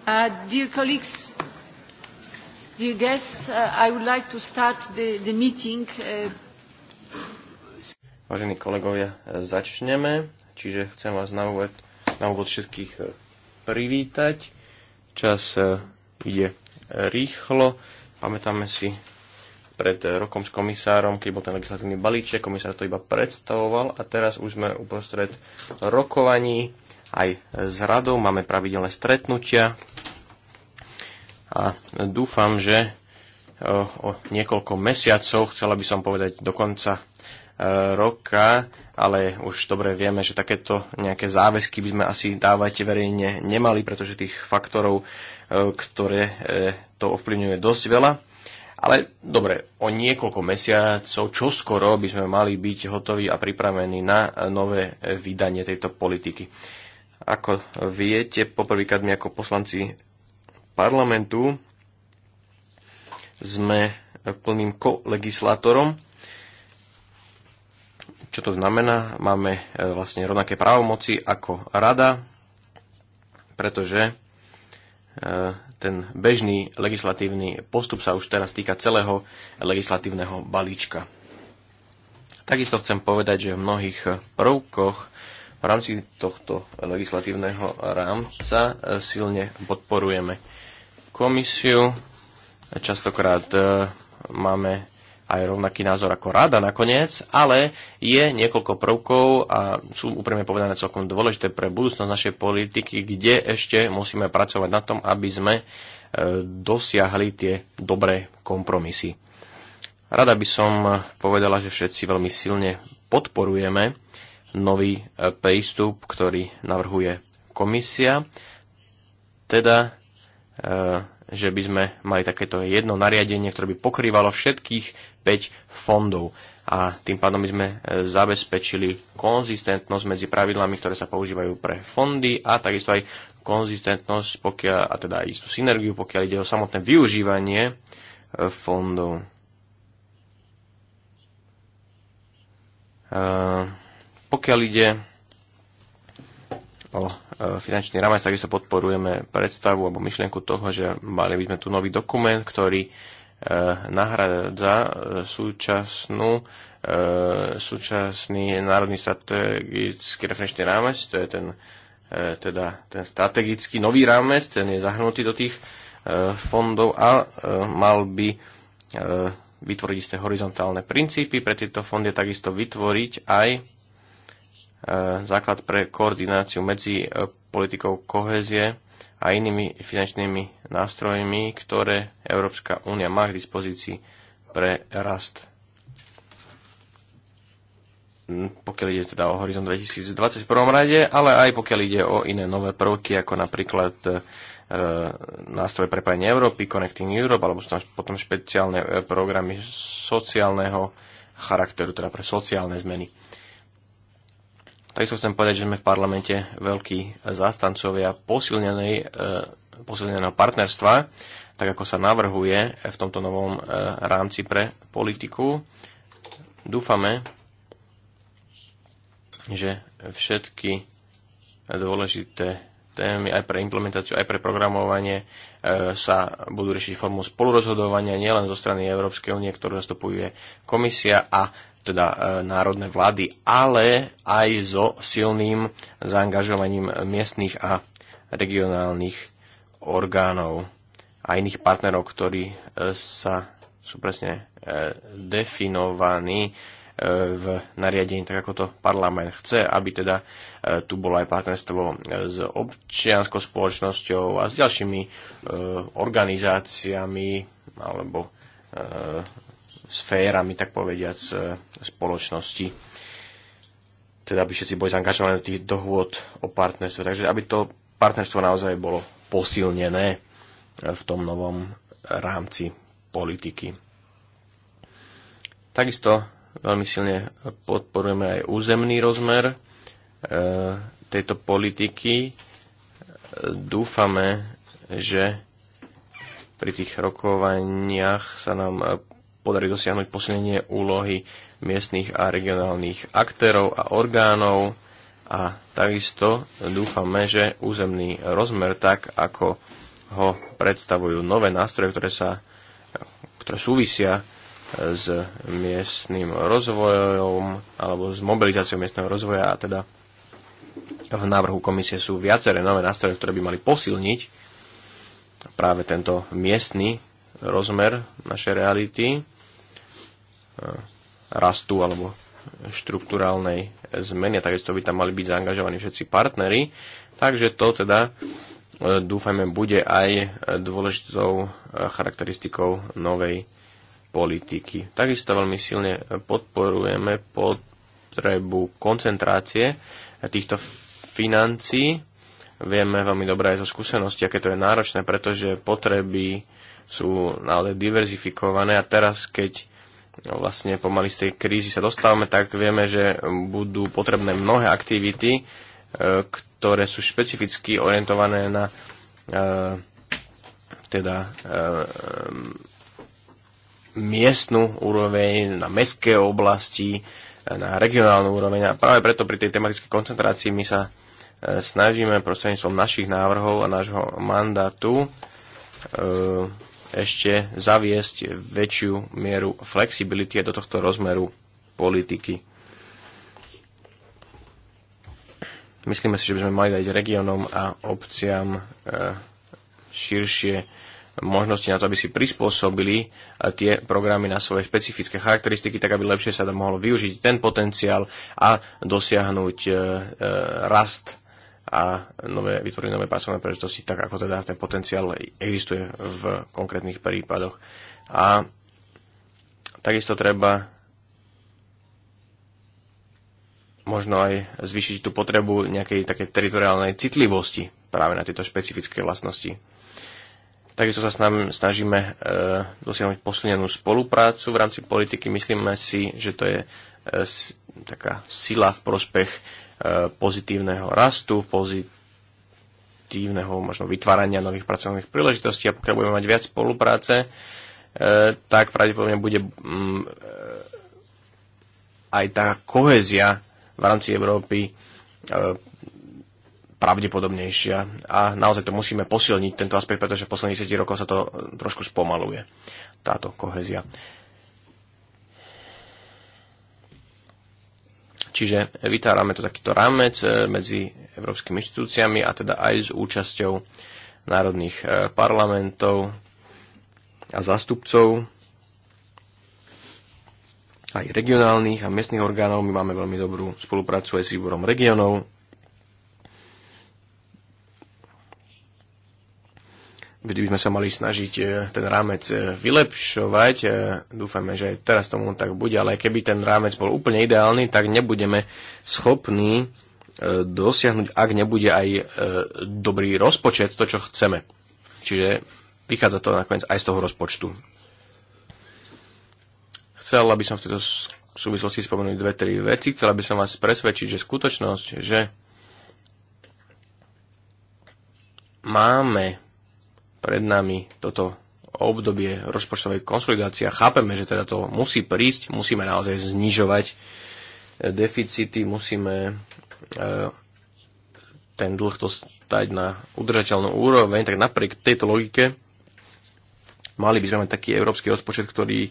Uh, dear colleagues, dear guests, uh, I would like to start the, the meeting. Uh... Vážení kolegovia, uh, začneme. Čiže chcem vás na úvod, na úvod všetkých uh, privítať. Čas ide rýchlo. Pamätáme si pred rokom s komisárom, keď bol ten legislatívny balíček, komisár to iba predstavoval a teraz už sme uprostred rokovaní aj s radou, máme pravidelné stretnutia a dúfam, že e, o niekoľko mesiacov, chcela by som povedať do konca e, roka, ale už dobre vieme, že takéto nejaké záväzky by sme asi dávať verejne nemali, pretože tých faktorov, e, ktoré to ovplyvňuje dosť veľa. Ale dobre, o niekoľko mesiacov, čo skoro by sme mali byť hotoví a pripravení na nové vydanie tejto politiky. Ako viete, poprvýkrát my ako poslanci parlamentu sme plným kolegislátorom. Čo to znamená? Máme e, vlastne rovnaké právomoci ako rada, pretože e, ten bežný legislatívny postup sa už teraz týka celého legislatívneho balíčka. Takisto chcem povedať, že v mnohých prvkoch v rámci tohto legislatívneho rámca e, silne podporujeme komisiu. Častokrát e, máme aj rovnaký názor ako rada nakoniec, ale je niekoľko prvkov a sú úprimne povedané celkom dôležité pre budúcnosť našej politiky, kde ešte musíme pracovať na tom, aby sme e, dosiahli tie dobré kompromisy. Rada by som povedala, že všetci veľmi silne podporujeme nový e, prístup, ktorý navrhuje komisia. Teda, e, že by sme mali takéto jedno nariadenie, ktoré by pokrývalo všetkých 5 fondov. A tým pádom by sme e, zabezpečili konzistentnosť medzi pravidlami, ktoré sa používajú pre fondy a takisto aj konzistentnosť, pokiaľ, a teda aj istú synergiu, pokiaľ ide o samotné využívanie fondov. Uh, pokiaľ ide o e, finančný rámec, takisto podporujeme predstavu alebo myšlienku toho, že mali by sme tu nový dokument, ktorý e, nahradza e, súčasnú, súčasný národný strategický referenčný rámec, to je ten, teda ten strategický nový rámec, ten je zahrnutý do tých fondov a mal by vytvoriť isté horizontálne princípy pre tieto fondy, takisto vytvoriť aj E, základ pre koordináciu medzi e, politikou kohézie a inými finančnými nástrojmi, ktoré Európska únia má k dispozícii pre rast. Hm, pokiaľ ide teda o Horizon 2020 v prvom rade, ale aj pokiaľ ide o iné nové prvky, ako napríklad e, nástroj prepájenia Európy, Connecting Europe, alebo sú tam potom špeciálne e, programy sociálneho charakteru, teda pre sociálne zmeny. Takisto chcem povedať, že sme v parlamente veľkí zastancovia e, posilneného partnerstva, tak ako sa navrhuje v tomto novom e, rámci pre politiku. Dúfame, že všetky dôležité témy aj pre implementáciu, aj pre programovanie e, sa budú riešiť formou spolurozhodovania nielen zo strany Európskej únie, ktorú zastupuje komisia a teda e, národné vlády, ale aj so silným zaangažovaním miestnych a regionálnych orgánov a iných partnerov, ktorí e, sa sú presne e, definovaní v nariadení, tak ako to parlament chce, aby teda tu bolo aj partnerstvo s občianskou spoločnosťou a s ďalšími organizáciami alebo sférami, tak povediac, e, spoločnosti. Teda aby všetci boli zaangažovaní do tých dohôd o partnerstve. Takže aby to partnerstvo naozaj bolo posilnené e, v tom novom rámci politiky. Takisto veľmi silne podporujeme aj územný rozmer e, tejto politiky. Dúfame, že pri tých rokovaniach sa nám podarí dosiahnuť posilnenie úlohy miestnych a regionálnych aktérov a orgánov a takisto dúfame, že územný rozmer tak, ako ho predstavujú nové nástroje, ktoré, sa, ktoré súvisia e, s miestnym rozvojom alebo s mobilizáciou miestneho rozvoja a teda v návrhu komisie sú viaceré nové nástroje, ktoré by mali posilniť práve tento miestny rozmer našej reality rastu alebo štruktúrálnej zmeny a takisto by tam mali byť zaangažovaní všetci partnery. Takže to teda e, dúfajme bude aj dôležitou e, charakteristikou novej politiky. Takisto veľmi silne podporujeme potrebu koncentrácie týchto financií. Vieme veľmi dobre aj zo skúsenosti, aké to je náročné, pretože potreby sú naozaj diverzifikované a teraz, keď vlastne pomaly z tej krízy sa dostávame, tak vieme, že budú potrebné mnohé aktivity, e, ktoré sú špecificky orientované na e, teda e, miestnu úroveň, na mestské oblasti, na regionálnu úroveň. A práve preto pri tej tematickej koncentrácii my sa snažíme prostredníctvom našich návrhov a nášho mandátu ešte zaviesť väčšiu mieru flexibility do tohto rozmeru politiky. Myslíme si, že by sme mali dať regionom a obciam e, širšie možnosti na to, aby si prispôsobili e, tie programy na svoje špecifické charakteristiky, tak aby lepšie sa tam mohlo využiť ten potenciál a dosiahnuť e, rast a nové, vytvoriť nové pracovné príležitosti, tak ako teda ten potenciál existuje v konkrétnych prípadoch. A takisto treba možno aj zvýšiť tú potrebu nejakej takej teritoriálnej citlivosti práve na tieto špecifické vlastnosti. Takisto sa snažíme e, dosiahnuť posilnenú spoluprácu v rámci politiky. Myslíme si, že to je e, taká sila v prospech Eh, pozitívneho rastu, pozitívneho možno vytvárania nových pracovných príležitostí a pokiaľ budeme mať viac spolupráce, eh, tak pravdepodobne bude mm, eh, aj tá kohezia v rámci Európy pravdepodobnejšia. A naozaj to musíme posilniť, tento aspekt, pretože v posledných 10 rokoch sa to trošku spomaluje, táto kohezia. Čiže vytárame to takýto rámec e, medzi európskymi inštitúciami a teda aj s účasťou národných e, parlamentov a zástupcov aj regionálnych a miestnych orgánov. My máme veľmi dobrú spoluprácu aj s výborom regionov vždy by sme sa mali snažiť e, ten rámec e, vylepšovať. E, Dúfame, že teraz tomu tak bude, ale keby ten rámec bol úplne ideálny, tak nebudeme schopní dosiahnuť, ak nebude aj dobrý rozpočet, to, čo chceme. Čiže vychádza to nakoniec aj z toho rozpočtu. Chcela by som v tejto súvislosti spomenúť dve, tri veci. Chcela by som vás presvedčiť, že skutočnosť, že máme pred nami toto obdobie rozpočtovej konsolidácie. a Chápeme, že teda to musí prísť, musíme naozaj znižovať e, deficity, musíme e, ten dlh to stať na udržateľnú úroveň, tak napriek tejto logike mali by sme mať taký európsky rozpočet, ktorý e,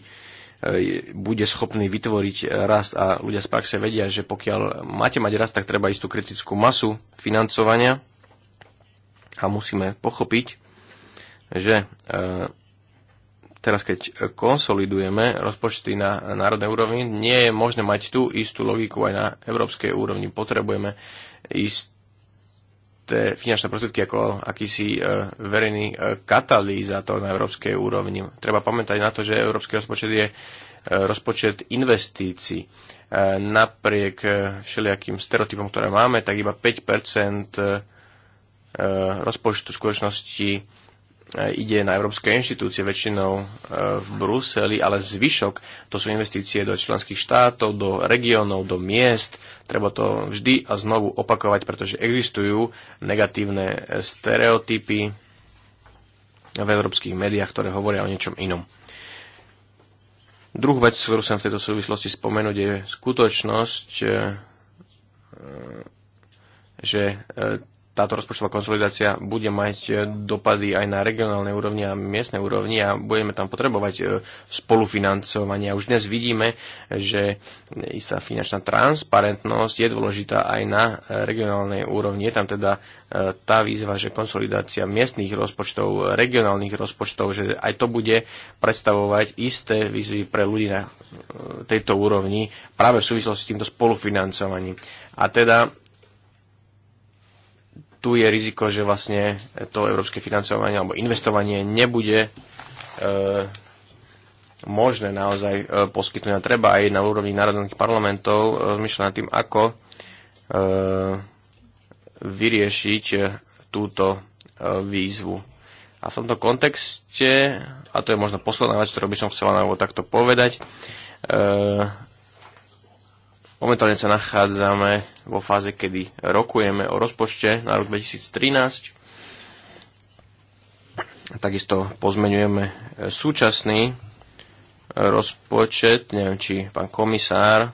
bude schopný vytvoriť rast a ľudia z praxe vedia, že pokiaľ máte mať rast, tak treba istú kritickú masu financovania a musíme pochopiť, že e, teraz keď konsolidujeme rozpočty na národnej úrovni, nie je možné mať tú istú logiku aj na európskej úrovni. Potrebujeme isté finančné prostriedky ako akýsi e, verejný e, katalýzátor na európskej úrovni. Treba pamätať na to, že európsky rozpočet je rozpočet investícií. Napriek všelijakým stereotypom, ktoré máme, tak iba 5 rozpočtu skutočnosti E, ide na európske inštitúcie, väčšinou e, v Bruseli, ale zvyšok to sú investície do členských štátov, do regiónov, do miest. Treba to vždy a znovu opakovať, pretože existujú negatívne e, stereotypy v európskych médiách, ktoré hovoria o niečom inom. Druhú vec, ktorú som v tejto súvislosti spomenúť, je skutočnosť, že táto rozpočtová konsolidácia bude mať e, dopady aj na regionálnej úrovni a miestnej úrovni a budeme tam potrebovať e, spolufinancovanie. A už dnes vidíme, že istá finančná transparentnosť je dôležitá aj na e, regionálnej úrovni. Je tam teda tá výzva, že konsolidácia miestnych rozpočtov, regionálnych rozpočtov, že aj to bude predstavovať isté výzvy pre ľudí na tejto úrovni práve v súvislosti s týmto spolufinancovaním. A teda tu je riziko, že vlastne to európske financovanie alebo investovanie nebude e, možné naozaj e, poskytnúť. A treba aj na úrovni národných parlamentov e, rozmýšľať nad tým, ako e, vyriešiť túto e, výzvu. A v tomto kontexte, a to je možno posledná vec, ktorú by som chcela na takto povedať, e, Momentálne sa nachádzame vo fáze, kedy rokujeme o rozpočte na rok 2013. Takisto pozmenujeme e, súčasný rozpočet. Neviem, či pán komisár e,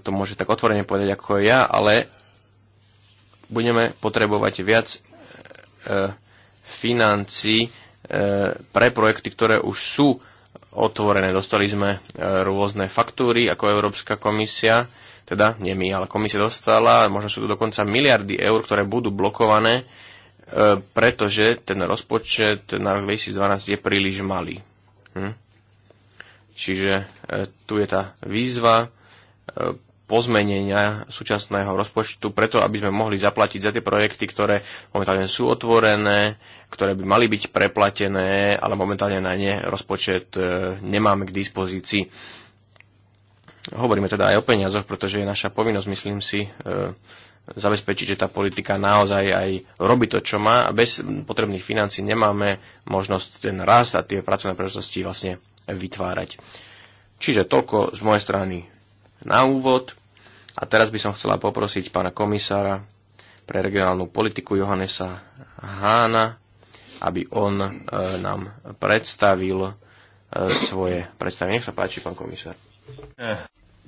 to môže tak otvorene povedať ako ja, ale budeme potrebovať viac e, financí pre projekty, ktoré už sú otvorené. Dostali sme e, rôzne faktúry ako Európska komisia, teda nie my, ale komisia dostala, možno sú tu dokonca miliardy eur, ktoré budú blokované, e, pretože ten rozpočet na rok 2012 je príliš malý. Hm? Čiže e, tu je tá výzva pozmenenia súčasného rozpočtu, preto aby sme mohli zaplatiť za tie projekty, ktoré momentálne sú otvorené, ktoré by mali byť preplatené, ale momentálne na ne rozpočet e, nemáme k dispozícii. Hovoríme teda aj o peniazoch, pretože je naša povinnosť, myslím si, e, zabezpečiť, že tá politika naozaj aj robí to, čo má a bez potrebných financí nemáme možnosť ten rast a tie pracovné príležitosti vlastne vytvárať. Čiže toľko z mojej strany na úvod. A teraz by som chcela poprosiť pána komisára pre regionálnu politiku Johannesa Hána, aby on e, nám predstavil e, svoje predstavenie. Nech sa páči, pán komisár.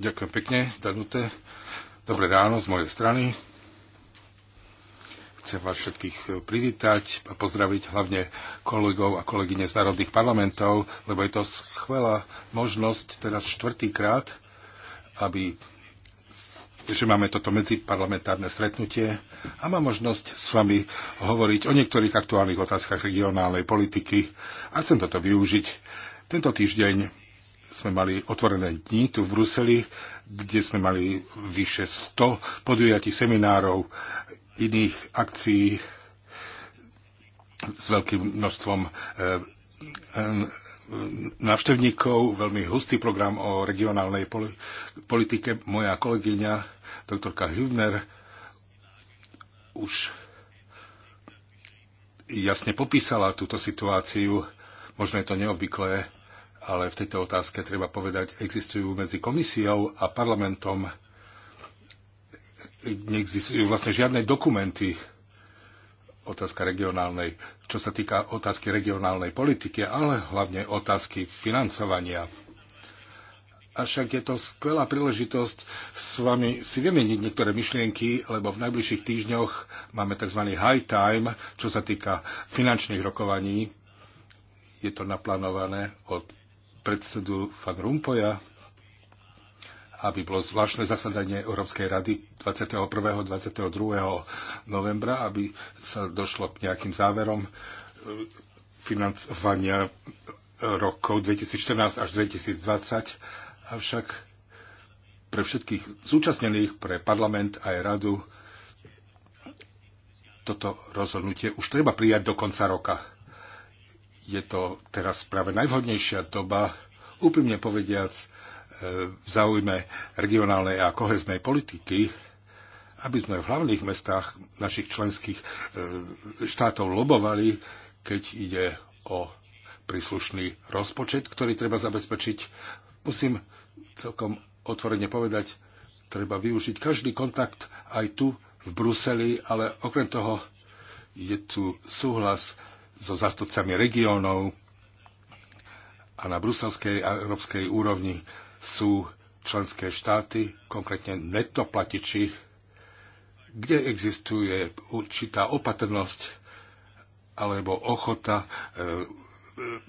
Ďakujem pekne, Danute. Dobré ráno z mojej strany. Chcem vás všetkých privítať a pozdraviť hlavne kolegov a kolegyne z národných parlamentov, lebo je to skvelá možnosť teraz štvrtýkrát, aby že máme toto medziparlamentárne stretnutie a mám možnosť s vami hovoriť o niektorých aktuálnych otázkach regionálnej politiky a chcem toto využiť. Tento týždeň sme mali otvorené dni tu v Bruseli, kde sme mali vyše 100 podujatí seminárov, iných akcií s veľkým množstvom eh, návštevníkov, veľmi hustý program o regionálnej politike. Moja kolegyňa, doktorka Hübner, už jasne popísala túto situáciu. Možno je to neobvyklé, ale v tejto otázke treba povedať, existujú medzi komisiou a parlamentom neexistujú vlastne žiadne dokumenty otázka regionálnej, čo sa týka otázky regionálnej politiky, ale hlavne otázky financovania. Avšak je to skvelá príležitosť s vami si vymeniť niektoré myšlienky, lebo v najbližších týždňoch máme tzv. high time, čo sa týka finančných rokovaní. Je to naplánované od predsedu Van Rumpoja aby bolo zvláštne zasadanie Európskej rady 21. 22. novembra, aby sa došlo k nejakým záverom e, financovania rokov 2014 až 2020. Avšak pre všetkých zúčastnených, pre parlament aj radu, toto rozhodnutie už treba prijať do konca roka. Je to teraz práve najvhodnejšia doba, úprimne povediac, v záujme regionálnej a koheznej politiky, aby sme v hlavných mestách našich členských e, štátov lobovali, keď ide o príslušný rozpočet, ktorý treba zabezpečiť. Musím celkom otvorene povedať, treba využiť každý kontakt aj tu v Bruseli, ale okrem toho je tu súhlas so zastupcami regiónov a na bruselskej a európskej úrovni sú členské štáty, konkrétne netoplatiči, kde existuje určitá opatrnosť alebo ochota e,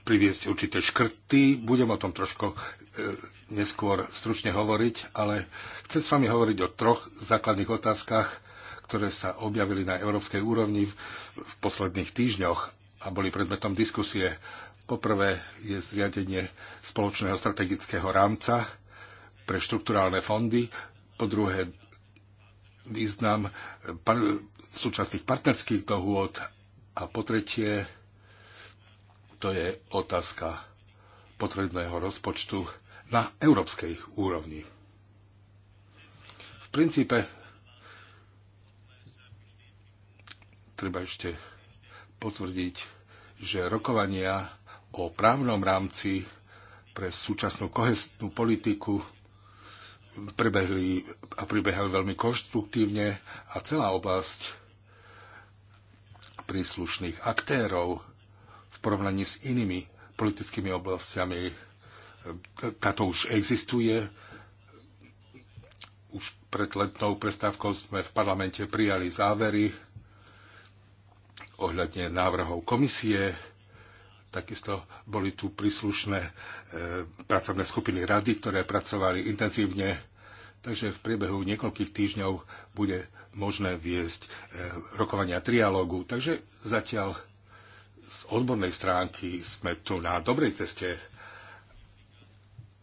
priviesť určité škrty. Budem o tom trošku e, neskôr stručne hovoriť, ale chcem s vami hovoriť o troch základných otázkach, ktoré sa objavili na európskej úrovni v posledných týždňoch a boli predmetom diskusie. Poprvé je zriadenie spoločného strategického rámca pre štrukturálne fondy. Po druhé, význam par- súčasných partnerských dohôd. A po tretie, to je otázka potrebného rozpočtu na európskej úrovni. V princípe treba ešte potvrdiť, že rokovania o právnom rámci pre súčasnú kohestnú politiku prebehli a pribehali veľmi konštruktívne a celá oblasť príslušných aktérov v porovnaní s inými politickými oblastiami táto už existuje. Už pred letnou prestávkou sme v parlamente prijali závery ohľadne návrhov komisie Takisto boli tu príslušné e, pracovné skupiny rady, ktoré pracovali intenzívne, takže v priebehu niekoľkých týždňov bude možné viesť e, rokovania trialógu. Takže zatiaľ z odbornej stránky sme tu na dobrej ceste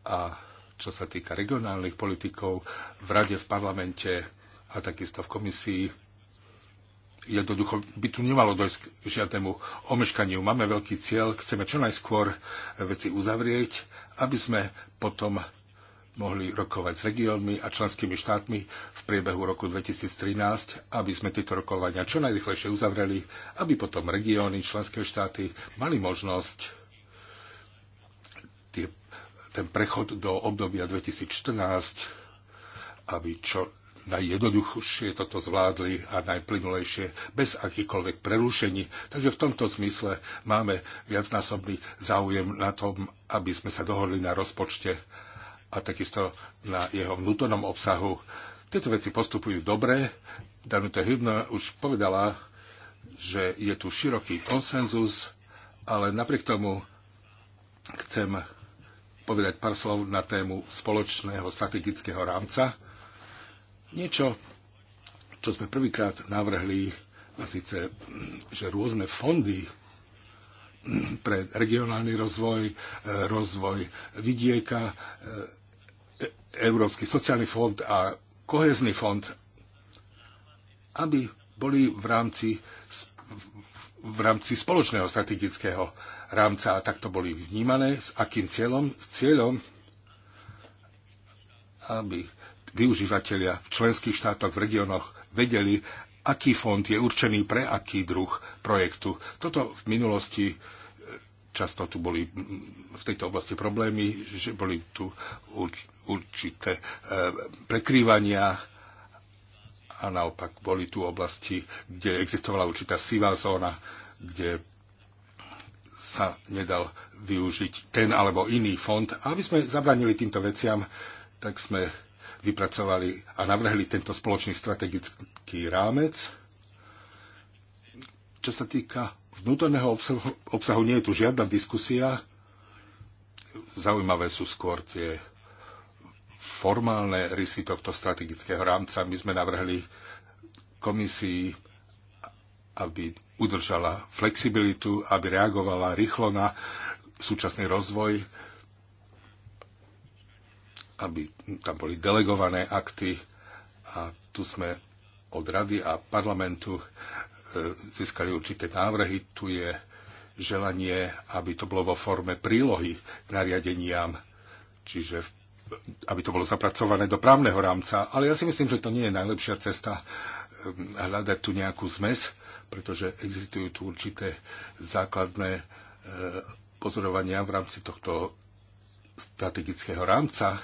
a čo sa týka regionálnych politikov v rade, v parlamente a takisto v komisii, Jednoducho by tu nemalo dojsť k žiadnemu omeškaniu. Máme veľký cieľ, chceme čo najskôr veci uzavrieť, aby sme potom mohli rokovať s regiónmi a členskými štátmi v priebehu roku 2013, aby sme tieto rokovania čo najrychlejšie uzavreli, aby potom regióny, členské štáty mali možnosť tie, ten prechod do obdobia 2014, aby čo najjednoduchšie toto zvládli a najplynulejšie, bez akýkoľvek prerušení. Takže v tomto zmysle máme viacnásobný záujem na tom, aby sme sa dohodli na rozpočte a takisto na jeho vnútornom obsahu. Tieto veci postupujú dobre. Danuta Hybna už povedala, že je tu široký konsenzus, ale napriek tomu chcem povedať pár slov na tému spoločného strategického rámca niečo, čo sme prvýkrát navrhli, a síce, že rôzne fondy pre regionálny rozvoj, rozvoj vidieka, Európsky sociálny fond a kohezný fond, aby boli v rámci, v rámci spoločného strategického rámca a takto boli vnímané. S akým cieľom? S cieľom, aby využívateľia v členských štátoch, v regiónoch vedeli, aký fond je určený pre aký druh projektu. Toto v minulosti e, často tu boli v tejto oblasti problémy, že boli tu urč, určité e, prekrývania a naopak boli tu oblasti, kde existovala určitá sivá zóna, kde sa nedal využiť ten alebo iný fond. A aby sme zabranili týmto veciam, tak sme vypracovali a navrhli tento spoločný strategický rámec. Čo sa týka vnútorného obsahu, obsahu nie je tu žiadna diskusia. Zaujímavé sú skôr tie formálne rysy tohto strategického rámca. My sme navrhli komisii, aby udržala flexibilitu, aby reagovala rýchlo na súčasný rozvoj aby tam boli delegované akty a tu sme od rady a parlamentu e, získali určité návrhy. Tu je želanie, aby to bolo vo forme prílohy k nariadeniam, čiže aby to bolo zapracované do právneho rámca. Ale ja si myslím, že to nie je najlepšia cesta e, hľadať tu nejakú zmes, pretože existujú tu určité základné e, pozorovania v rámci tohto strategického rámca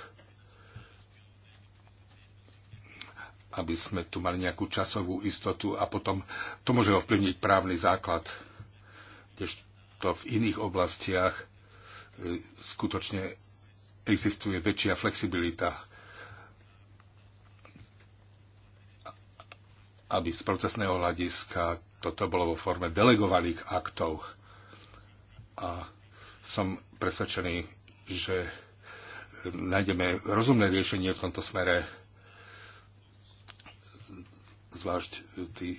aby sme tu mali nejakú časovú istotu a potom to môže ovplyvniť právny základ, kdež to v iných oblastiach e, skutočne existuje väčšia flexibilita, aby z procesného hľadiska toto bolo vo forme delegovaných aktov. A som presvedčený, že e, nájdeme rozumné riešenie v tomto smere zvlášť e, tý,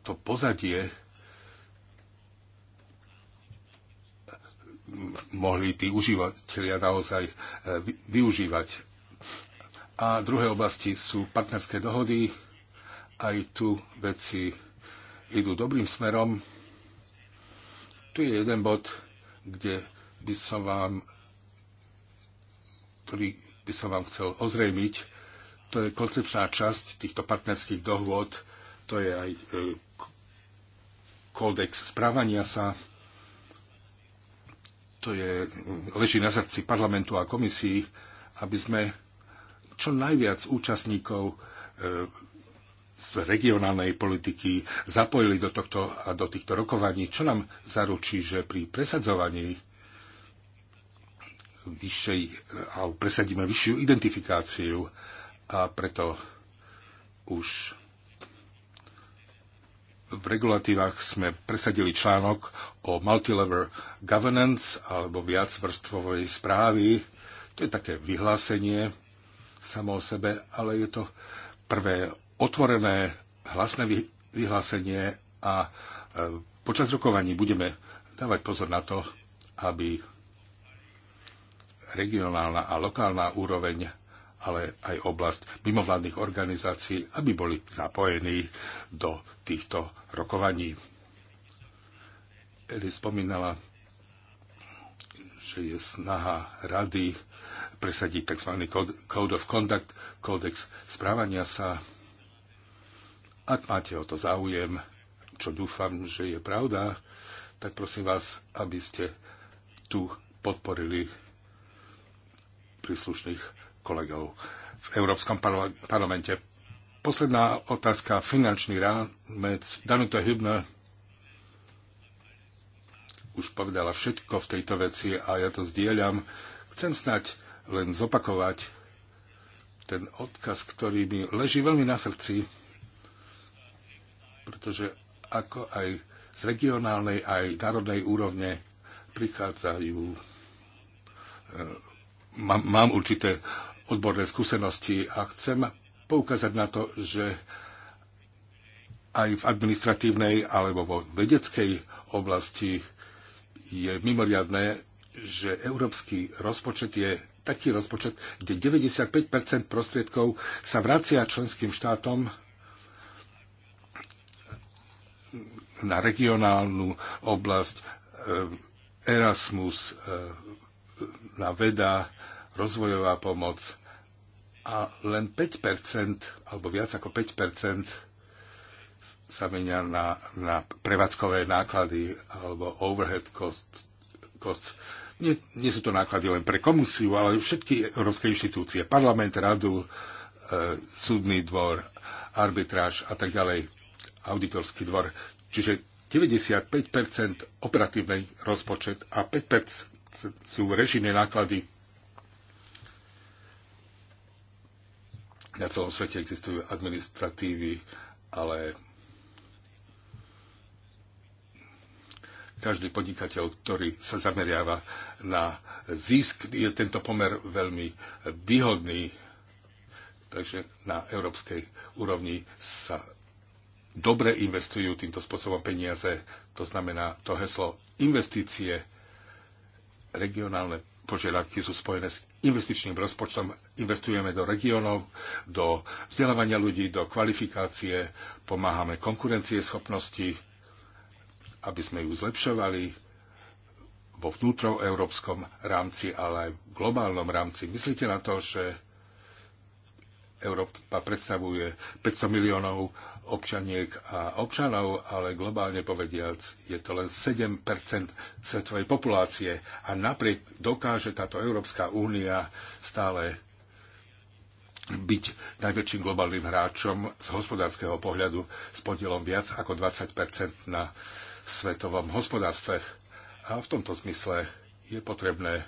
to pozadie e, mohli tí užívateľia naozaj e, využívať. A druhé oblasti sú partnerské dohody. Aj tu veci idú dobrým smerom. Tu je jeden bod, kde by som vám, ktorý by som vám chcel ozrejmiť to je koncepčná časť týchto partnerských dohôd, to je aj e, kódex správania sa, to je, e, leží na srdci parlamentu a komisii, aby sme čo najviac účastníkov e, z regionálnej politiky zapojili do, tohto, a do týchto rokovaní, čo nám zaručí, že pri presadzovaní vyššej, alebo presadíme vyššiu identifikáciu a preto už v regulatívach sme presadili článok o multilever governance alebo viacvrstvovej správy. To je také vyhlásenie samo o sebe, ale je to prvé otvorené hlasné vyhlásenie a e, počas rokovaní budeme dávať pozor na to, aby regionálna a lokálna úroveň ale aj oblasť mimovládnych organizácií, aby boli zapojení do týchto rokovaní. Eli spomínala, že je snaha rady presadiť tzv. Code of Conduct, kódex správania sa. Ak máte o to záujem, čo dúfam, že je pravda, tak prosím vás, aby ste tu podporili príslušných kolegov v Európskom parlamente. Posledná otázka, finančný rámec. Danuta Hübner už povedala všetko v tejto veci a ja to zdieľam. Chcem snať len zopakovať ten odkaz, ktorý mi leží veľmi na srdci, pretože ako aj z regionálnej, aj národnej úrovne prichádzajú, e, mám, mám určité odborné skúsenosti a chcem poukázať na to, že aj v administratívnej alebo vo vedeckej oblasti je mimoriadné, že európsky rozpočet je taký rozpočet, kde 95 prostriedkov sa vracia členským štátom na regionálnu oblasť, e, Erasmus, e, na veda, rozvojová pomoc a len 5%, alebo viac ako 5% sa menia na, na prevádzkové náklady alebo overhead costs. costs. Nie, nie sú to náklady len pre komisiu, ale všetky európske inštitúcie, parlament, radu, e, súdny dvor, arbitráž a tak ďalej, auditorský dvor. Čiže 95% operatívny rozpočet a 5% sú režijné náklady Na celom svete existujú administratívy, ale každý podnikateľ, ktorý sa zameriava na zisk, je tento pomer veľmi výhodný. Takže na európskej úrovni sa dobre investujú týmto spôsobom peniaze. To znamená to heslo investície, regionálne požiadavky sú spojené s investičným rozpočtom. Investujeme do regiónov, do vzdelávania ľudí, do kvalifikácie, pomáhame konkurencie schopnosti, aby sme ju zlepšovali vo vnútroeurópskom rámci, ale aj v globálnom rámci. Myslíte na to, že Európa predstavuje 500 miliónov občaniek a občanov, ale globálne povediac je to len 7 svetovej populácie a napriek dokáže táto Európska únia stále byť najväčším globálnym hráčom z hospodárskeho pohľadu s podielom viac ako 20 na svetovom hospodárstve. A v tomto zmysle je potrebné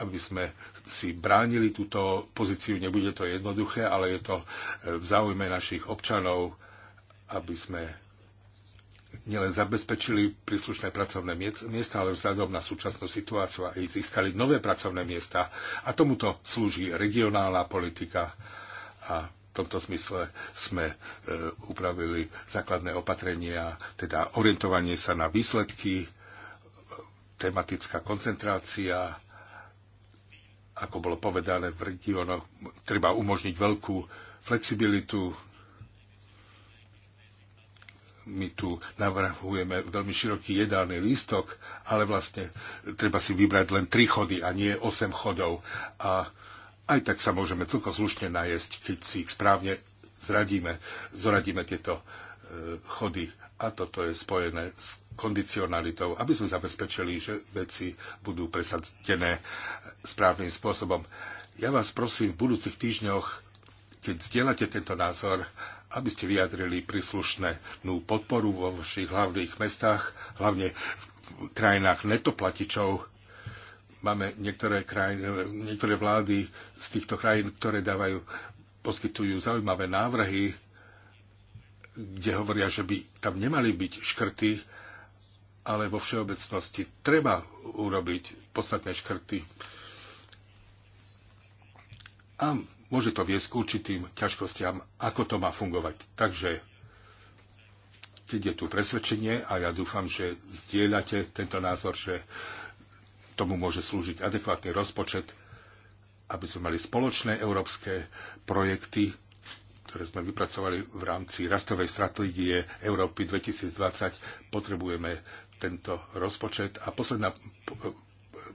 aby sme si bránili túto pozíciu. Nebude to jednoduché, ale je to e, v záujme našich občanov, aby sme nielen zabezpečili príslušné pracovné miesta, ale vzhľadom na súčasnú situáciu aj získali nové pracovné miesta. A tomuto slúži regionálna politika a v tomto smysle sme e, upravili základné opatrenia, teda orientovanie sa na výsledky, tematická koncentrácia, ako bolo povedané v regiónoch, treba umožniť veľkú flexibilitu. My tu navrhujeme veľmi široký jedálny lístok, ale vlastne treba si vybrať len tri chody a nie 8 chodov. A aj tak sa môžeme celkom slušne najesť, keď si ich správne zradíme, zoradíme tieto e, chody a toto je spojené s kondicionalitou, aby sme zabezpečili, že veci budú presadené správnym spôsobom. Ja vás prosím v budúcich týždňoch, keď zdieľate tento názor, aby ste vyjadrili príslušnú podporu vo vašich hlavných mestách, hlavne v krajinách netoplatičov. Máme niektoré, krajiny, niektoré vlády z týchto krajín, ktoré dávajú, poskytujú zaujímavé návrhy kde hovoria, že by tam nemali byť škrty, ale vo všeobecnosti treba urobiť podstatné škrty. A môže to viesť k určitým ťažkostiam, ako to má fungovať. Takže keď je tu presvedčenie, a ja dúfam, že zdieľate tento názor, že tomu môže slúžiť adekvátny rozpočet, aby sme mali spoločné európske projekty, ktoré sme vypracovali v rámci rastovej stratégie Európy 2020, potrebujeme tento rozpočet. A posledná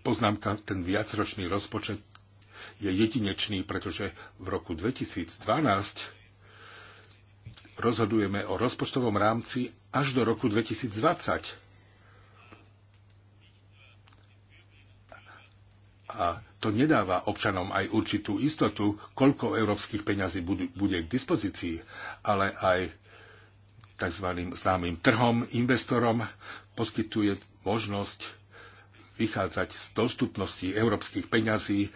poznámka, ten viacročný rozpočet je jedinečný, pretože v roku 2012 rozhodujeme o rozpočtovom rámci až do roku 2020. A to nedáva občanom aj určitú istotu, koľko európskych peňazí bude k dispozícii, ale aj tzv. známym trhom, investorom poskytuje možnosť vychádzať z dostupnosti európskych peňazí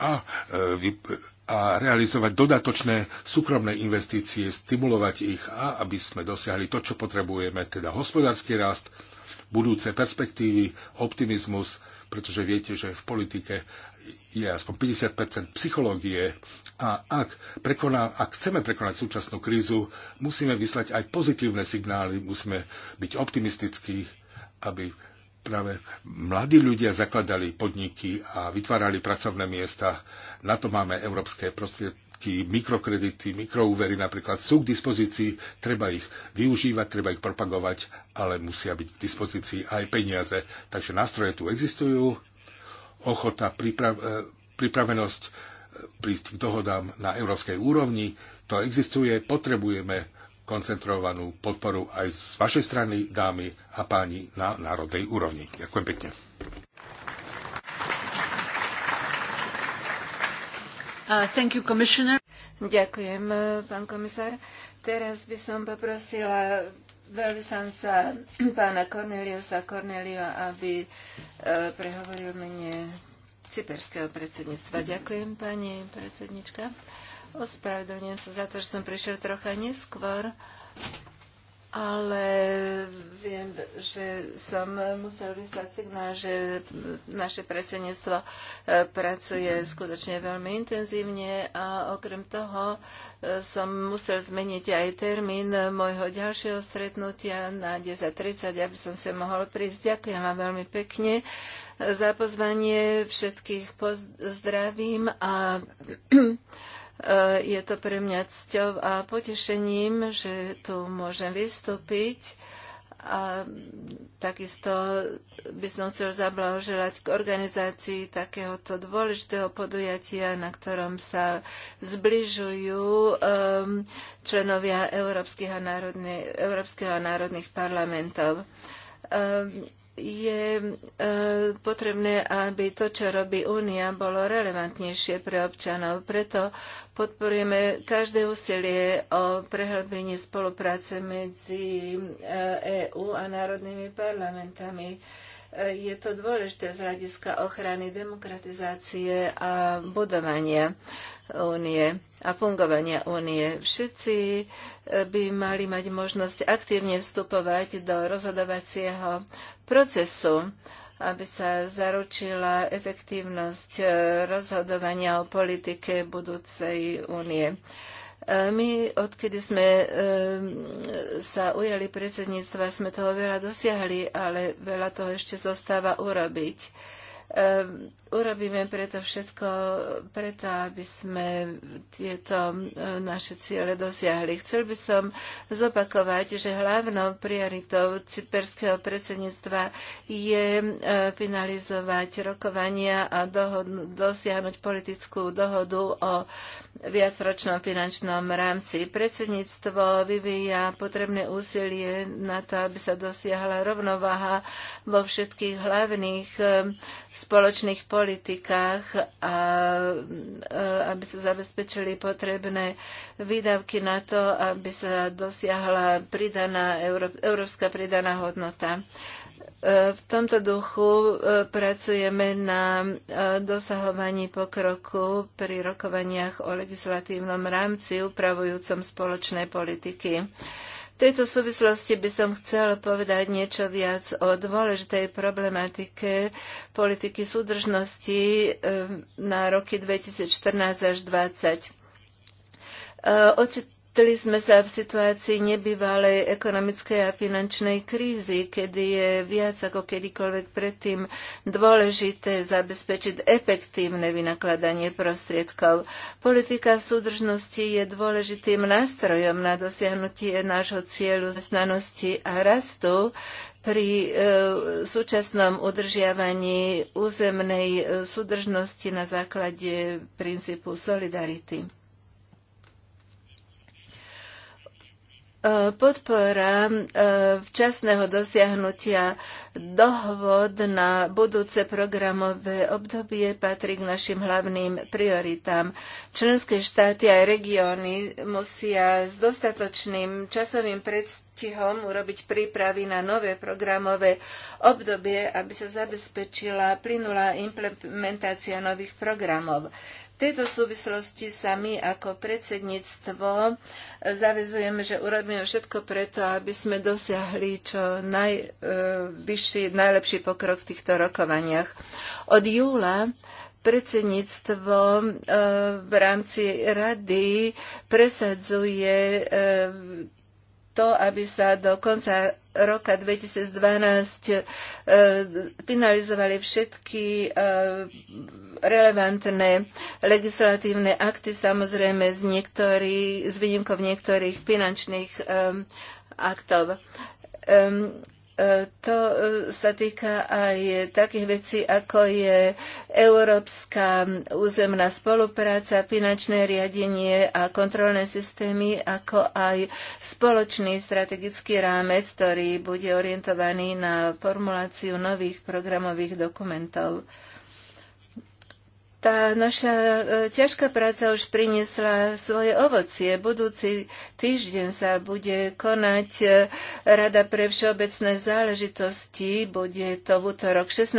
a, e, a realizovať dodatočné súkromné investície, stimulovať ich a aby sme dosiahli to, čo potrebujeme, teda hospodársky rast, budúce perspektívy, optimizmus, pretože viete, že v politike je aspoň 50 psychológie a ak, prekoná, ak chceme prekonať súčasnú krízu, musíme vyslať aj pozitívne signály, musíme byť optimistickí, aby práve mladí ľudia zakladali podniky a vytvárali pracovné miesta. Na to máme európske prostried, možnosti, mikrokredity, mikroúvery napríklad sú k dispozícii, treba ich využívať, treba ich propagovať, ale musia byť k dispozícii aj peniaze. Takže nástroje tu existujú, ochota, priprav, e, pripravenosť e, prísť k dohodám na európskej úrovni, to existuje, potrebujeme koncentrovanú podporu aj z vašej strany, dámy a páni, na národnej úrovni. Ďakujem pekne. Uh, Ďakujem, uh, pán komisár. Teraz by som poprosila veľvyslanca pána Corneliusa Cornelio, aby uh, prehovoril mene cyperského predsedníctva. Ďakujem, pani predsednička. Ospravedlňujem sa za to, že som prišiel trocha neskôr ale viem, že som musel vyslať signál, že naše predsedníctvo e, pracuje skutočne veľmi intenzívne a okrem toho e, som musel zmeniť aj termín môjho ďalšieho stretnutia na 10.30, aby som sa mohol prísť. Ďakujem vám veľmi pekne za pozvanie, všetkých pozdravím a Eh, je to pre mňa cťou a potešením, že tu môžem vystúpiť a takisto by som chcel zablahoželať k organizácii takéhoto dôležitého podujatia, na ktorom sa zbližujú um, členovia európskeho, a národných parlamentov. Um, je e, potrebné, aby to, čo robí Únia, bolo relevantnejšie pre občanov. Preto podporujeme každé úsilie o prehlbenie spolupráce medzi EÚ e a národnými parlamentami. E, je to dôležité z hľadiska ochrany demokratizácie a budovania únie a fungovania únie. Všetci by mali mať možnosť aktívne vstupovať do rozhodovacieho procesu, aby sa zaručila efektívnosť e, rozhodovania o politike budúcej únie. E, my, odkedy sme e, sa ujali predsedníctva, sme toho veľa dosiahli, ale veľa toho ešte zostáva urobiť Ehm, urobíme preto všetko, preto aby sme tieto naše ciele dosiahli. Chcel by som zopakovať, že hlavnou prioritou cyperského predsedníctva je e, finalizovať rokovania a dohodn- dosiahnuť politickú dohodu o viacročnom finančnom rámci. Predsedníctvo vyvíja potrebné úsilie na to, aby sa dosiahla rovnováha vo všetkých hlavných e, spoločných politikách a aby sa zabezpečili potrebné výdavky na to, aby sa dosiahla pridaná, európska pridaná hodnota. E, v tomto duchu e, pracujeme na e, dosahovaní pokroku pri rokovaniach o legislatívnom rámci upravujúcom spoločné politiky. V tejto súvislosti by som chcel povedať niečo viac o dôležitej problematike politiky súdržnosti eh, na roky 2014 až 2020. Ocitli sme sa v situácii nebývalej ekonomickej a finančnej krízy, kedy je viac ako kedykoľvek predtým dôležité zabezpečiť efektívne vynakladanie prostriedkov. Politika súdržnosti je dôležitým nástrojom na dosiahnutie nášho cieľu znanosti a rastu, pri e, súčasnom udržiavaní územnej súdržnosti na základe princípu solidarity. Podpora e, včasného dosiahnutia dohod na budúce programové obdobie patrí k našim hlavným prioritám. Členské štáty aj regióny musia s dostatočným časovým predstihom urobiť prípravy na nové programové obdobie, aby sa zabezpečila plynulá implementácia nových programov tejto súvislosti sa my ako predsedníctvo zavezujeme, že urobíme všetko preto, aby sme dosiahli čo najvyšší, najlepší pokrok v týchto rokovaniach. Od júla predsedníctvo e, v rámci rady presadzuje e, to, aby sa do konca roka 2012 e, finalizovali všetky e, relevantné legislatívne akty, samozrejme z, niektorých, s výnimkov niektorých finančných e, aktov to e, sa týka aj takých vecí, ako je európska územná spolupráca, finančné riadenie a kontrolné systémy, ako aj spoločný strategický rámec, ktorý bude orientovaný na formuláciu nových programových dokumentov tá naša e, ťažká práca už priniesla svoje ovocie. Budúci týždeň sa bude konať e, Rada pre všeobecné záležitosti. Bude to v útorok 16.,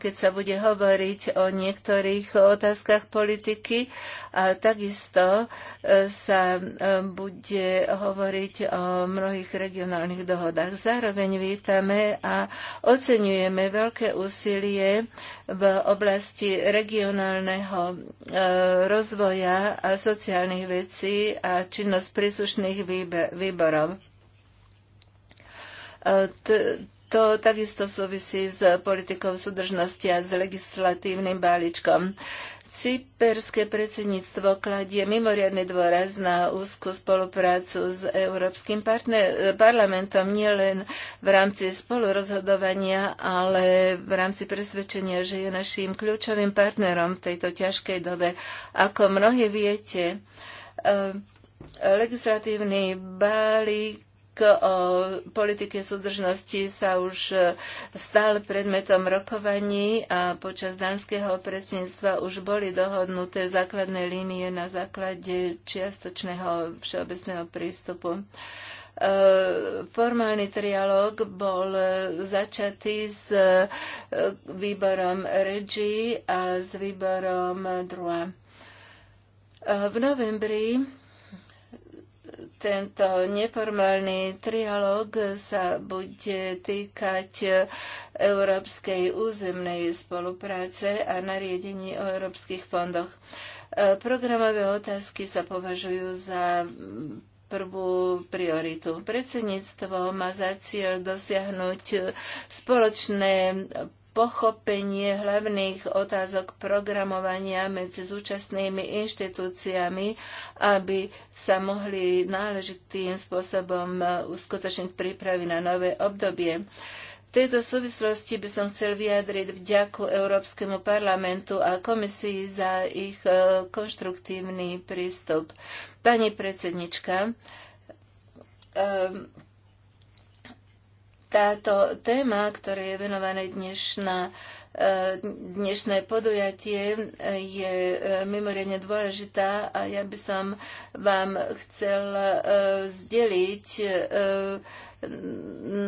keď sa bude hovoriť o niektorých otázkach politiky a takisto sa e, bude hovoriť o mnohých regionálnych dohodách. Zároveň vítame a oceňujeme veľké úsilie v oblasti regionálneho e, rozvoja a sociálnych vecí a činnosť príslušných výborov. E, to takisto súvisí s politikou súdržnosti a s legislatívnym balíčkom. Cyperské predsedníctvo kladie mimoriadny dôraz na úzku spoluprácu s Európskym parlamentom nielen v rámci spolurozhodovania, ale v rámci presvedčenia, že je našim kľúčovým partnerom v tejto ťažkej dobe. Ako mnohí viete, eh, legislatívny balík o politike súdržnosti sa už e, stal predmetom rokovaní a počas dánskeho predsedníctva už boli dohodnuté základné línie na základe čiastočného všeobecného prístupu. E, formálny trialóg bol e, začatý s výborom REGI a s výborom DRUA. V novembri tento neformálny trialog sa bude týkať európskej územnej spolupráce a nariadení o európskych fondoch. E, programové otázky sa považujú za prvú prioritu. Predsedníctvo má za cieľ dosiahnuť spoločné pochopenie hlavných otázok programovania medzi zúčastnými inštitúciami, aby sa mohli náležitým spôsobom e, uskutočniť prípravy na nové obdobie. V tejto súvislosti by som chcel vyjadriť vďaku Európskemu parlamentu a komisii za ich e, konštruktívny prístup. Pani predsednička, um, táto téma, ktorej je venované dnešná, e, dnešné podujatie, e, je e, mimoriadne dôležitá a ja by som vám chcel zdeliť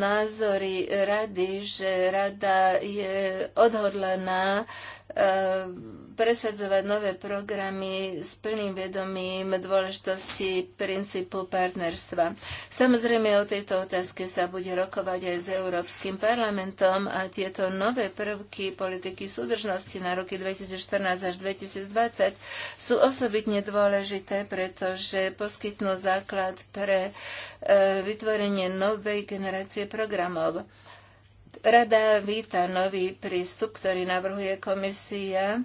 názory rady, že rada je odhodlaná Eh, presadzovať nové programy s plným vedomím dôležitosti princípu partnerstva. Samozrejme, o tejto otázke sa bude rokovať aj s Európskym parlamentom a tieto nové prvky politiky súdržnosti na roky 2014 až 2020 sú osobitne dôležité, pretože poskytnú základ pre eh, vytvorenie novej generácie programov. Rada víta nový prístup, ktorý navrhuje komisia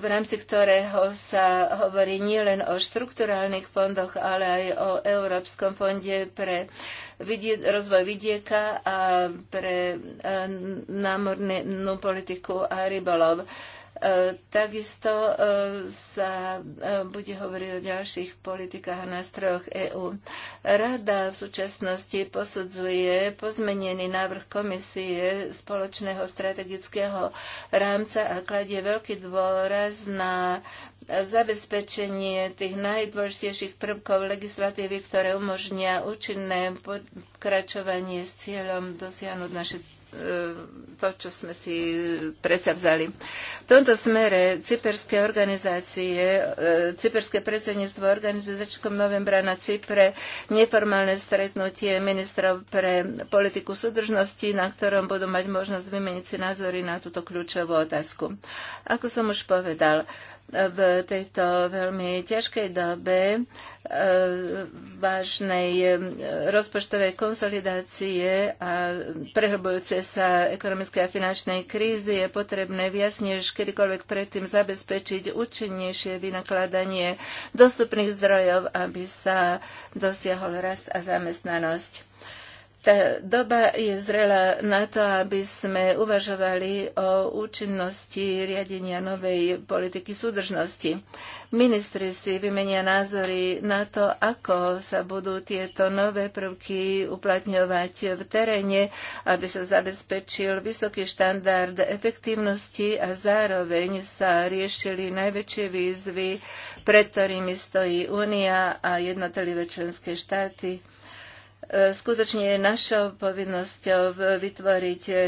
v rámci ktorého sa hovorí nielen o štrukturálnych fondoch, ale aj o Európskom fonde pre vidie- rozvoj vidieka a pre e, námornú politiku a rybolov. E, takisto e, sa e, bude hovoriť o ďalších politikách a nástrojoch EÚ. Rada v súčasnosti posudzuje pozmenený návrh komisie spoločného strategického rámca a kladie veľký dôraz na zabezpečenie tých najdôležitejších prvkov legislatívy, ktoré umožnia účinné pokračovanie s cieľom dosiahnuť naše E, to, čo sme si predsa vzali. V tomto smere cyperské organizácie, e, cyperské predsedníctvo organizuje začiatkom novembra na Cypre neformálne stretnutie ministrov pre politiku súdržnosti, na ktorom budú mať možnosť vymeniť si názory na túto kľúčovú otázku. Ako som už povedal, v tejto veľmi ťažkej dobe e, vážnej e, rozpočtovej konsolidácie a prehlbujúce sa ekonomické a finančnej krízy je potrebné viac než kedykoľvek predtým zabezpečiť účinnejšie vynakladanie dostupných zdrojov, aby sa dosiahol rast a zamestnanosť. Tá doba je zrela na to, aby sme uvažovali o účinnosti riadenia novej politiky súdržnosti. Ministri si vymenia názory na to, ako sa budú tieto nové prvky uplatňovať v teréne, aby sa zabezpečil vysoký štandard efektívnosti a zároveň sa riešili najväčšie výzvy, pred ktorými stojí Únia a jednotlivé členské štáty skutočne je našou povinnosťou eh, vytvoriť eh,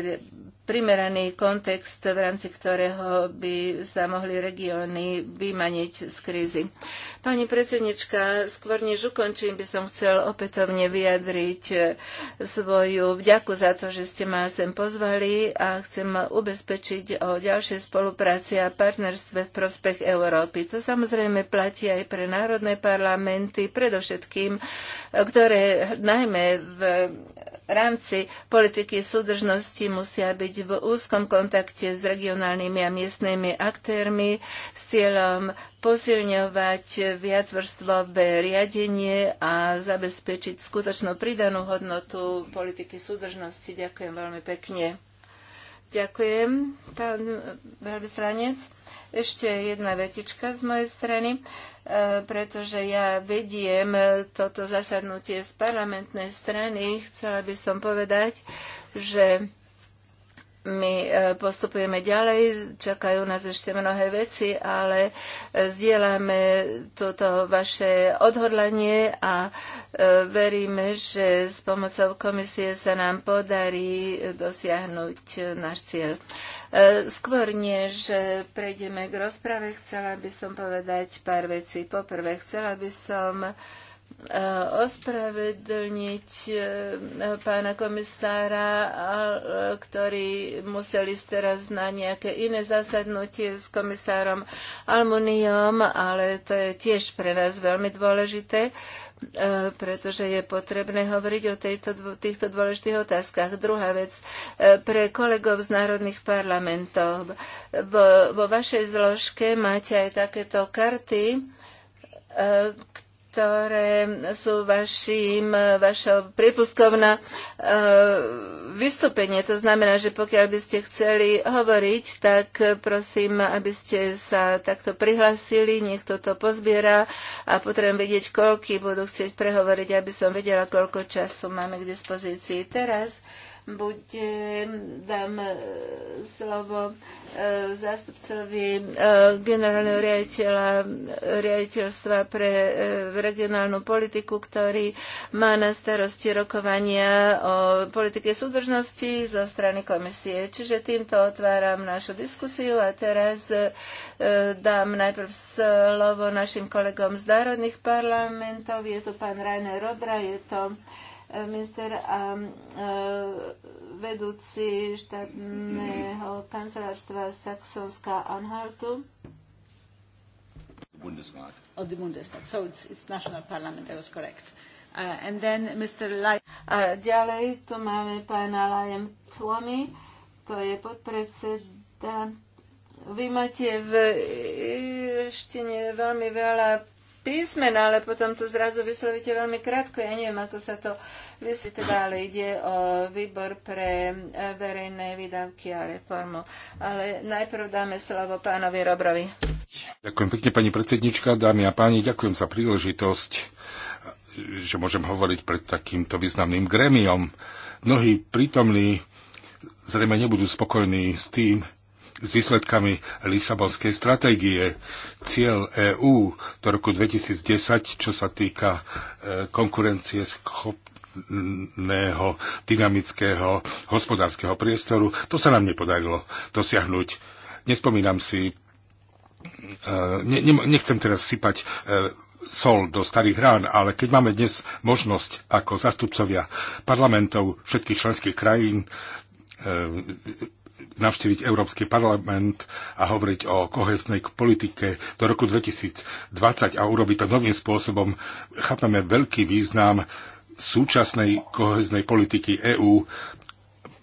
primeraný kontext, v rámci ktorého by sa mohli regióny vymaniť z krízy. Pani predsednička, skôr než ukončím, by som chcel opätovne vyjadriť eh, svoju vďaku za to, že ste ma sem pozvali a chcem ubezpečiť o ďalšej spolupráci a partnerstve v prospech Európy. To samozrejme platí aj pre národné parlamenty, predovšetkým, eh, ktoré najmä v rámci politiky súdržnosti musia byť v úzkom kontakte s regionálnymi a miestnymi aktérmi s cieľom posilňovať viacvrstvové riadenie a zabezpečiť skutočnú pridanú hodnotu politiky súdržnosti. Ďakujem veľmi pekne. Ďakujem, pán veľvyslanec. Ešte jedna vetička z mojej strany. E, pretože ja vediem e, toto zasadnutie z parlamentnej strany. Chcela by som povedať, že my e, postupujeme ďalej, čakajú nás ešte mnohé veci, ale e, zdieľame toto vaše odhodlanie a e, veríme, že s pomocou komisie sa nám podarí dosiahnuť náš cieľ. Skôr než prejdeme k rozprave, chcela by som povedať pár vecí. Poprvé, chcela by som ospravedlniť e, pána komisára, ktorý musel ísť teraz na nejaké iné zasadnutie s komisárom Almuniom, ale to je tiež pre nás veľmi dôležité, e, pretože je potrebné hovoriť o tejto, týchto dôležitých otázkach. Druhá vec, e, pre kolegov z národných parlamentov. Vo, vo vašej zložke máte aj takéto karty, ktoré sú vašim, vašou prípustkou na e, uh, vystúpenie. To znamená, že pokiaľ by ste chceli hovoriť, tak prosím, aby ste sa takto prihlasili, niekto to pozbiera a potrebujem vedieť, koľky budú chcieť prehovoriť, aby som vedela, koľko času máme k dispozícii teraz bude, dám e, slovo e, zástupcovi e, generálneho riaditeľa riaditeľstva pre regionálnu politiku, ktorý má na starosti rokovania o politike súdržnosti zo strany komisie. Čiže týmto otváram našu diskusiu a teraz dám najprv slovo našim kolegom z národných parlamentov. Je tu pán Rainer Robra, je to minister a e, vedúci štátneho kancelárstva Saxonska Anhaltu. Bundesrat. Oh, the Bundestag. So it's, it's national parliament, I was correct. Uh, and then Mr. Lai... A ďalej tu máme pána Lajem Tuomi, to je podpredseda. Vy máte v irštine veľmi veľa písmen, ale potom to zrazu vyslovíte veľmi krátko. Ja neviem, ako sa to myslí, teda, ale ide o výbor pre e, verejné výdavky a reformu. Ale najprv dáme slovo pánovi Robrovi. Ďakujem pekne, pani predsednička, dámy a páni, ďakujem za príležitosť, že môžem hovoriť pred takýmto významným gremiom. Mnohí prítomní zrejme nebudú spokojní s tým, s výsledkami Lisabonskej stratégie. Cieľ EÚ do roku 2010, čo sa týka e, konkurencie schopného, dynamického hospodárskeho priestoru, to sa nám nepodarilo dosiahnuť. Nespomínam si, e, ne, ne, nechcem teraz sypať e, sol do starých rán, ale keď máme dnes možnosť ako zastupcovia parlamentov všetkých členských krajín navštíviť Európsky parlament a hovoriť o kohesnej politike do roku 2020 a urobiť to novým spôsobom. Chápeme veľký význam súčasnej koheznej politiky EÚ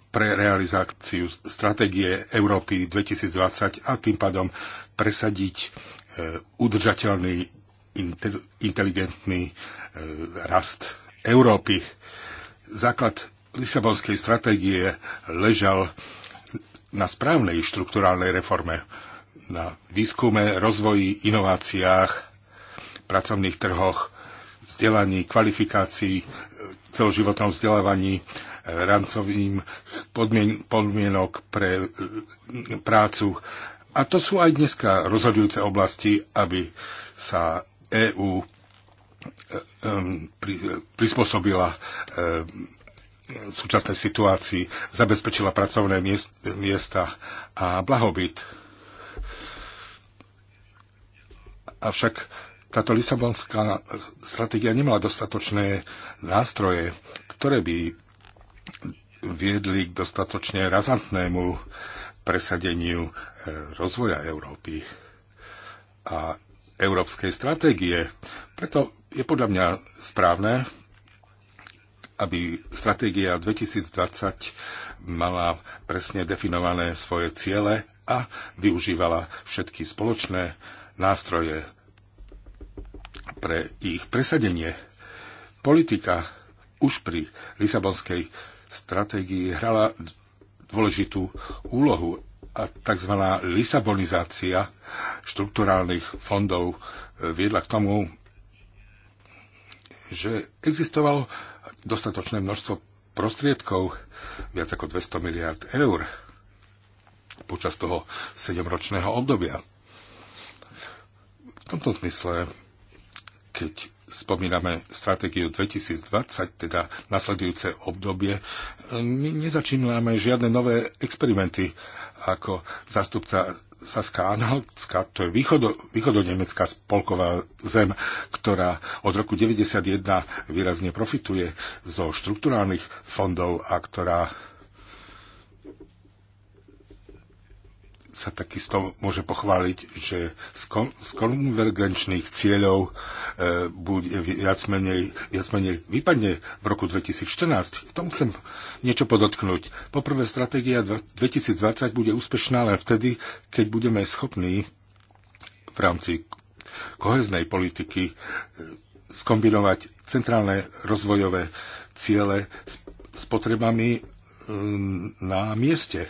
pre realizáciu stratégie Európy 2020 a tým pádom presadiť e, udržateľný inteligentný e, rast Európy. Základ Lisabonskej stratégie ležal na správnej štruktúrálnej reforme, na výskume, rozvoji, inováciách, pracovných trhoch, vzdelaní, kvalifikácii, celoživotnom vzdelávaní, rámcovým podmien- podmienok pre e, prácu. A to sú aj dneska rozhodujúce oblasti, aby sa EÚ e, e, prispôsobila v súčasnej situácii, zabezpečila pracovné miesta a blahobyt. Avšak táto Lisabonská stratégia nemala dostatočné nástroje, ktoré by viedli k dostatočne razantnému presadeniu e, rozvoja Európy a európskej stratégie. Preto je podľa mňa správne, aby stratégia 2020 mala presne definované svoje ciele a využívala všetky spoločné nástroje pre ich presadenie. Politika už pri Lisabonskej stratégii hrala dôležitú úlohu a tzv. lisabonizácia štrukturálnych fondov eh, viedla k tomu, že existovalo dostatočné množstvo prostriedkov, viac ako 200 miliard eur počas toho 7-ročného obdobia. V tomto zmysle, keď spomíname stratégiu 2020, teda nasledujúce obdobie, my nezačíname žiadne nové experimenty. Ako zástupca Saská Skánalska, to je východo, východonemecká spolková zem, ktorá od roku 1991 výrazne profituje zo štrukturálnych fondov a ktorá sa takisto môže pochváliť, že z, kon, z konvergenčných cieľov e, bude viac menej, viac menej vypadne v roku 2014. K tomu chcem niečo podotknúť. Poprvé, stratégia 2020 bude úspešná len vtedy, keď budeme schopní v rámci koheznej politiky e, skombinovať centrálne rozvojové ciele s, s potrebami e, na mieste.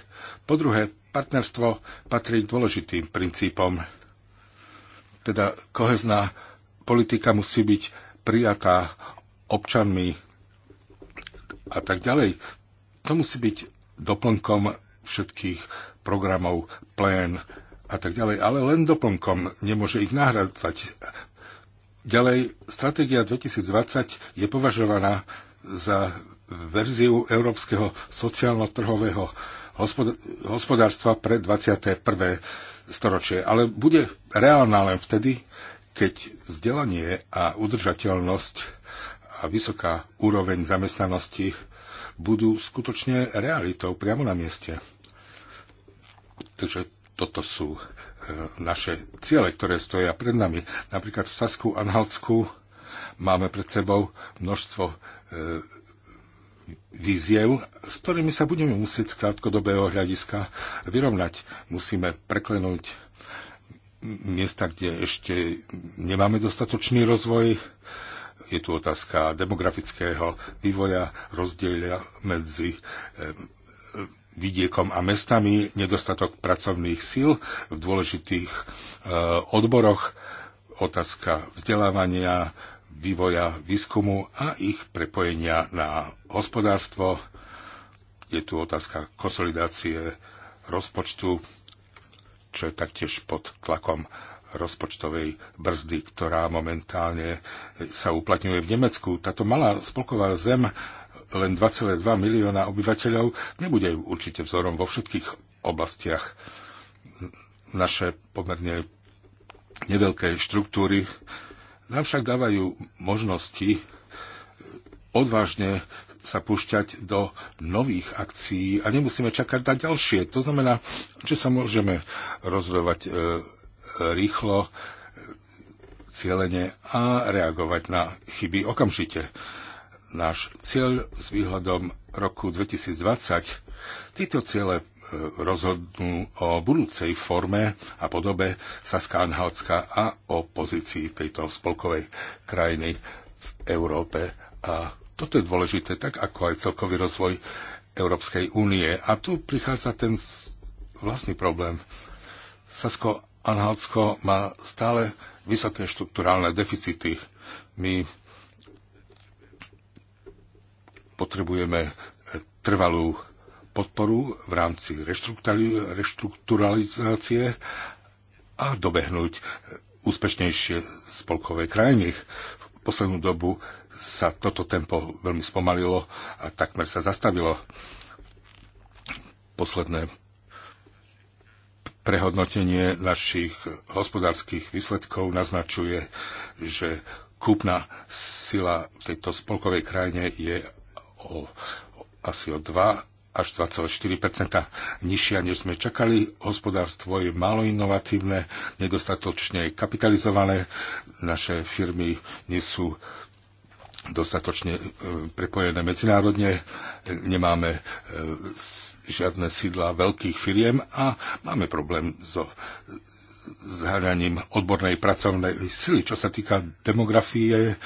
Po druhé, partnerstvo patrí k dôležitým princípom. Teda kohezná politika musí byť prijatá občanmi a tak ďalej. To musí byť doplnkom všetkých programov, plén a tak ďalej, ale len doplnkom nemôže ich nahrádzať. Ďalej, stratégia 2020 je považovaná za verziu európskeho sociálno-trhového hospodárstva pre 21. storočie. Ale bude reálna len vtedy, keď vzdelanie a udržateľnosť a vysoká úroveň zamestnanosti budú skutočne realitou priamo na mieste. Takže toto sú e, naše ciele, ktoré stoja pred nami. Napríklad v Sasku a Nalcku máme pred sebou množstvo e, víziev, s ktorými sa budeme musieť z krátkodobého hľadiska vyrovnať. Musíme preklenúť miesta, kde ešte nemáme dostatočný rozvoj. Je tu otázka demografického vývoja, rozdielia medzi eh, vidiekom a mestami, nedostatok pracovných síl v dôležitých eh, odboroch, otázka vzdelávania, vývoja, výskumu a ich prepojenia na hospodárstvo. Je tu otázka konsolidácie rozpočtu, čo je taktiež pod tlakom rozpočtovej brzdy, ktorá momentálne sa uplatňuje v Nemecku. Táto malá spolková zem, len 2,2 milióna obyvateľov, nebude určite vzorom vo všetkých oblastiach. Naše pomerne neveľké štruktúry nám však dávajú možnosti e, odvážne sa púšťať do nových akcií a nemusíme čakať na ďalšie. To znamená, že sa môžeme rozvojovať e, rýchlo, e, cieľene a reagovať na chyby okamžite. Náš cieľ s výhľadom roku 2020 tieto ciele e, rozhodnú o budúcej forme a podobe Saskánhalska a o pozícii tejto spolkovej krajiny v Európe. A toto je dôležité, tak ako aj celkový rozvoj Európskej únie. A tu prichádza ten vlastný problém. Sasko Anhalsko má stále vysoké štruktúrálne deficity. My potrebujeme e, trvalú podporu v rámci reštrukturalizácie a dobehnúť úspešnejšie spolkové krajiny. V poslednú dobu sa toto tempo veľmi spomalilo a takmer sa zastavilo. Posledné prehodnotenie našich hospodárskych výsledkov naznačuje, že kúpna sila v tejto spolkovej krajine je o, o asi o 2 až 24 nižšia, než sme čakali. Hospodárstvo je málo inovatívne, nedostatočne kapitalizované. Naše firmy nie sú dostatočne e, prepojené medzinárodne, nemáme e, žiadne sídla veľkých firiem a máme problém so zháňaním odbornej pracovnej sily. Čo sa týka demografie,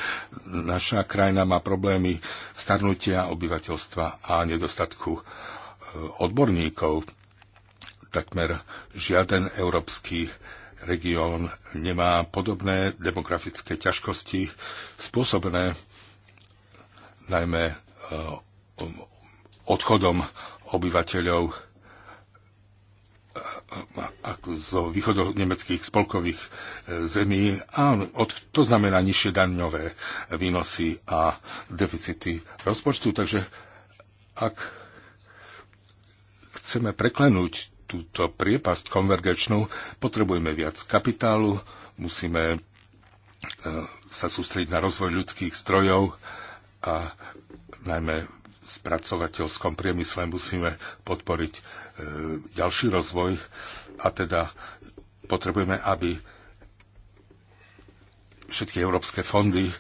naša krajina má problémy starnutia obyvateľstva a nedostatku e, odborníkov. Takmer žiaden európsky región nemá podobné demografické ťažkosti spôsobené najmä e, odchodom obyvateľov ako zo východov nemeckých spolkových e, zemí. A od, to znamená nižšie daňové výnosy a deficity rozpočtu. Takže ak chceme preklenúť túto priepasť konvergečnú, potrebujeme viac kapitálu, musíme e, sa sústrediť na rozvoj ľudských strojov a najmä spracovateľskom priemysle musíme podporiť E, ďalší rozvoj a teda potrebujeme, aby všetky európske fondy e,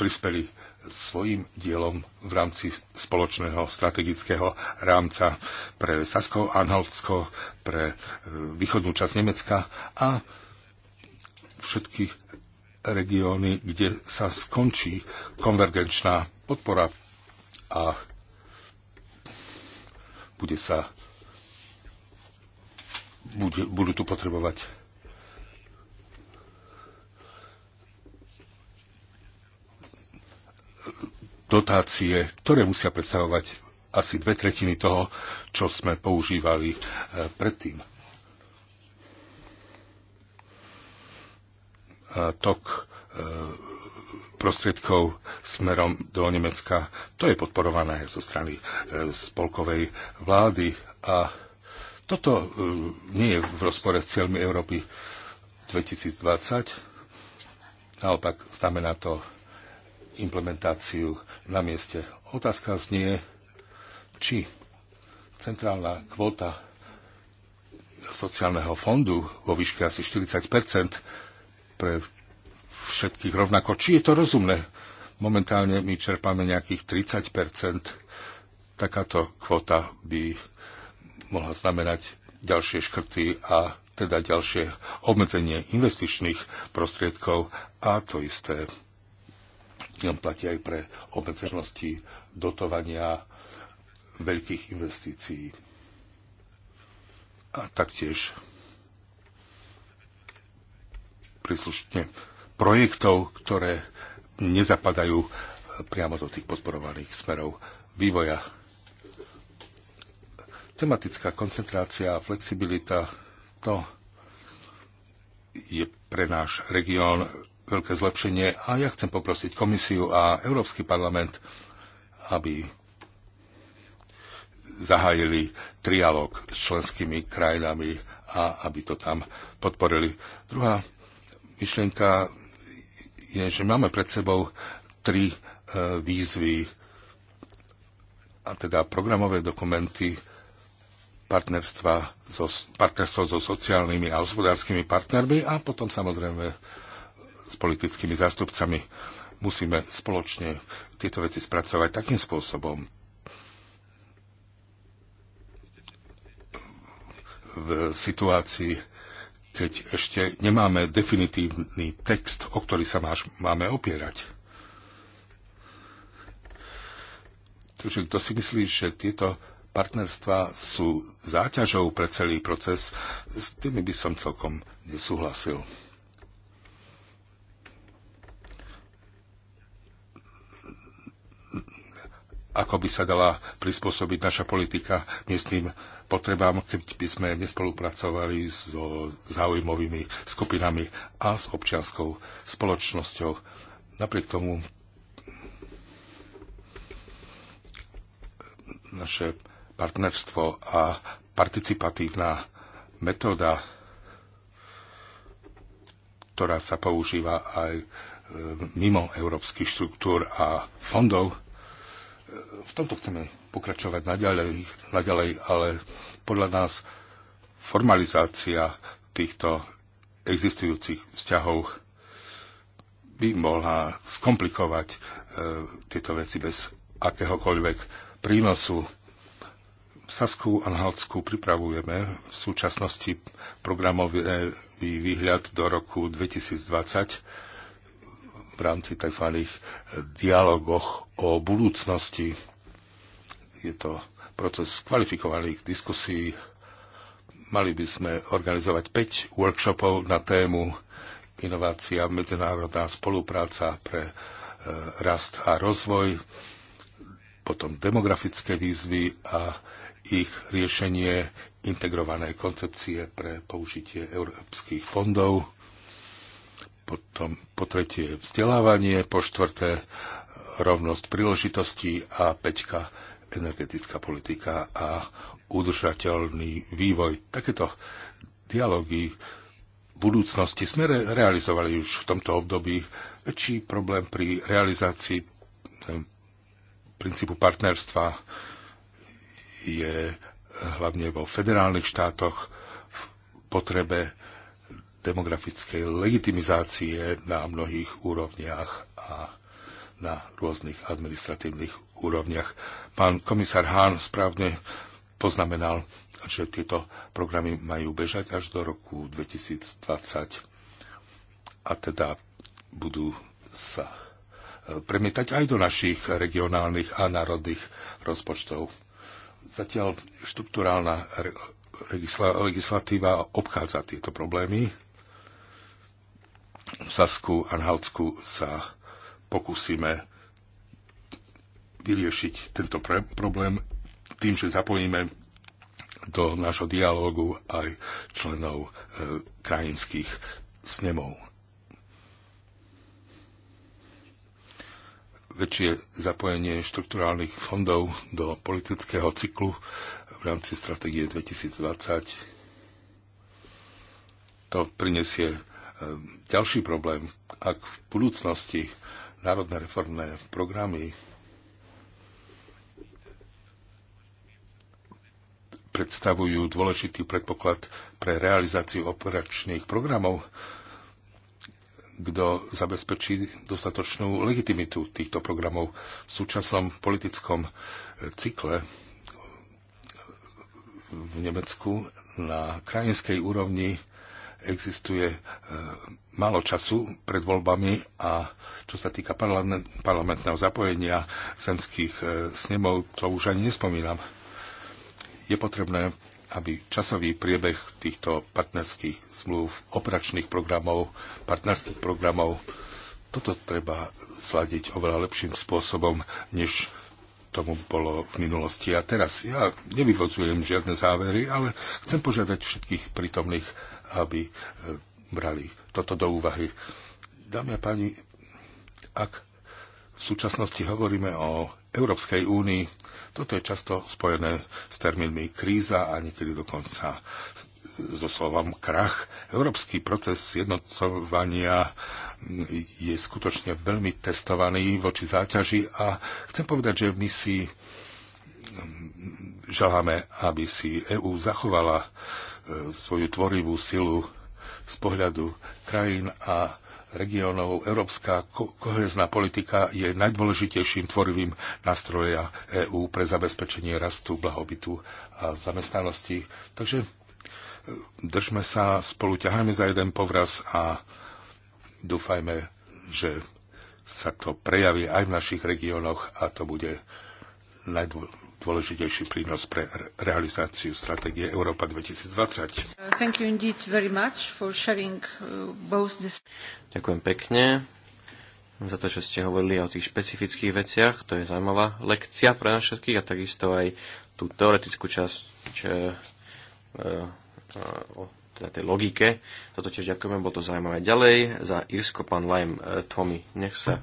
prispeli svojim dielom v rámci spoločného strategického rámca pre Sasko, Anhaltsko, pre e, východnú časť Nemecka a všetky regióny, kde sa skončí konvergenčná podpora a bude sa, bude, budú tu potrebovať dotácie, ktoré musia predstavovať asi dve tretiny toho, čo sme používali eh, predtým. Tok eh, prostriedkov smerom do Nemecka. To je podporované zo strany e, spolkovej vlády a toto e, nie je v rozpore s cieľmi Európy 2020. Naopak znamená to implementáciu na mieste. Otázka znie, či centrálna kvóta sociálneho fondu vo výške asi 40 pre všetkých rovnako. Či je to rozumné? Momentálne my čerpáme nejakých 30 Takáto kvota by mohla znamenať ďalšie škrty a teda ďalšie obmedzenie investičných prostriedkov a to isté platí aj pre obmedzenosti dotovania veľkých investícií. A taktiež príslušne projektov, ktoré nezapadajú e, priamo do tých podporovaných smerov vývoja. Tematická koncentrácia a flexibilita to je pre náš región veľké zlepšenie a ja chcem poprosiť komisiu a Európsky parlament, aby zahájili trialog s členskými krajinami a aby to tam podporili. Druhá myšlienka je, že máme pred sebou tri e, výzvy, a teda programové dokumenty partnerstva so, partnerstvo so sociálnymi a hospodárskymi partnermi a potom samozrejme s politickými zástupcami. Musíme spoločne tieto veci spracovať takým spôsobom, v situácii keď ešte nemáme definitívny text, o ktorý sa máš, máme opierať. Takže kto si myslí, že tieto partnerstva sú záťažou pre celý proces, s tými by som celkom nesúhlasil. Ako by sa dala prispôsobiť naša politika miestným potrebám, keď by sme nespolupracovali so záujmovými skupinami a s občianskou spoločnosťou. Napriek tomu naše partnerstvo a participatívna metóda, ktorá sa používa aj e, mimo európskych štruktúr a fondov, e, v tomto chceme pokračovať naďalej, naďalej ale podľa nás formalizácia týchto existujúcich vzťahov by mohla skomplikovať e, tieto veci bez akéhokoľvek prínosu. V Sasku a Nhalsku pripravujeme v súčasnosti programový výhľad do roku 2020 v rámci tzv. dialogoch o budúcnosti je to proces kvalifikovaných diskusí. Mali by sme organizovať 5 workshopov na tému inovácia, medzinárodná spolupráca pre e, rast a rozvoj, potom demografické výzvy a ich riešenie integrované koncepcie pre použitie európskych fondov, potom po tretie vzdelávanie, po štvrté rovnosť príležitostí a peťka energetická politika a udržateľný vývoj. Takéto dialógy v budúcnosti sme realizovali už v tomto období. Väčší problém pri realizácii eh, princípu partnerstva je eh, hlavne vo federálnych štátoch v potrebe demografickej legitimizácie na mnohých úrovniach a na rôznych administratívnych úrovniach. Pán komisár Hahn správne poznamenal, že tieto programy majú bežať až do roku 2020 a teda budú sa e, premietať aj do našich regionálnych a národných rozpočtov. Zatiaľ štruktúrálna legislatíva obchádza tieto problémy. V Sasku a Nhalsku sa pokúsime vyriešiť tento pre- problém tým, že zapojíme do nášho dialógu aj členov e, krajinských snemov. Väčšie zapojenie štrukturálnych fondov do politického cyklu v rámci stratégie 2020 to prinesie e, ďalší problém, ak v budúcnosti národné reformné programy predstavujú dôležitý predpoklad pre realizáciu operačných programov, kto zabezpečí dostatočnú legitimitu týchto programov v súčasnom politickom eh, cykle v Nemecku na krajinskej úrovni existuje eh, málo času pred voľbami a čo sa týka parlament, parlamentného zapojenia zemských eh, snemov, to už ani nespomínam je potrebné, aby časový priebeh týchto partnerských zmluv, operačných programov, partnerských programov, toto treba sladiť oveľa lepším spôsobom, než tomu bolo v minulosti. A teraz ja nevyvozujem žiadne závery, ale chcem požiadať všetkých prítomných, aby eh, brali toto do úvahy. Dámy a páni, ak v súčasnosti hovoríme o Európskej únii. Toto je často spojené s termínmi kríza a niekedy dokonca so slovom krach. Európsky proces jednocovania je skutočne veľmi testovaný voči záťaži a chcem povedať, že my si mm, želáme, aby si EÚ zachovala e, svoju tvorivú silu z pohľadu krajín a regiónov. Európska kohezná politika je najdôležitejším tvorivým nástrojom EÚ pre zabezpečenie rastu, blahobytu a zamestnanosti. Takže e, držme sa, spolu ťahajme za jeden povraz a dúfajme, že sa to prejaví aj v našich regiónoch a to bude najdôležitejšie dôležitejší prínos pre realizáciu stratégie Európa 2020. Uh, this... Ďakujem pekne za to, čo ste hovorili o tých špecifických veciach. To je zaujímavá lekcia pre nás všetkých a takisto aj tú teoretickú časť čo, e, e, o teda tej logike. Toto tiež ďakujeme, bolo to zaujímavé. Ďalej za Irsko pán Lime Tommy. Nech sa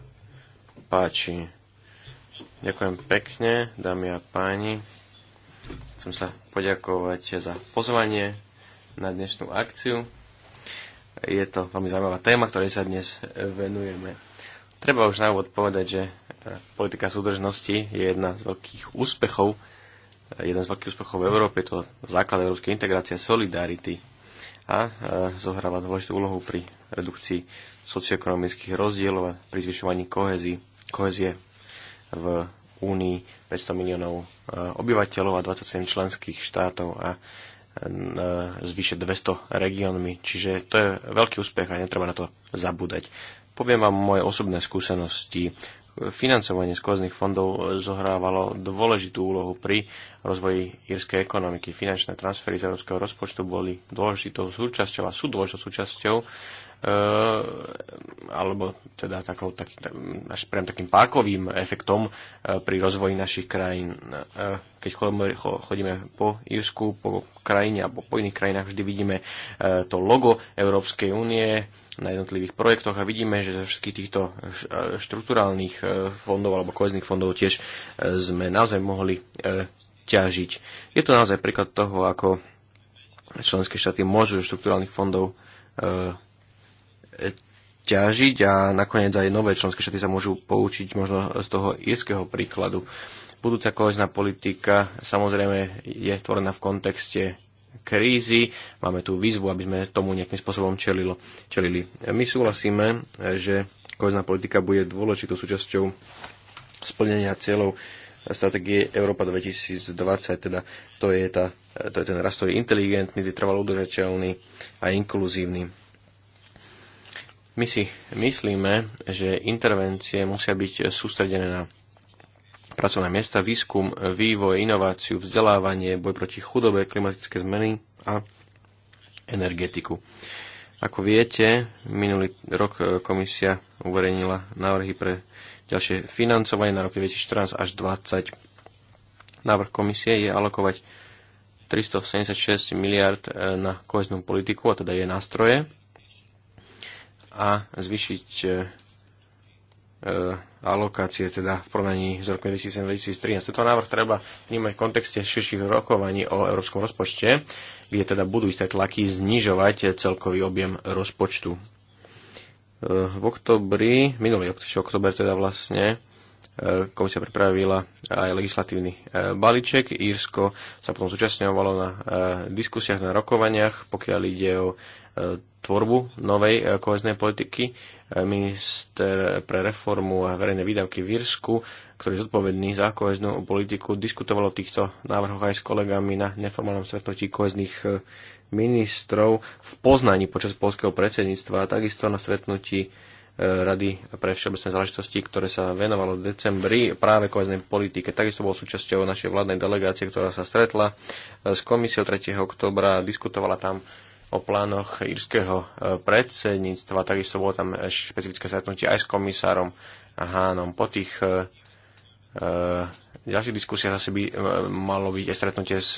páči. Ďakujem pekne, dámy a páni. Chcem sa poďakovať za pozvanie na dnešnú akciu. Je to veľmi zaujímavá téma, ktorej sa dnes venujeme. Treba už na úvod povedať, že e, politika súdržnosti je jedna z veľkých úspechov, e, jeden z veľkých úspechov v Európe, je to základ európskej integrácie, solidarity a e, zohráva dôležitú úlohu pri redukcii socioekonomických rozdielov a pri zvyšovaní kohezie v Únii 500 miliónov eh, obyvateľov a 27 členských štátov a eh, s vyše 200 regiónmi, čiže to je veľký úspech a netreba na to zabúdať. Poviem vám moje osobné skúsenosti. Financovanie z fondov eh, zohrávalo dôležitú úlohu pri rozvoji írskej ekonomiky. Finančné transfery z európskeho rozpočtu boli dôležitou súčasťou a sú dôležitou súčasťou Eh, alebo teda takou, tak, až priam takým pákovým efektom eh, pri rozvoji našich krajín. Eh, keď chodíme po Jusku, po krajine alebo po iných krajinách, vždy vidíme to logo Európskej únie, na jednotlivých projektoch a vidíme, že zo všetkých týchto štruktúrálnych fondov alebo kohezných fondov tiež sme naozaj mohli ťažiť. Je to naozaj príklad toho, ako členské štáty môžu štruktúrálnych fondov ťažiť a nakoniec aj nové členské štáty sa môžu poučiť možno z toho írskeho príkladu. Budúca kohezná politika samozrejme je tvorená v kontexte krízy. Máme tu výzvu, aby sme tomu nejakým spôsobom čelilo, čelili. My súhlasíme, že kohezná politika bude dôležitou súčasťou splnenia cieľov stratégie Európa 2020, teda to je, tá, to je ten rastový inteligentný, trvalo udržateľný a inkluzívny my si myslíme, že intervencie musia byť sústredené na pracovné miesta, výskum, vývoj, inováciu, vzdelávanie, boj proti chudobe, klimatické zmeny a energetiku. Ako viete, minulý rok e, komisia uverejnila návrhy pre ďalšie financovanie na roky 2014 až 2020. Návrh komisie je alokovať 376 miliard e, na koheznú politiku, a teda je nástroje, a zvyšiť e, e, alokácie teda v porovnaní s rokmi 2007-2013. Tento návrh treba vnímať v kontexte širších rokovaní o európskom rozpočte, kde teda budú isté tlaky znižovať celkový objem rozpočtu. E, v oktobri, minulý oktober teda vlastne, komisia pripravila aj legislatívny balíček. Írsko sa potom zúčastňovalo na diskusiách, na rokovaniach, pokiaľ ide o tvorbu novej e, koheznej politiky. E, minister pre reformu a verejné výdavky v Írsku, ktorý je zodpovedný za koheznú politiku, diskutoval o týchto návrhoch aj s kolegami na neformálnom stretnutí koheznych e, ministrov v Poznaní počas polského predsedníctva a takisto na stretnutí Rady pre všeobecné záležitosti, ktoré sa venovalo v decembri práve koheznej politike. Takisto bol súčasťou našej vládnej delegácie, ktorá sa stretla s komisiou 3. oktobra, a diskutovala tam o plánoch írskeho e, predsedníctva. Takisto bolo tam e, špecifické stretnutie aj s komisárom Hánom. Po tých e, e ďalších diskusiách zase by malo byť aj stretnutie s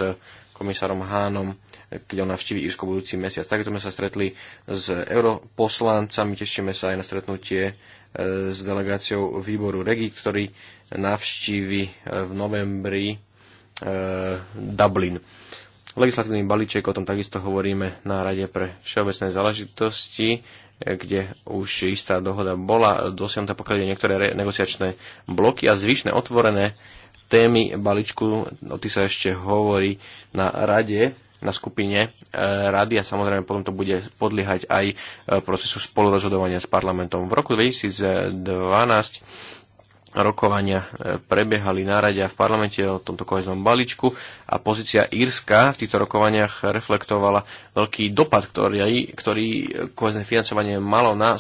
komisárom Hánom, kde on navštíví Írsko budúci mesiac. Takto sme sa stretli s europoslancami, tešíme sa aj na stretnutie s delegáciou výboru REGI, ktorý navštívi v novembri Dublin. Legislatívny balíček, o tom takisto hovoríme na Rade pre všeobecné záležitosti, kde už istá dohoda bola dosiahnutá, pokiaľ niektoré negociačné bloky a zvyšné otvorené témy balíčku, o tých sa ešte hovorí na Rade na skupine e, rady a samozrejme potom to bude podliehať aj e, procesu spolurozhodovania s parlamentom. V roku 2012 rokovania e, prebiehali na rade a v parlamente o tomto koheznom balíčku a pozícia Írska v týchto rokovaniach reflektovala veľký dopad, ktorý, ktorý kohezné financovanie malo na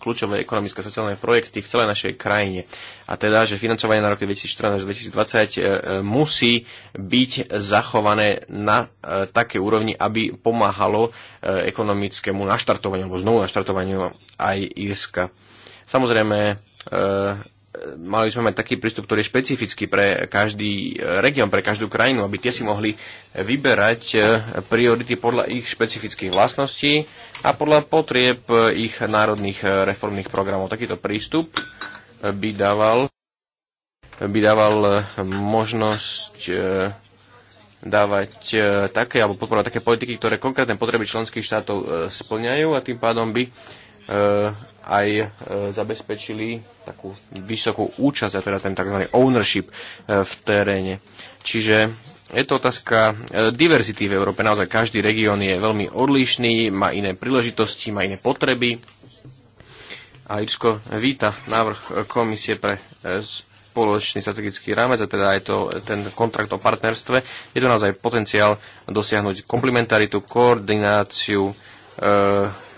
kľúčové ekonomické a sociálne projekty v celej našej krajine. A teda, že financovanie na roky 2014 až 2020 e, e, musí byť zachované na také úrovni, aby pomáhalo ekonomickému naštartovaniu alebo znovu naštartovaniu aj Írska. Samozrejme, mali sme mať taký prístup, ktorý je špecifický pre každý e, región, pre každú krajinu, aby tie si mohli vyberať e, priority podľa ich špecifických vlastností a podľa potrieb ich národných e, reformných programov. Takýto prístup by dával, by dával možnosť dávať také alebo podporovať také politiky, ktoré konkrétne potreby členských štátov splňajú a tým pádom by aj e, zabezpečili takú vysokú účasť, a teda ten tzv. ownership e, v teréne. Čiže je to otázka e, diverzity v Európe. Naozaj každý región je veľmi odlišný, má iné príležitosti, má iné potreby. A Irsko víta návrh komisie pre spoločný strategický rámec, a teda je to ten kontrakt o partnerstve. Je to naozaj potenciál dosiahnuť komplementaritu, koordináciu, e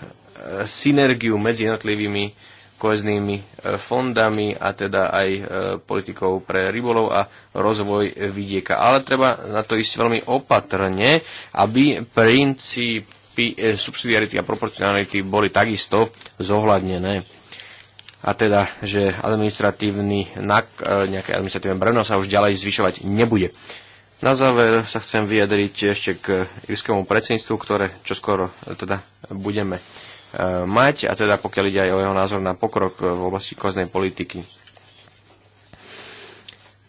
synergiu medzi jednotlivými koheznými e, fondami a teda aj e, politikou pre rybolov a rozvoj vidieka. Ale treba na to ísť veľmi opatrne, aby princípy e, subsidiarity a proporcionality boli takisto zohľadnené. A teda, že administratívny nak, nejaké administratívne brevno sa už ďalej zvyšovať nebude. Na záver sa chcem vyjadriť ešte k irskému predsedníctvu, ktoré čoskoro teda budeme Eh, mať, a teda pokiaľ ide aj o jeho názor na pokrok eh, v oblasti koznej politiky.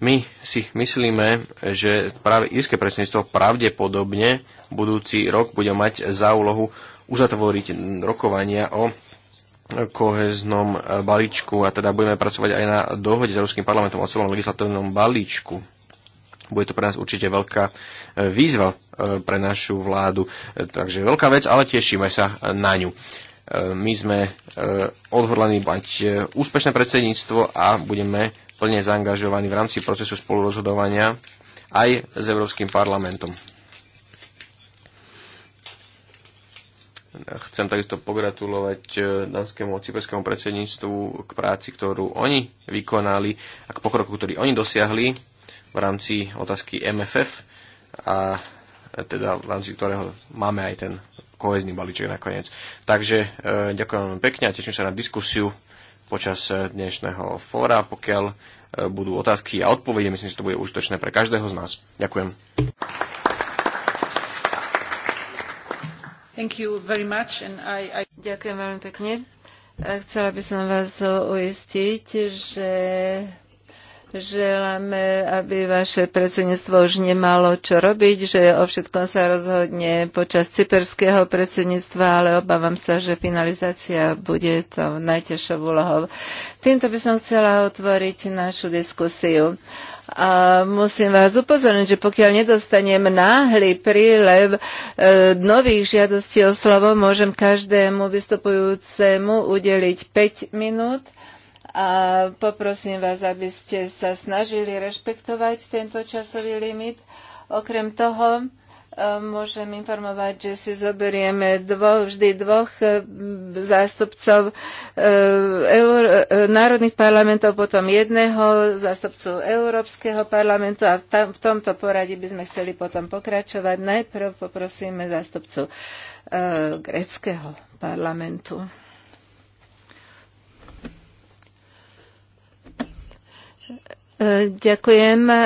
My si myslíme, že práve írske predsedníctvo pravdepodobne budúci rok bude mať za úlohu uzatvoriť rokovania o koheznom eh, balíčku a teda budeme pracovať aj na dohode s Európskym parlamentom o celom legislatívnom balíčku. Bude to pre nás určite veľká výzva pre našu vládu. Takže veľká vec, ale tešíme sa na ňu. My sme e, odhodlaní mať e, úspešné predsedníctvo a budeme plne zaangažovaní v rámci procesu spolurozhodovania aj s Európskym parlamentom. Chcem takisto pogratulovať e, danskému a cyperskému predsedníctvu k práci, ktorú oni vykonali a k pokroku, ktorý oni dosiahli v rámci otázky MFF a teda v rámci ktorého máme aj ten kohezný balíček nakoniec. Takže e, ďakujem veľmi pekne a teším sa na diskusiu počas e, dnešného fóra, pokiaľ e, budú otázky a odpovede. Myslím, že to bude užitočné pre každého z nás. Ďakujem. Thank you very much and I, I... Ďakujem veľmi pekne. Chcela by som vás uistiť, že Želáme, aby vaše predsedníctvo už nemalo čo robiť, že o všetkom sa rozhodne počas cyperského predsedníctva, ale obávam sa, že finalizácia bude to najťažšou úlohou. Týmto by som chcela otvoriť našu diskusiu. A musím vás upozorniť, že pokiaľ nedostanem náhly prílev e, nových žiadostí o slovo, môžem každému vystupujúcemu udeliť 5 minút a poprosím vás, aby ste sa snažili rešpektovať tento časový limit. Okrem toho, e, môžem informovať, že si zoberieme dvo, vždy dvoch e, zástupcov e, eur, národných parlamentov, potom jedného zástupcu Európskeho parlamentu a v, tam, v tomto poradí by sme chceli potom pokračovať. Najprv poprosíme zástupcu e, greckého parlamentu. Ďakujem, e,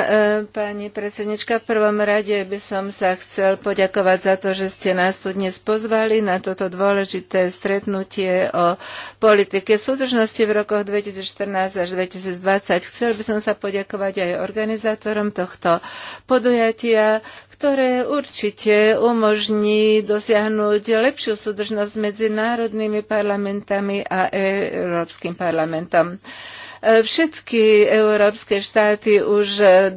pani predsednička. V prvom rade by som sa chcel poďakovať za to, že ste nás tu dnes pozvali na toto dôležité stretnutie o politike súdržnosti v rokoch 2014 až 2020. Chcel by som sa poďakovať aj organizátorom tohto podujatia, ktoré určite umožní dosiahnuť lepšiu súdržnosť medzi národnými parlamentami a Európskym parlamentom. E, všetky európske štáty už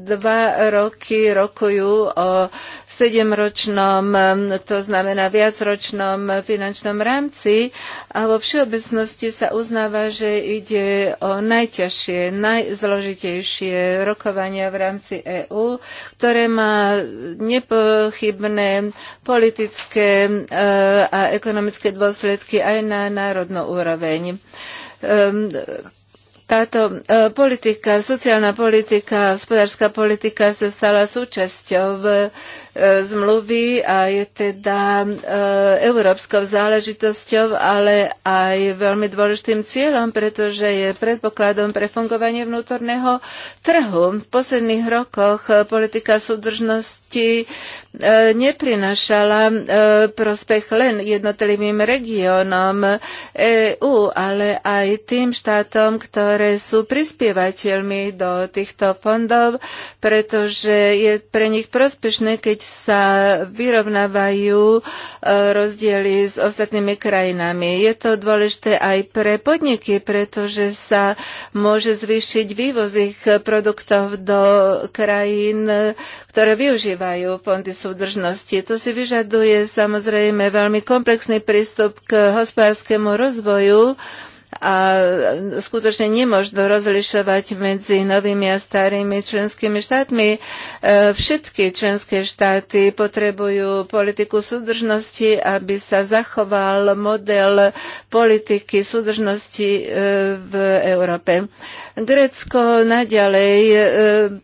dva roky rokujú o sedemročnom, e, to znamená viacročnom finančnom rámci a vo všeobecnosti sa uznáva, že ide o najťažšie, najzložitejšie rokovania v rámci EÚ, ktoré má nepochybné politické e, a ekonomické dôsledky aj na národnú úroveň ehm, táto e, politika, sociálna politika, hospodárska politika sa stala súčasťou v zmluvy a je teda e, európskou záležitosťou, ale aj veľmi dôležitým cieľom, pretože je predpokladom pre fungovanie vnútorného trhu. V posledných rokoch e, politika súdržnosti e, neprinašala prospech len jednotlivým regiónom EÚ, ale aj tým štátom, ktoré sú prispievateľmi do týchto fondov, pretože je pre nich prospešné, keď sa vyrovnávajú e, rozdiely s ostatnými krajinami. Je to dôležité aj pre podniky, pretože sa môže zvýšiť vývoz ich produktov do krajín, ktoré využívajú fondy súdržnosti. To si vyžaduje samozrejme veľmi komplexný prístup k hospodárskému rozvoju a skutočne nemožno rozlišovať medzi novými a starými členskými štátmi. E, všetky členské štáty potrebujú politiku súdržnosti, aby sa zachoval model politiky súdržnosti e, v Európe. Grécko naďalej e,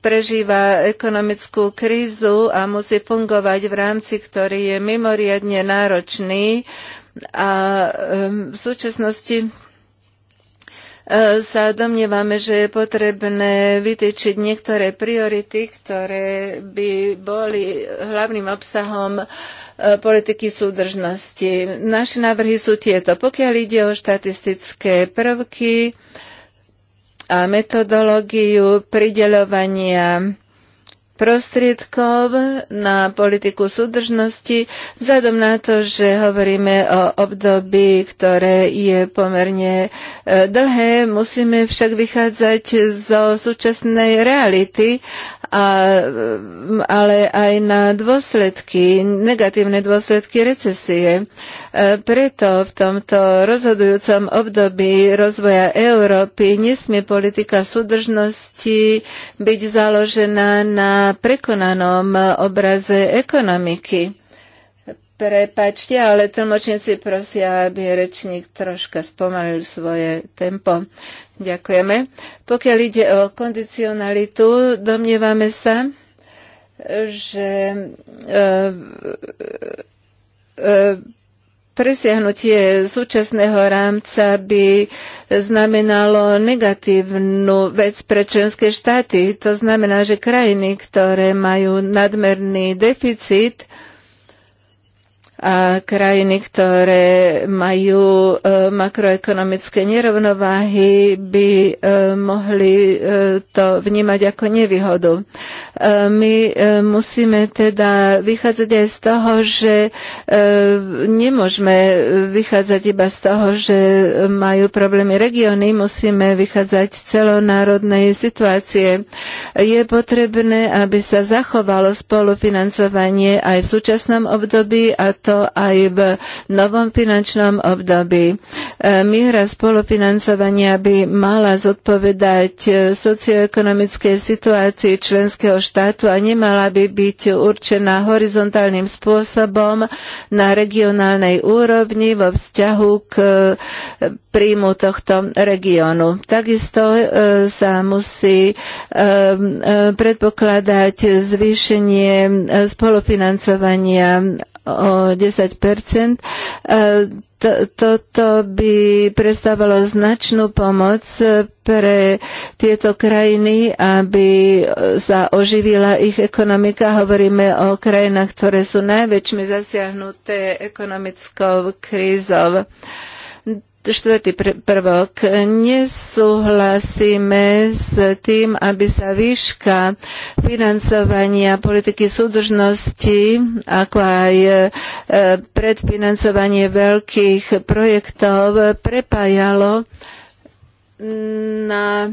prežíva ekonomickú krízu a musí fungovať v rámci, ktorý je mimoriadne náročný a v súčasnosti E, sa domnievame, že je potrebné vytýčiť niektoré priority, ktoré by boli hlavným obsahom e, politiky súdržnosti. Naše návrhy sú tieto. Pokiaľ ide o štatistické prvky a metodológiu prideľovania prostriedkov na politiku súdržnosti, vzhľadom na to, že hovoríme o období, ktoré je pomerne e, dlhé, musíme však vychádzať zo súčasnej reality a, ale aj na dôsledky, negatívne dôsledky recesie. E, preto v tomto rozhodujúcom období rozvoja Európy nesmie politika súdržnosti byť založená na prekonanom obraze ekonomiky Prepačte, ale tlmočníci prosia, aby rečník troška spomalil svoje tempo. Ďakujeme. Pokiaľ ide o kondicionalitu, domnievame sa, že e, e, presiahnutie súčasného rámca by znamenalo negatívnu vec pre členské štáty. To znamená, že krajiny, ktoré majú nadmerný deficit, a krajiny, ktoré majú e, makroekonomické nerovnováhy, by e, mohli e, to vnímať ako nevýhodu. My musíme teda vychádzať aj z toho, že nemôžeme vychádzať iba z toho, že majú problémy regióny, musíme vychádzať z celonárodnej situácie. Je potrebné, aby sa zachovalo spolufinancovanie aj v súčasnom období a to to aj v novom finančnom období. E, miera spolufinancovania by mala zodpovedať e, socioekonomickej situácii členského štátu a nemala by byť určená horizontálnym spôsobom na regionálnej úrovni vo vzťahu k e, príjmu tohto regiónu. Takisto sa musí predpokladať zvýšenie spolufinancovania o 10 e, toto by predstavovalo značnú pomoc pre tieto krajiny, aby sa oživila ich ekonomika. Hovoríme o krajinách, ktoré sú najväčšmi zasiahnuté ekonomickou krízou. Štvrtý pr- prvok. Nesúhlasíme s tým, aby sa výška financovania politiky súdržnosti, ako aj e, predfinancovanie veľkých projektov prepájalo na e,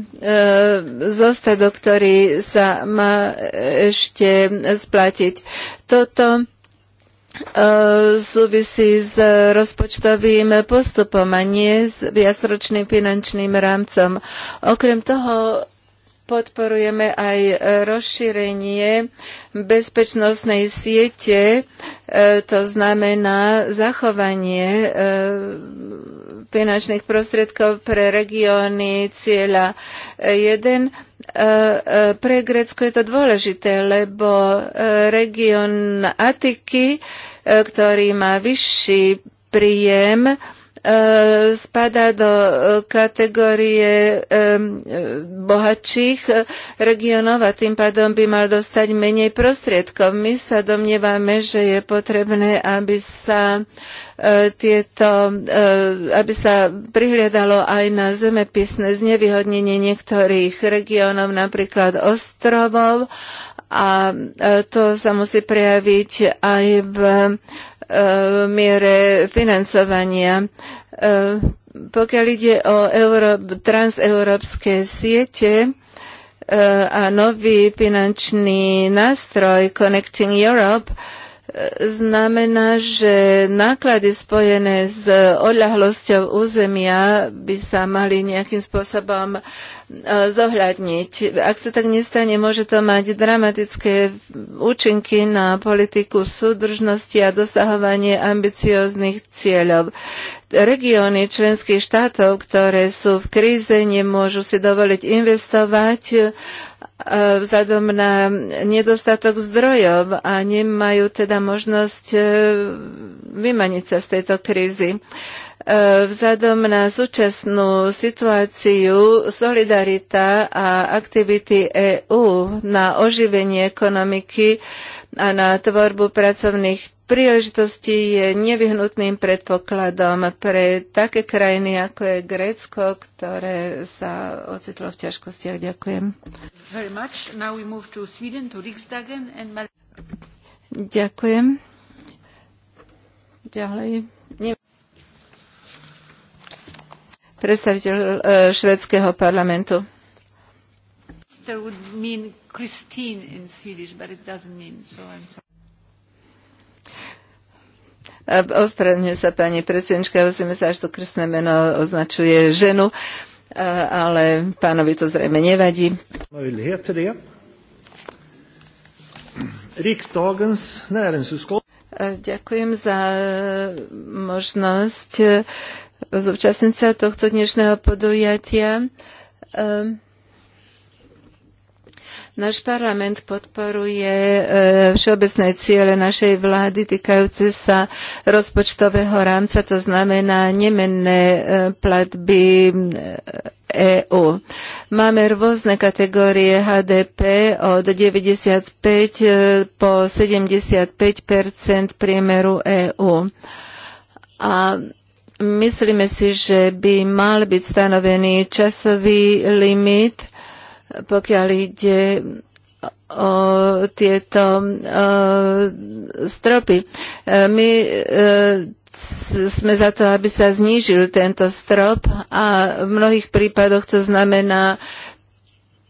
zostatok, ktorý sa má ešte splatiť. Toto E, súvisí s rozpočtovým postupom a nie s viacročným finančným rámcom. Okrem toho podporujeme aj rozšírenie bezpečnostnej siete, e, to znamená zachovanie e, finančných prostriedkov pre regióny cieľa 1 e, e, pre Grécko je to dôležité, lebo e, región Atiky, ktorý má vyšší príjem, E, spadá do e, kategórie e, bohatších regionov a tým pádom by mal dostať menej prostriedkov. My sa domnievame, že je potrebné, aby sa tieto, aby sa prihliadalo aj na zemepisné znevýhodnenie niektorých regiónov, napríklad ostrovov, a to sa musí prejaviť aj v miere financovania. E, pokiaľ ide o transeurópske siete, e, a nový finančný nástroj Connecting Europe, znamená, že náklady spojené s odľahlosťou územia by sa mali nejakým spôsobom e, zohľadniť. Ak sa tak nestane, môže to mať dramatické účinky na politiku súdržnosti a dosahovanie ambicióznych cieľov. Regióny členských štátov, ktoré sú v kríze, nemôžu si dovoliť investovať E, vzhľadom na nedostatok zdrojov a nemajú teda možnosť e, vymaniť sa z tejto krízy. E, vzhľadom na súčasnú situáciu solidarita a aktivity EÚ na oživenie ekonomiky a na tvorbu pracovných príležitosti je nevyhnutným predpokladom pre také krajiny, ako je Grécko, ktoré sa ocitlo v ťažkostiach. Ďakujem. Ďakujem. Ďalej. Predstaviteľ e, švedského parlamentu. There would mean Christine in Swedish, but it doesn't mean, so I'm sorry. Ospravedlňuje sa pani predsednička, musíme sa až to krstné meno označuje ženu, ale pánovi to zrejme nevadí. Ďakujem za e, možnosť e, zúčastniť sa tohto dnešného podujatia. Um, Náš parlament podporuje e, všeobecné ciele našej vlády týkajúce sa rozpočtového rámca, to znamená nemenné e, platby EU. E Máme rôzne kategórie HDP od 95 po 75 priemeru EU. A myslíme si, že by mal byť stanovený časový limit pokiaľ ide o tieto stropy. E, my e, sme za to, aby sa znížil tento strop a v mnohých prípadoch to znamená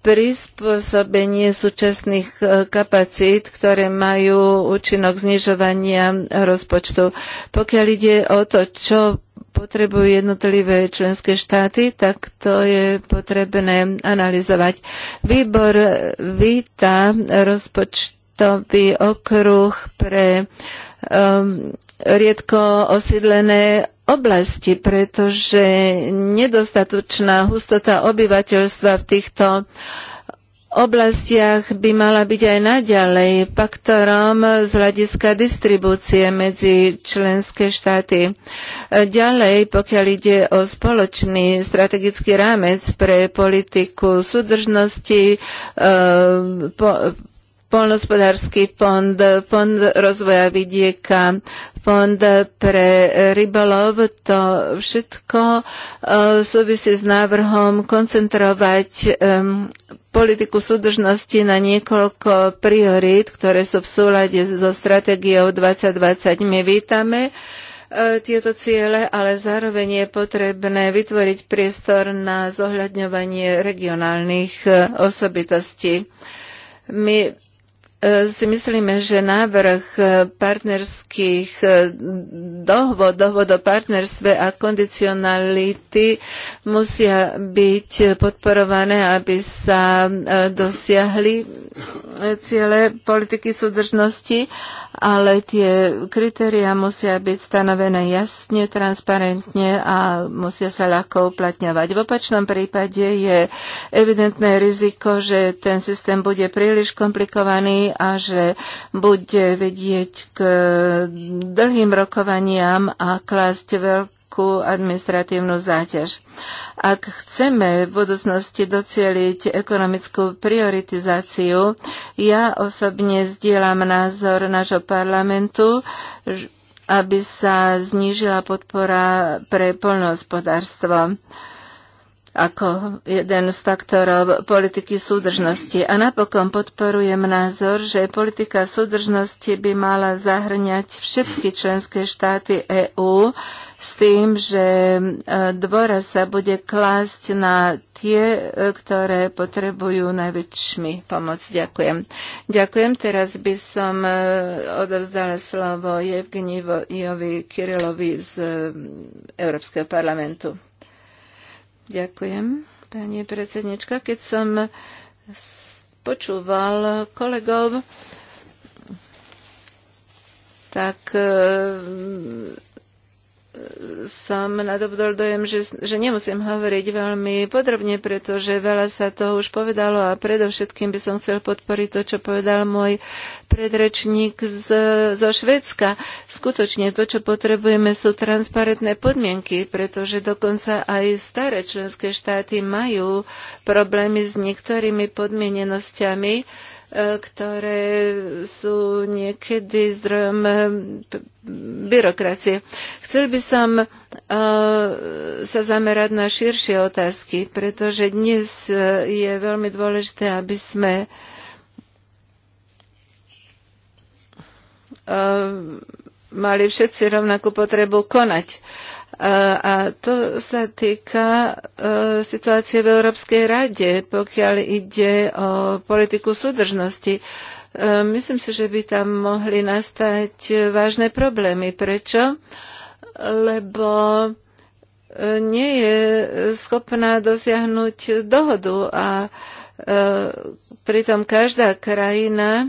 prispôsobenie súčasných e, kapacít, ktoré majú účinok znižovania rozpočtu. Pokiaľ ide o to, čo potrebujú jednotlivé členské štáty, tak to je potrebné analyzovať. Výbor víta rozpočtový okruh pre um, riedko osídlené oblasti, pretože nedostatočná hustota obyvateľstva v týchto uh, oblastiach by mala byť aj naďalej faktorom z hľadiska distribúcie medzi členské štáty. Ďalej, pokiaľ ide o spoločný strategický rámec pre politiku súdržnosti, eh, po, Polnospodársky fond, fond rozvoja vidieka, fond pre rybolov, to všetko e, súvisí s návrhom koncentrovať e, politiku súdržnosti na niekoľko priorít, ktoré sú v súlade so stratégiou 2020. My vítame e, tieto ciele, ale zároveň je potrebné vytvoriť priestor na zohľadňovanie regionálnych osobitostí. My E, si myslíme, že návrh e, partnerských e, dohod, dohod o partnerstve a kondicionality musia byť podporované, aby sa dosiahli E, ciele politiky súdržnosti, ale tie kritéria musia byť stanovené jasne, transparentne a musia sa ľahko uplatňovať. V opačnom prípade je evidentné riziko, že ten systém bude príliš komplikovaný a že bude vedieť k dlhým rokovaniam a klásť veľké veľkú administratívnu záťaž. Ak chceme v budúcnosti docieliť ekonomickú prioritizáciu, ja osobne zdieľam názor nášho parlamentu, aby sa znížila podpora pre poľnohospodárstvo ako jeden z faktorov politiky súdržnosti. A napokon podporujem názor, že politika súdržnosti by mala zahrňať všetky členské štáty EÚ s tým, že e, dvora sa bude klásť na tie, e, ktoré potrebujú najväčšmi pomoc. Ďakujem. Ďakujem. Teraz by som e, odovzdala slovo Jevgenijovi Kirilovi z Európskeho parlamentu. Ďakujem, pani predsednička. Keď som počúval kolegov, tak som nadobudol dojem, že, že nemusím hovoriť veľmi podrobne, pretože veľa sa toho už povedalo a predovšetkým by som chcel podporiť to, čo povedal môj predrečník z, zo Švedska. Skutočne to, čo potrebujeme, sú transparentné podmienky, pretože dokonca aj staré členské štáty majú problémy s niektorými podmienenosťami, E, ktoré sú niekedy zdrojom e, byrokracie. Chcel by som e, sa zamerať na širšie otázky, pretože dnes je veľmi dôležité, aby sme mali všetci rovnakú potrebu konať. A to sa týka e, situácie v Európskej rade, pokiaľ ide o politiku súdržnosti. E, myslím si, že by tam mohli nastať vážne problémy. Prečo? Lebo e, nie je schopná dosiahnuť dohodu a pritom každá krajina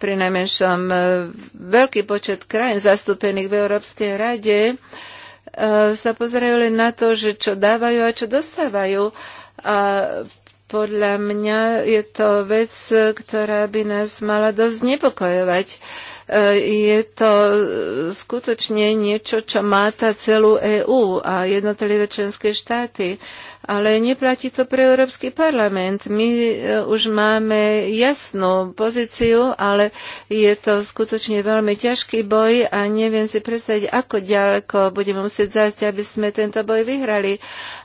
pri najmenšom veľký počet krajín zastúpených v Európskej rade E, sa pozerajú len na to, že čo dávajú a čo dostávajú. A podľa mňa je to vec, ktorá by nás mala dosť nepokojovať. E, je to skutočne niečo, čo má tá celú EÚ a jednotlivé členské štáty. Uh, ale neplatí to pre Európsky parlament. My e, už máme jasnú pozíciu, ale je to skutočne veľmi ťažký boj a neviem si predstaviť, ako ďaleko budeme musieť zájsť, aby sme tento boj vyhrali.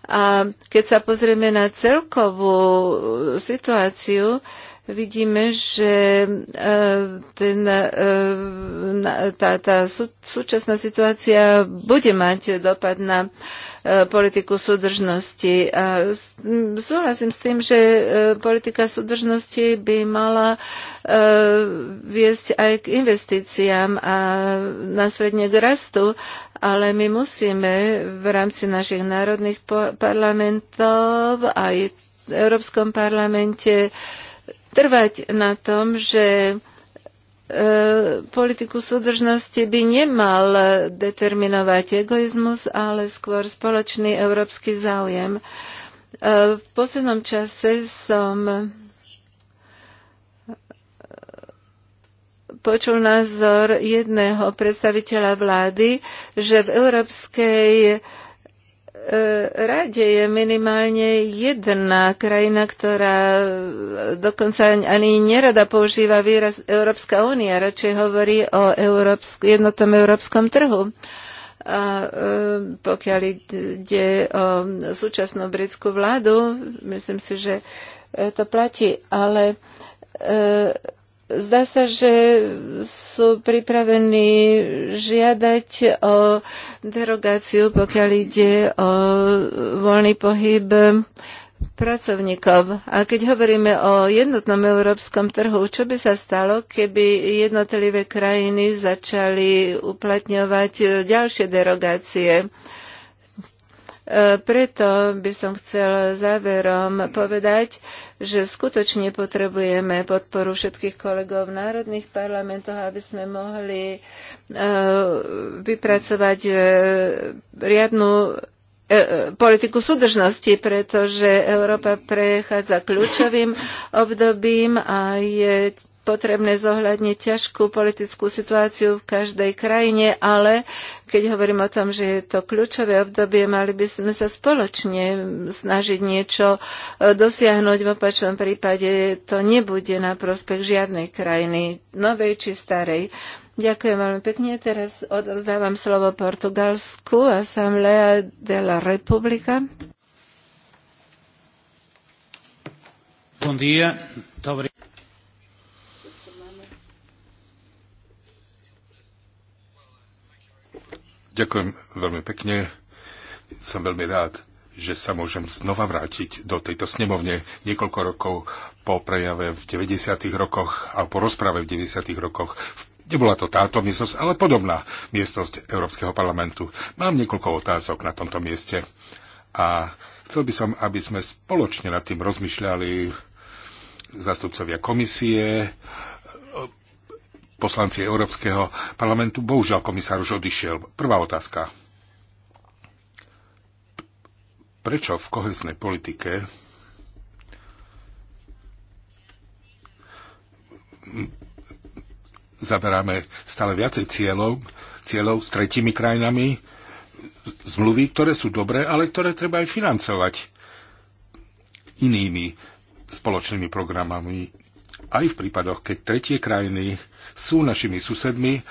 A keď sa pozrieme na celkovú e, situáciu, vidíme, že e, ten, tá, tá súčasná situácia bude mať dopad na Eh, politiku súdržnosti. A súhlasím s tým, že eh, politika súdržnosti by mala eh, viesť aj k investíciám a následne k rastu, ale my musíme v rámci našich národných parlamentov aj v Európskom parlamente trvať na tom, že E, politiku súdržnosti by nemal determinovať egoizmus, ale skôr spoločný európsky záujem. E, v poslednom čase som počul názor jedného predstaviteľa vlády, že v Európskej rade je minimálne jedna krajina, ktorá dokonca ani nerada používa výraz Európska únia, radšej hovorí o európsk, jednotnom európskom trhu. A e, pokiaľ ide o súčasnú britskú vládu, myslím si, že e, to platí, ale e, Zdá sa, že sú pripravení žiadať o derogáciu, pokiaľ ide o voľný pohyb pracovníkov. A keď hovoríme o jednotnom európskom trhu, čo by sa stalo, keby jednotlivé krajiny začali uplatňovať ďalšie derogácie? E, preto by som chcel záverom povedať, že skutočne potrebujeme podporu všetkých kolegov v národných parlamentoch, aby sme mohli e, vypracovať e, riadnu politiku súdržnosti, pretože Európa prechádza kľúčovým obdobím a je potrebné zohľadniť ťažkú politickú situáciu v každej krajine, ale keď hovorím o tom, že je to kľúčové obdobie, mali by sme sa spoločne snažiť niečo e, dosiahnuť. V opačnom prípade to nebude na prospech žiadnej krajiny, novej či starej. Ďakujem veľmi pekne. Teraz odovzdávam slovo Portugalsku, Lea de la Republika. Bon dia. Dobrý. Ďakujem veľmi pekne. Som veľmi rád, že sa môžem znova vrátiť do tejto snemovne niekoľko rokov po prejave v 90. rokoch a po rozprave v 90. rokoch. Nebola to táto miestnosť, ale podobná miestnosť Európskeho parlamentu. Mám niekoľko otázok na tomto mieste a chcel by som, aby sme spoločne nad tým rozmýšľali zástupcovia komisie, poslanci Európskeho parlamentu. Bohužiaľ, komisár už odišiel. Prvá otázka. Prečo v kohesnej politike zaberáme stále viacej cieľov, cieľov s tretími krajinami, zmluvy, ktoré sú dobré, ale ktoré treba aj financovať inými spoločnými programami, aj v prípadoch, keď tretie krajiny sú našimi susedmi,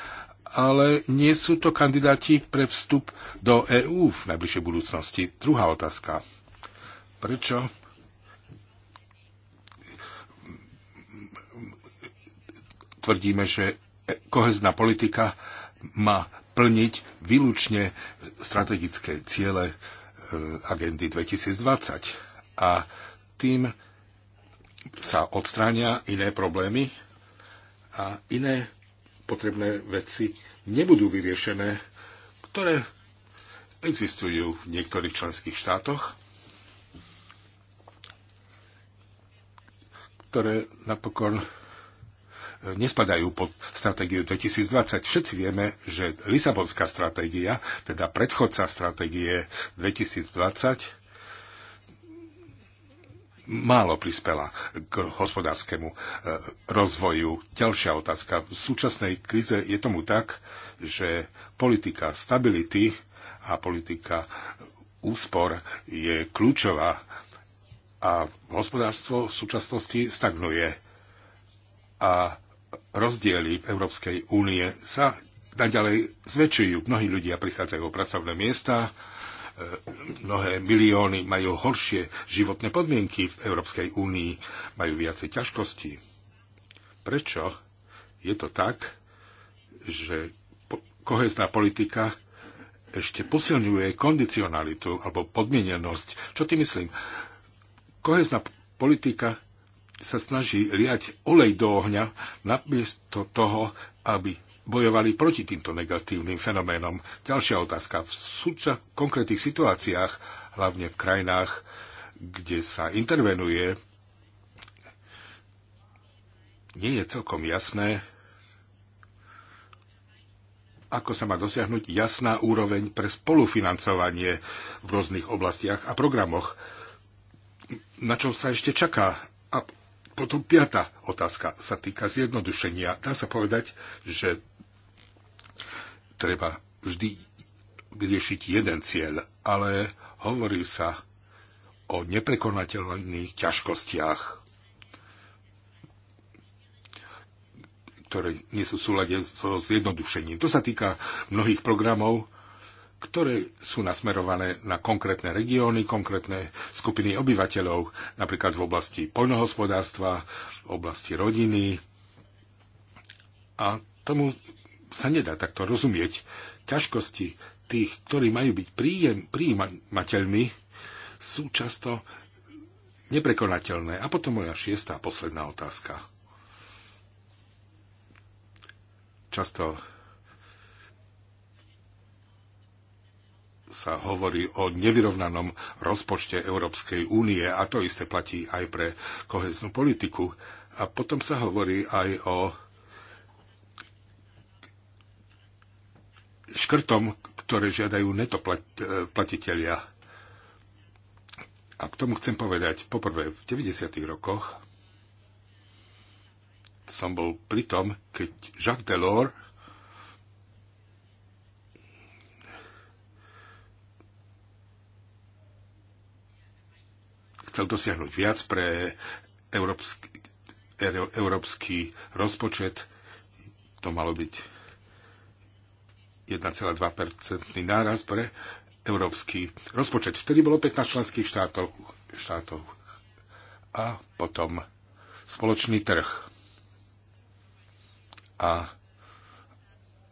ale nie sú to kandidáti pre vstup do EÚ v najbližšej budúcnosti. Druhá otázka. Prečo tvrdíme, že kohezná politika má plniť výlučne strategické ciele e, agendy 2020 a tým sa odstránia iné problémy, a iné potrebné veci nebudú vyriešené, ktoré existujú v niektorých členských štátoch, ktoré napokon e, nespadajú pod stratégiu 2020. Všetci vieme, že Lisabonská stratégia, teda predchodca stratégie 2020, málo prispela k hospodárskému e, rozvoju. Ďalšia otázka. V súčasnej krize je tomu tak, že politika stability a politika úspor je kľúčová a hospodárstvo v súčasnosti stagnuje. A rozdiely v Európskej únie sa naďalej zväčšujú. Mnohí ľudia prichádzajú o pracovné miesta, E, mnohé milióny majú horšie životné podmienky v Európskej únii, majú viacej ťažkostí. Prečo je to tak, že kohezná politika ešte posilňuje kondicionalitu alebo podmienenosť. Čo ty myslím? Kohezná politika sa snaží liať olej do ohňa namiesto toho, aby bojovali proti týmto negatívnym fenoménom. Ďalšia otázka. V súča- konkrétnych situáciách, hlavne v krajinách, kde sa intervenuje, nie je celkom jasné, ako sa má dosiahnuť jasná úroveň pre spolufinancovanie v rôznych oblastiach a programoch. Na čo sa ešte čaká? A potom piata otázka sa týka zjednodušenia. Dá sa povedať, že treba vždy riešiť jeden cieľ, ale hovorí sa o neprekonateľných ťažkostiach, ktoré nie sú v súlade so zjednodušením. To sa týka mnohých programov, ktoré sú nasmerované na konkrétne regióny, konkrétne skupiny obyvateľov, napríklad v oblasti poľnohospodárstva, v oblasti rodiny. A tomu sa nedá takto rozumieť. Ťažkosti tých, ktorí majú byť príjem, príjimateľmi, sú často neprekonateľné. A potom moja šiestá posledná otázka. Často sa hovorí o nevyrovnanom rozpočte Európskej únie a to isté platí aj pre koheznú politiku. A potom sa hovorí aj o škrtom, ktoré žiadajú netoplatitelia. E, A k tomu chcem povedať, poprvé, v 90. rokoch som bol pri tom, keď Jacques Delors chcel dosiahnuť viac pre európsky, e, európsky rozpočet. To malo byť 1,2% náraz pre európsky rozpočet. Vtedy bolo 15 členských štátov, štátov. A potom spoločný trh. A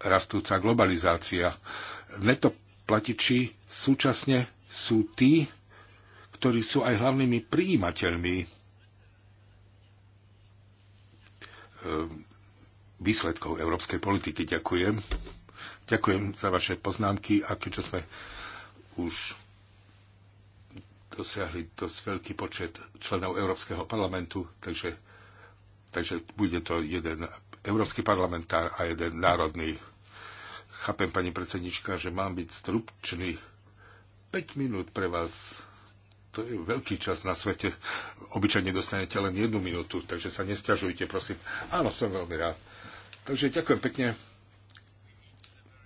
rastúca globalizácia. Neto platiči súčasne sú tí, ktorí sú aj hlavnými príjimateľmi ehm, výsledkov európskej politiky. Ďakujem. Ďakujem za vaše poznámky a keďže sme už dosiahli dosť veľký počet členov Európskeho parlamentu, takže, takže bude to jeden európsky parlamentár a jeden národný. Chápem, pani predsednička, že mám byť stručný. 5 minút pre vás to je veľký čas na svete. Obyčajne dostanete len jednu minútu, takže sa nestiažujte, prosím. Áno, som veľmi rád. Takže ďakujem pekne.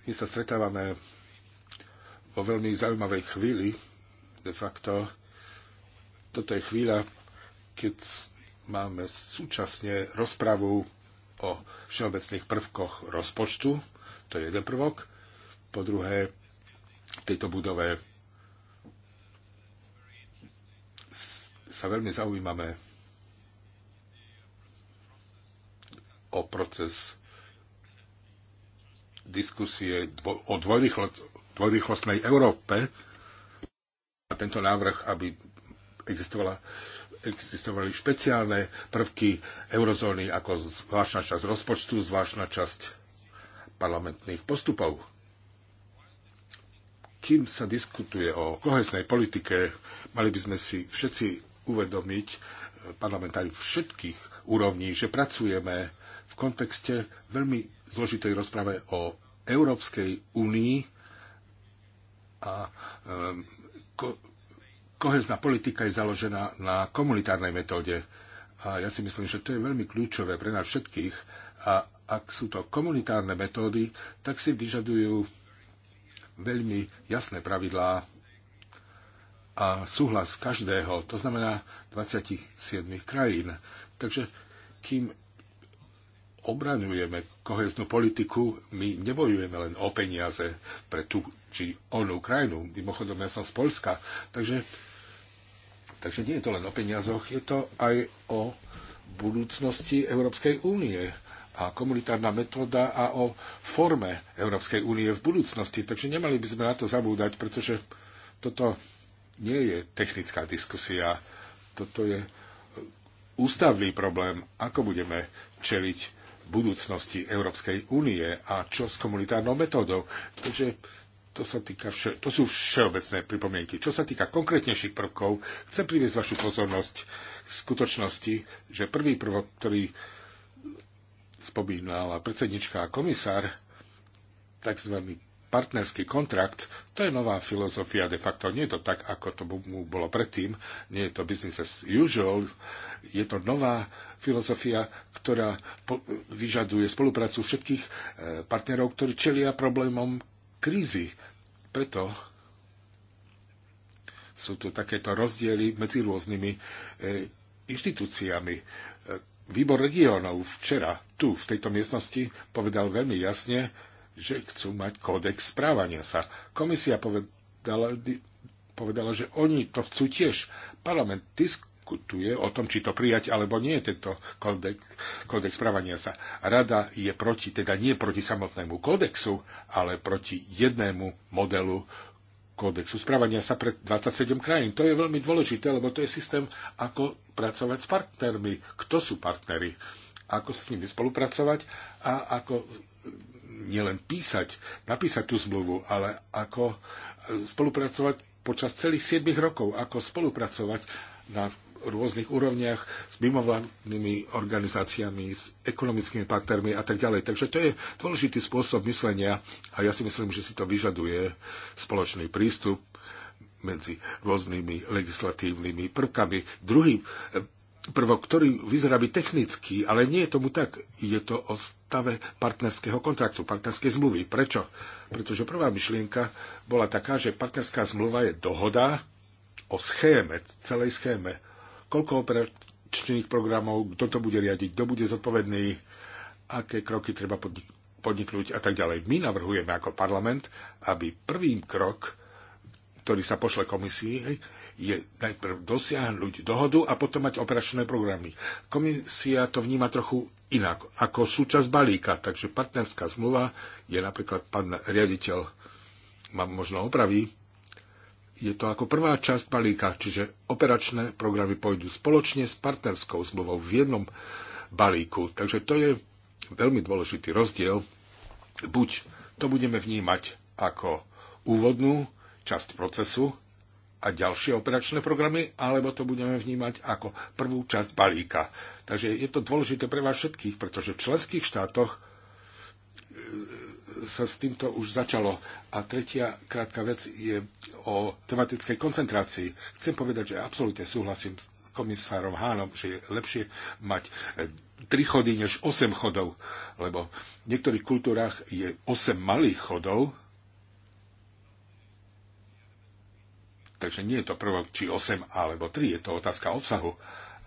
My sa stretávame vo veľmi zaujímavej chvíli. De facto, toto je chvíľa, keď máme súčasne rozpravu o všeobecných prvkoch rozpočtu. To je jeden prvok. Po druhé, v tejto budove sa veľmi zaujímame o proces diskusie o dvojrýchlostnej Európe a tento návrh, aby existovala existovali špeciálne prvky eurozóny ako zvláštna časť rozpočtu, zvláštna časť parlamentných postupov. Kým sa diskutuje o kohesnej politike, mali by sme si všetci uvedomiť, eh, parlamentári všetkých úrovní, že pracujeme kontexte veľmi zložitej rozprave o Európskej únii a ehm, ko- kohezná politika je založená na komunitárnej metóde. A ja si myslím, že to je veľmi kľúčové pre nás všetkých. A ak sú to komunitárne metódy, tak si vyžadujú veľmi jasné pravidlá a súhlas každého, to znamená 27 krajín. Takže kým obraňujeme koheznú politiku, my nebojujeme len o peniaze pre tú či onú krajinu. Mimochodom, ja som z Polska, takže, takže nie je to len o peniazoch, je to aj o budúcnosti Európskej únie a komunitárna metóda a o forme Európskej únie v budúcnosti. Takže nemali by sme na to zabúdať, pretože toto nie je technická diskusia, toto je ústavný problém, ako budeme čeliť budúcnosti Európskej únie a čo s komunitárnou metódou. Takže to, sa týka vše, to sú všeobecné pripomienky. Čo sa týka konkrétnejších prvkov, chcem priviesť vašu pozornosť v skutočnosti, že prvý prvok, ktorý spomínala predsednička a komisár, tzv. partnerský kontrakt, to je nová filozofia de facto. Nie je to tak, ako to mu bolo predtým, nie je to business as usual, je to nová filozofia, ktorá vyžaduje spoluprácu všetkých e, partnerov, ktorí čelia problémom krízy. Preto sú tu takéto rozdiely medzi rôznymi e, inštitúciami. E, výbor regionov včera tu, v tejto miestnosti, povedal veľmi jasne, že chcú mať kódex správania sa. Komisia povedala, povedala, že oni to chcú tiež. Parlament disk, diskutuje o tom, či to prijať alebo nie tento kodex kodex správania sa. Rada je proti, teda nie proti samotnému kodexu, ale proti jednému modelu kódexu správania sa pre 27 krajín. To je veľmi dôležité, lebo to je systém, ako pracovať s partnermi. Kto sú partnery? Ako s nimi spolupracovať a ako nielen písať, napísať tú zmluvu, ale ako spolupracovať počas celých 7 rokov, ako spolupracovať na rôznych úrovniach s mimovládnymi organizáciami, s ekonomickými partnermi a tak ďalej. Takže to je dôležitý spôsob myslenia a ja si myslím, že si to vyžaduje spoločný prístup medzi rôznymi legislatívnymi prvkami. Druhý eh, prvok, ktorý vyzerá byť technický, ale nie je tomu tak. Je to o stave partnerského kontraktu, partnerskej zmluvy. Prečo? Pretože prvá myšlienka bola taká, že partnerská zmluva je dohoda o schéme, celej schéme koľko operačných programov, kto to bude riadiť, kto bude zodpovedný, aké kroky treba podniknúť a tak ďalej. My navrhujeme ako parlament, aby prvým krok, ktorý sa pošle komisii, je najprv dosiahnuť dohodu a potom mať operačné programy. Komisia to vníma trochu inak, ako súčasť balíka, takže partnerská zmluva je napríklad pán riaditeľ, mám možno opraví, je to ako prvá časť balíka, čiže operačné programy pôjdu spoločne s partnerskou zmluvou v jednom balíku. Takže to je veľmi dôležitý rozdiel. Buď to budeme vnímať ako úvodnú časť procesu a ďalšie operačné programy, alebo to budeme vnímať ako prvú časť balíka. Takže je to dôležité pre vás všetkých, pretože v členských štátoch sa s týmto už začalo. A tretia krátka vec je o tematickej koncentrácii. Chcem povedať, že absolútne súhlasím s komisárom Hánom, že je lepšie mať eh, tri chody než 8 chodov, lebo v niektorých kultúrách je 8 malých chodov, takže nie je to prvok či 8 alebo 3, je to otázka obsahu,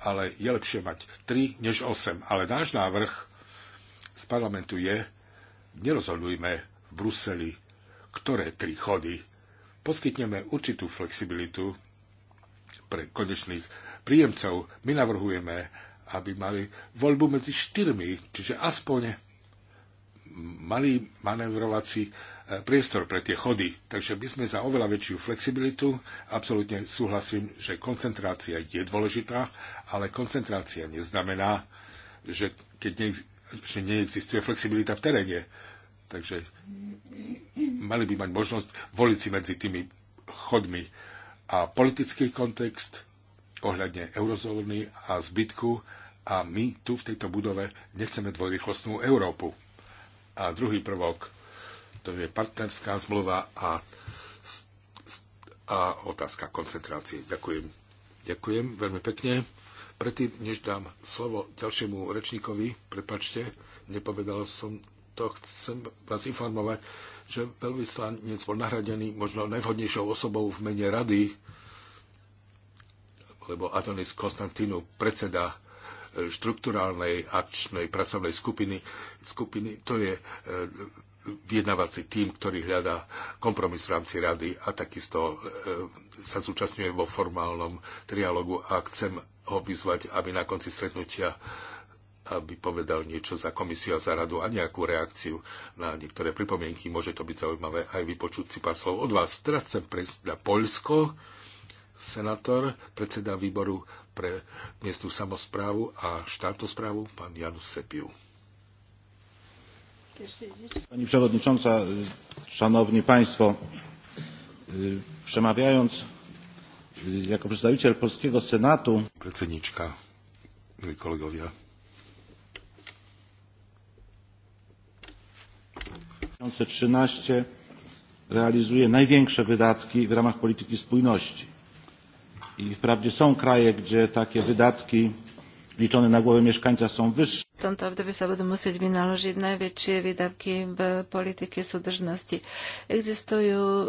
ale je lepšie mať 3 než 8. Ale náš návrh z parlamentu je, nerozhodujme v Bruseli, ktoré tri chody. Poskytneme určitú flexibilitu pre konečných príjemcov. My navrhujeme, aby mali voľbu medzi štyrmi, čiže aspoň malý manevrovací e, priestor pre tie chody. Takže by sme za oveľa väčšiu flexibilitu. Absolutne súhlasím, že koncentrácia je dôležitá, ale koncentrácia neznamená, že keď že neexistuje flexibilita v teréne. Takže mali by mať možnosť voliť si medzi tými chodmi. A politický kontext ohľadne eurozóny a zbytku a my tu v tejto budove nechceme dvojrychlostnú Európu. A druhý prvok, to je partnerská zmluva a, a otázka koncentrácie. Ďakujem. Ďakujem veľmi pekne. Predtým, než dám slovo ďalšiemu rečníkovi, prepačte, nepovedal som to, chcem vás informovať, že veľvyslanec bol nahradený možno najvhodnejšou osobou v mene rady, lebo Adonis Konstantinu, predseda e, štruktúrálnej akčnej pracovnej skupiny, skupiny to je e, vyjednávací tým, ktorý hľadá kompromis v rámci rady a takisto e, sa zúčastňuje vo formálnom trialogu a chcem ho vyzvať, aby na konci stretnutia aby povedal niečo za komisiu a za radu a nejakú reakciu na niektoré pripomienky. Môže to byť zaujímavé aj vypočuť si pár slov od vás. Teraz chcem prejsť na Polsko. Senátor, predseda výboru pre miestnú samozprávu a štátnu správu, pán Janus Sepiu. Pani przewodnicząca, szanowni państwo, przemawiając jako przedstawiciel polskiego Senatu. Predsednička, milí kolegovia. ...2013 realizuje największe wydatki w ramach polityki spójności. I wprawdzie są kraje, gdzie takie wydatki liczone na głowę mieszkańca są wyższe. V tomto období sa budú musieť vynaložiť najväčšie výdavky v politike súdržnosti. Existujú e,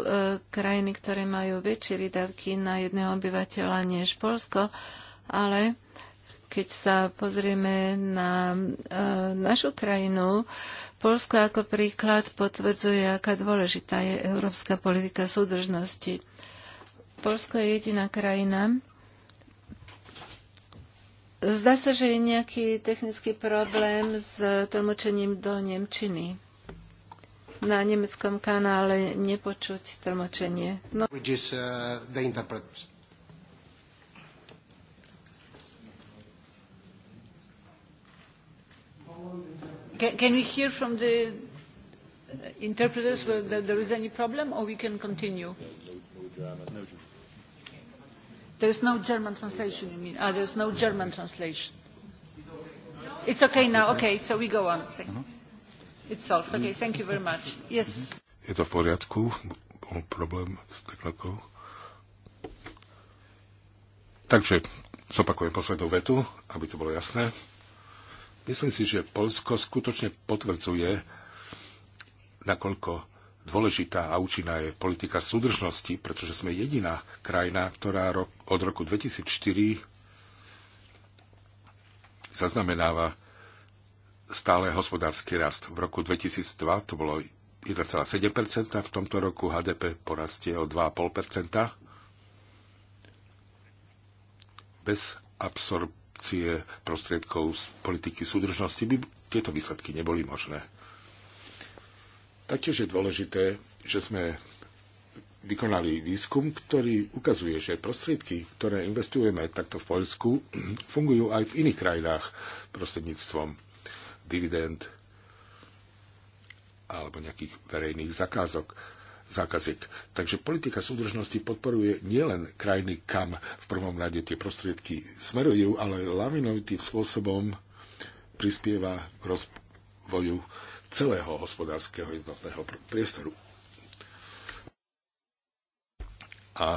krajiny, które majú väčšie výdavky na jedného obyvateľa než Polsko, ale keď sa pozrieme na e, našu krajinu, Polsko ako príklad potvrdzuje, aká dôležitá je európska politika súdržnosti. Polsko je jediná krajina, Zdá sa, že je nejaký technický problém s tlmočením do Nemčiny. Na nemeckom kanále nepočuť tlmočenie. No. Which is, uh, the interpreters. Can, can we hear from the interpreters whether there is any problem or we can continue? No, no, no German. No German. There is no German translation, you mean? Ah, there no German translation. It's okay now. Okay, so we go on. Thank uh-huh. It's solved. Okay, thank you very much. Mm-hmm. Yes. Mm-hmm. Je to v poriadku? Bol problém s technikou? Takže zopakujem poslednú vetu, aby to bolo jasné. Myslím si, že Polsko skutočne potvrdzuje, nakoľko Dôležitá a účinná je politika súdržnosti, pretože sme jediná krajina, ktorá od roku 2004 zaznamenáva stále hospodársky rast. V roku 2002 to bolo 1,7%, v tomto roku HDP porastie o 2,5%. Bez absorpcie prostriedkov z politiky súdržnosti by tieto výsledky neboli možné. Taktiež je dôležité, že sme vykonali výskum, ktorý ukazuje, že prostriedky, ktoré investujeme takto v Poľsku, fungujú aj v iných krajinách prostredníctvom dividend alebo nejakých verejných zakázok, zákaziek. Takže politika súdržnosti podporuje nielen krajiny, kam v prvom rade tie prostriedky smerujú, ale lavinovitým spôsobom prispieva k rozvoju celého hospodárskeho jednotného priestoru. A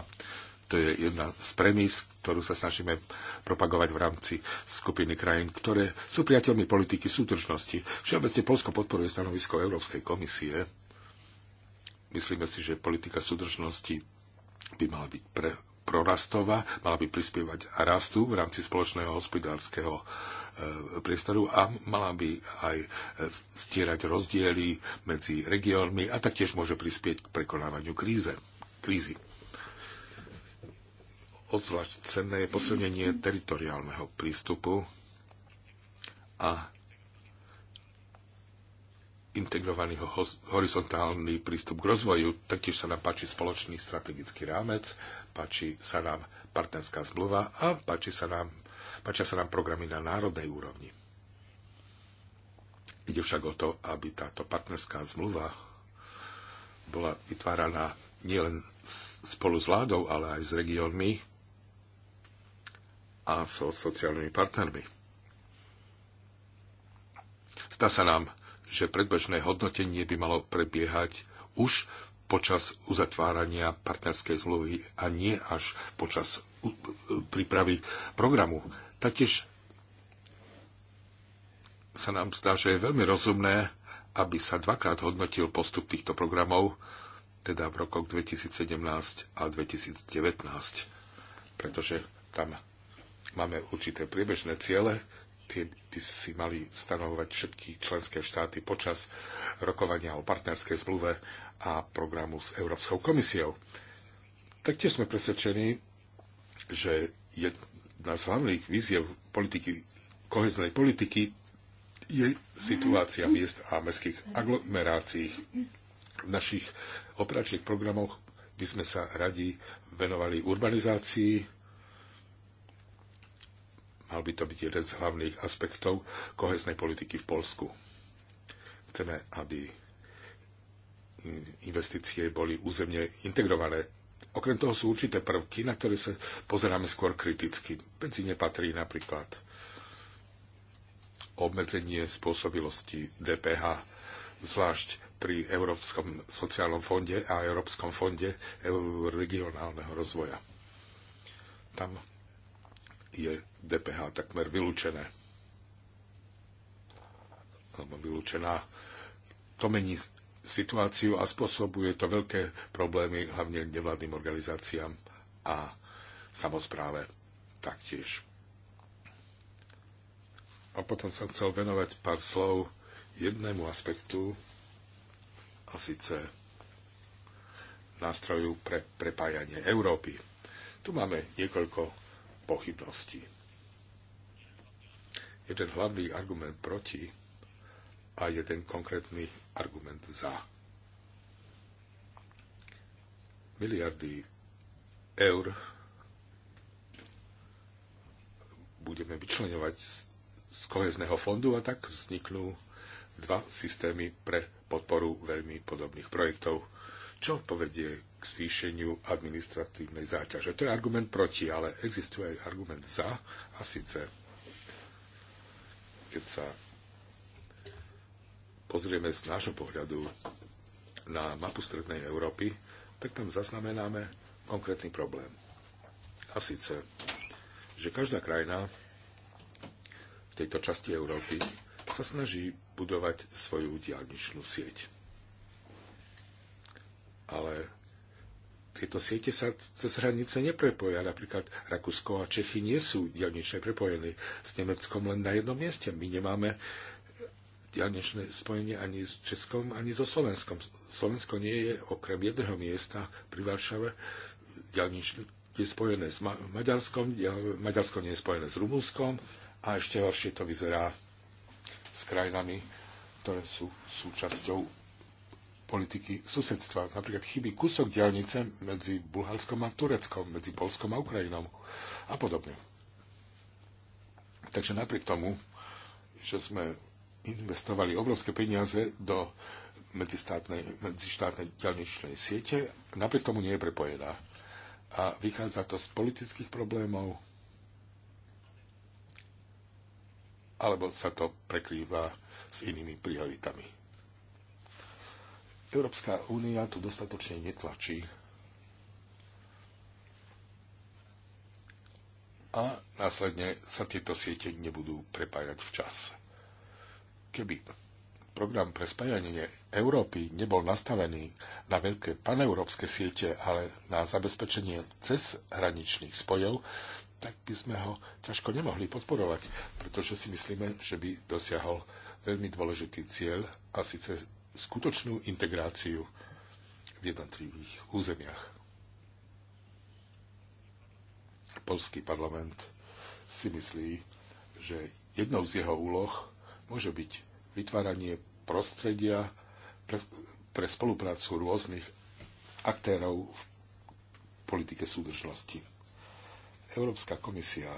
to je jedna z premis, ktorú sa snažíme propagovať v rámci skupiny krajín, ktoré sú priateľmi politiky súdržnosti. Všeobecne Polsko podporuje stanovisko Európskej komisie. Myslíme si, že politika súdržnosti by mala byť pre, prorastová, mala by prispievať rastu v rámci spoločného hospodárskeho E, priestoru a mala by aj e, stierať rozdiely medzi regiónmi a taktiež môže prispieť k prekonávaniu kríze, krízy. Odzvlášť cenné je posilnenie teritoriálneho prístupu a integrovaný horizontálny prístup k rozvoju. Taktiež sa nám páči spoločný strategický rámec, páči sa nám partnerská zmluva a páči sa nám Páčia sa nám programy na národnej úrovni. Ide však o to, aby táto partnerská zmluva bola vytváraná nielen spolu s vládou, ale aj s regiónmi a so sociálnymi partnermi. Zdá sa nám, že predbežné hodnotenie by malo prebiehať už počas uzatvárania partnerskej zmluvy a nie až počas prípravy programu Taktiež sa nám zdá, že je veľmi rozumné, aby sa dvakrát hodnotil postup týchto programov, teda v rokoch 2017 a 2019, pretože tam máme určité priebežné ciele, tie by si mali stanovovať všetky členské štáty počas rokovania o partnerskej zmluve a programu s Európskou komisiou. Taktiež sme presvedčení, že je jedna z hlavných víziev politiky, koheznej politiky je situácia miest a mestských aglomerácií. V našich operačných programoch by sme sa radi venovali urbanizácii, mal by to byť jeden z hlavných aspektov koheznej politiky v Polsku. Chceme, aby investície boli územne integrované Okrem toho sú určité prvky, na ktoré sa pozeráme skôr kriticky. Medzi ne patrí napríklad obmedzenie spôsobilosti DPH, zvlášť pri Európskom sociálnom fonde a Európskom fonde regionálneho rozvoja. Tam je DPH takmer vylúčené. Alebo vylúčená. To mení situáciu a spôsobuje to veľké problémy hlavne nevládnym organizáciám a samozpráve taktiež. A potom som chcel venovať pár slov jednému aspektu, a síce nástroju pre prepájanie Európy. Tu máme niekoľko pochybností. Jeden hlavný argument proti a jeden konkrétny argument za. Miliardy eur budeme vyčlenovať z kohezného fondu a tak vzniknú dva systémy pre podporu veľmi podobných projektov, čo povedie k zvýšeniu administratívnej záťaže. To je argument proti, ale existuje aj argument za a síce keď sa pozrieme z nášho pohľadu na mapu Strednej Európy, tak tam zaznamenáme konkrétny problém. A síce, že každá krajina v tejto časti Európy sa snaží budovať svoju diálničnú sieť. Ale tieto siete sa cez hranice neprepoja. Napríklad Rakúsko a Čechy nie sú dielnične prepojení s Nemeckom len na jednom mieste. My nemáme dialnečné spojenie ani s Českom, ani so Slovenskom. Slovensko nie je okrem jedného miesta pri Varšave dialnečné je spojené s Ma- Maďarskom, Maďarsko nie je spojené s Rumunskom a ešte horšie to vyzerá s krajinami, ktoré sú súčasťou politiky susedstva. Napríklad chybí kúsok diaľnice medzi Bulharskom a Tureckom, medzi Polskom a Ukrajinou a podobne. Takže napriek tomu, že sme investovali obrovské peniaze do medzištátnej, medzištátnej ďalničnej siete, napriek tomu nie je prepojená. A vychádza to z politických problémov, alebo sa to prekrýva s inými prioritami. Európska únia tu dostatočne netlačí a následne sa tieto siete nebudú prepájať včas. Keby program pre spájanie Európy nebol nastavený na veľké paneurópske siete, ale na zabezpečenie cez hraničných spojov, tak by sme ho ťažko nemohli podporovať, pretože si myslíme, že by dosiahol veľmi dôležitý cieľ a síce skutočnú integráciu v jednotlivých územiach. Polský parlament si myslí, že jednou z jeho úloh môže byť vytváranie prostredia pre, pre spoluprácu rôznych aktérov v politike súdržnosti. Európska komisia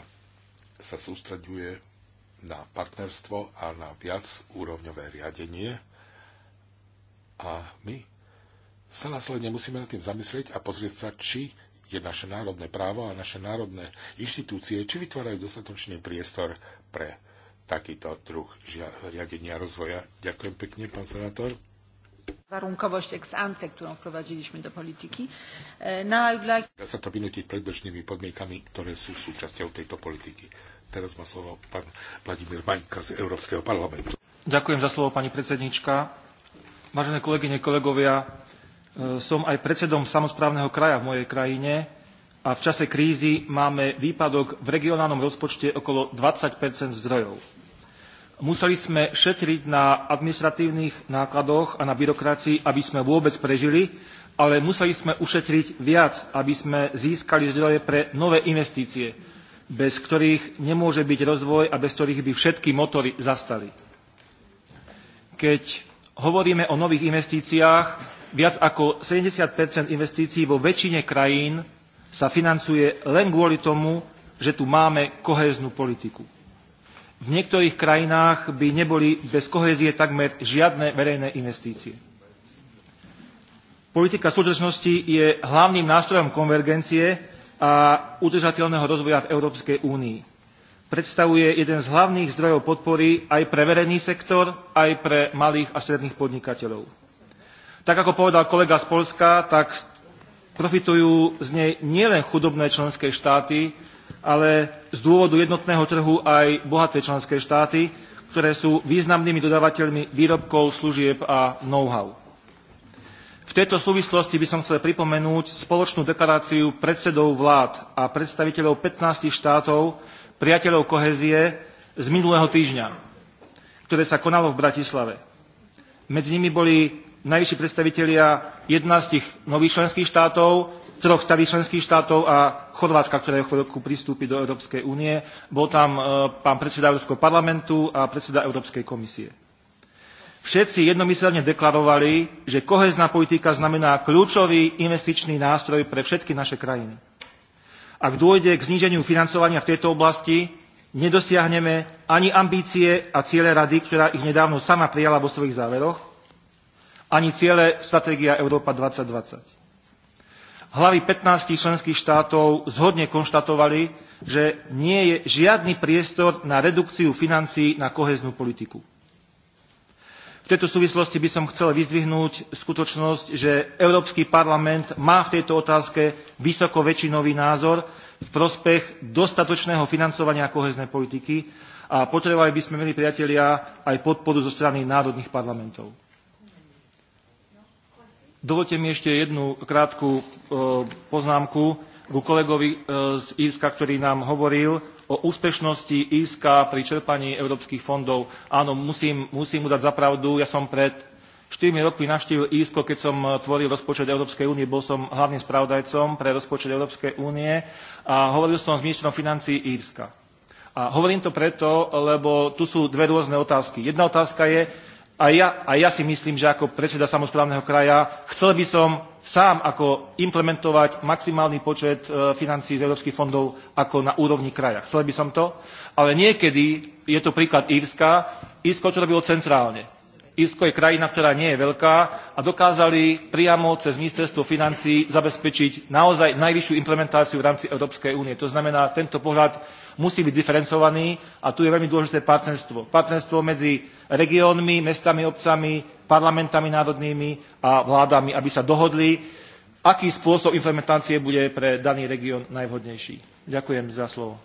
sa sústreďuje na partnerstvo a na viac úrovňové riadenie a my sa následne musíme nad tým zamyslieť a pozrieť sa, či je naše národné právo a naše národné inštitúcie, či vytvárajú dostatočný priestor pre takýto druh riadenia rozvoja. Ďakujem pekne, pán senátor. Warunkowość ex ante, którą wprowadziliśmy do polityki. Ja e, no, sa to vynútiť predbežnými podmienkami, ktoré sú súčasťou tejto politiky. Teraz má slovo pán Vladimír Maňka z Európskeho parlamentu. Ďakujem za slovo, pani predsednička. Vážené kolegyne, kolegovia, e, som aj predsedom samozprávneho kraja v mojej krajine a v čase krízy máme výpadok v regionálnom rozpočte okolo 20 zdrojov. Museli sme šetriť na administratívnych nákladoch a na byrokracii, aby sme vôbec prežili, ale museli sme ušetriť viac, aby sme získali zdroje pre nové investície, bez ktorých nemôže byť rozvoj a bez ktorých by všetky motory zastali. Keď hovoríme o nových investíciách, viac ako 70 investícií vo väčšine krajín sa financuje len kvôli tomu, že tu máme kohéznu politiku. V niektorých krajinách by neboli bez kohézie takmer žiadne verejné investície. Politika súdržnosti je hlavným nástrojom konvergencie a udržateľného rozvoja v Európskej únii. Predstavuje jeden z hlavných zdrojov podpory aj pre verejný sektor, aj pre malých a stredných podnikateľov. Tak ako povedal kolega z Polska, tak Profitujú z nej nielen chudobné členské štáty, ale z dôvodu jednotného trhu aj bohaté členské štáty, ktoré sú významnými dodávateľmi výrobkov, služieb a know-how. V tejto súvislosti by som chcel pripomenúť spoločnú deklaráciu predsedov vlád a predstaviteľov 15 štátov, priateľov kohezie z minulého týždňa, ktoré sa konalo v Bratislave. Medzi nimi boli najvyšší predstavitelia 11 tých nových členských štátov, troch starých členských štátov a Chorvátska, je v chvíľku pristúpi do Európskej únie. Bol tam e, pán predseda Európskeho parlamentu a predseda Európskej komisie. Všetci jednomyselne deklarovali, že kohezná politika znamená kľúčový investičný nástroj pre všetky naše krajiny. Ak dôjde k zníženiu financovania v tejto oblasti, nedosiahneme ani ambície a ciele rady, ktorá ich nedávno sama prijala vo svojich záveroch, ani ciele stratégia Európa 2020. Hlavy 15 členských štátov zhodne konštatovali, že nie je žiadny priestor na redukciu financií na koheznú politiku. V tejto súvislosti by som chcel vyzdvihnúť skutočnosť, že Európsky parlament má v tejto otázke vysoko väčšinový názor v prospech dostatočného financovania koheznej politiky a potrebovali by sme, milí priatelia, aj podporu zo strany národných parlamentov. Dovolte mi ešte jednu krátku e, poznámku ku kolegovi e, z Írska, ktorý nám hovoril o úspešnosti Írska pri čerpaní európskych fondov. Áno, musím, musím mu dať zapravdu. Ja som pred 4 rokmi navštívil Írsko, keď som e, tvoril rozpočet Európskej únie, bol som hlavným spravodajcom pre rozpočet Európskej únie a hovoril som s ministrom financií Írska. A hovorím to preto, lebo tu sú dve rôzne otázky. Jedna otázka je, a ja, a ja si myslím, že ako predseda samozprávneho kraja chcel by som sám ako implementovať maximálny počet e, financí z európskych fondov ako na úrovni kraja. Chcel by som to, ale niekedy je to príklad Írska. Írsko to robilo centrálne. Írsko je krajina, ktorá nie je veľká a dokázali priamo cez ministerstvo financí zabezpečiť naozaj najvyššiu implementáciu v rámci Európskej únie. To znamená, tento pohľad musí byť diferencovaný a tu je veľmi dôležité partnerstvo. Partnerstvo medzi regiónmi, mestami, obcami, parlamentami národnými a vládami, aby sa dohodli, aký spôsob implementácie bude pre daný región najvhodnejší. Ďakujem za slovo.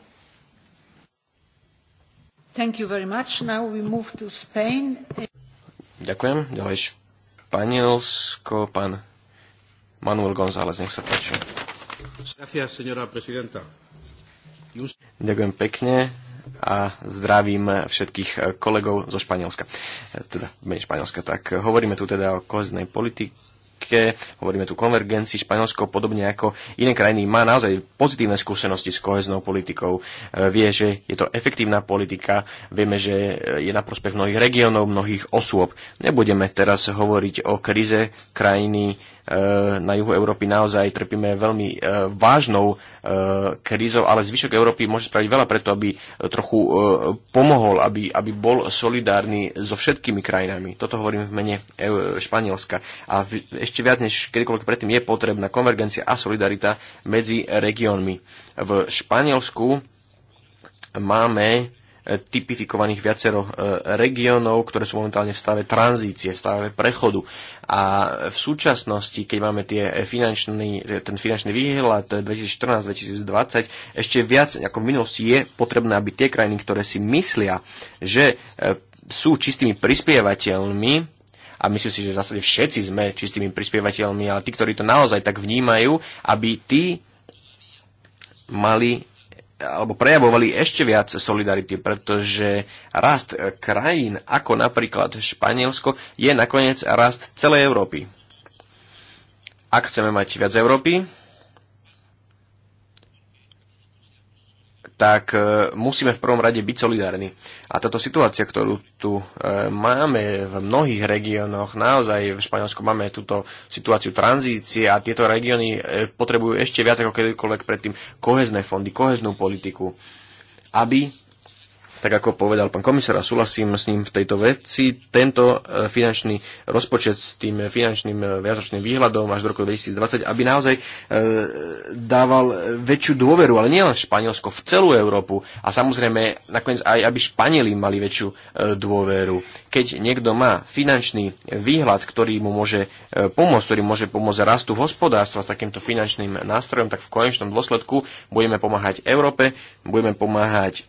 Ďakujem. Ďalej Španielsko, pán Manuel González, nech sa páči. Gracias, señora presidenta. Ďakujem pekne a zdravím všetkých kolegov zo Španielska. Teda, menej Španielska. Tak hovoríme tu teda o koheznej politike, hovoríme tu konvergencii. Španielsko, podobne ako iné krajiny, má naozaj pozitívne skúsenosti s koheznou politikou. E, vie, že je to efektívna politika, vieme, že je na prospech mnohých regiónov, mnohých osôb. Nebudeme teraz hovoriť o krize krajiny, Eh, na juhu Európy naozaj trpíme veľmi eh, vážnou eh, krízou, ale zvyšok Európy môže spraviť veľa preto, aby trochu pomohol, aby, aby bol solidárny so všetkými krajinami. Toto hovorím v mene Španielska. A ešte viac než kedykoľvek predtým je potrebná konvergencia a solidarita medzi regiónmi. V Španielsku máme typifikovaných viacero e, regiónov, ktoré sú momentálne v stave tranzície, v stave prechodu. A v súčasnosti, keď máme tie finančný, ten finančný výhľad 2014-2020, ešte viac ako v minulosti je potrebné, aby tie krajiny, ktoré si myslia, že e, sú čistými prispievateľmi a myslím si, že v zásade všetci sme čistými prispievateľmi, ale tí, ktorí to naozaj tak vnímajú, aby tí mali alebo prejavovali ešte viac solidarity, pretože rast krajín ako napríklad Španielsko je nakoniec rast celej Európy. Ak chceme mať viac Európy, tak e, musíme v prvom rade byť solidárni. A táto situácia, ktorú tu e, máme v mnohých regiónoch, naozaj v Španielsku máme túto situáciu tranzície a tieto regióny e, potrebujú ešte viac ako kedykoľvek predtým kohezné fondy, koheznú politiku, aby tak ako povedal pán komisár a súhlasím s ním v tejto veci, tento e, finančný rozpočet s tým finančným e, viacročným výhľadom až do roku 2020, aby naozaj e, dával väčšiu dôveru, ale nielen Španielsko, v celú Európu a samozrejme nakoniec aj, aby Španieli mali väčšiu dôveru. Keď niekto má finančný výhľad, ktorý mu môže pomôcť, ktorý môže pomôcť rastu hospodárstva s takýmto finančným nástrojom, tak v konečnom dôsledku budeme pomáhať Európe, budeme pomáhať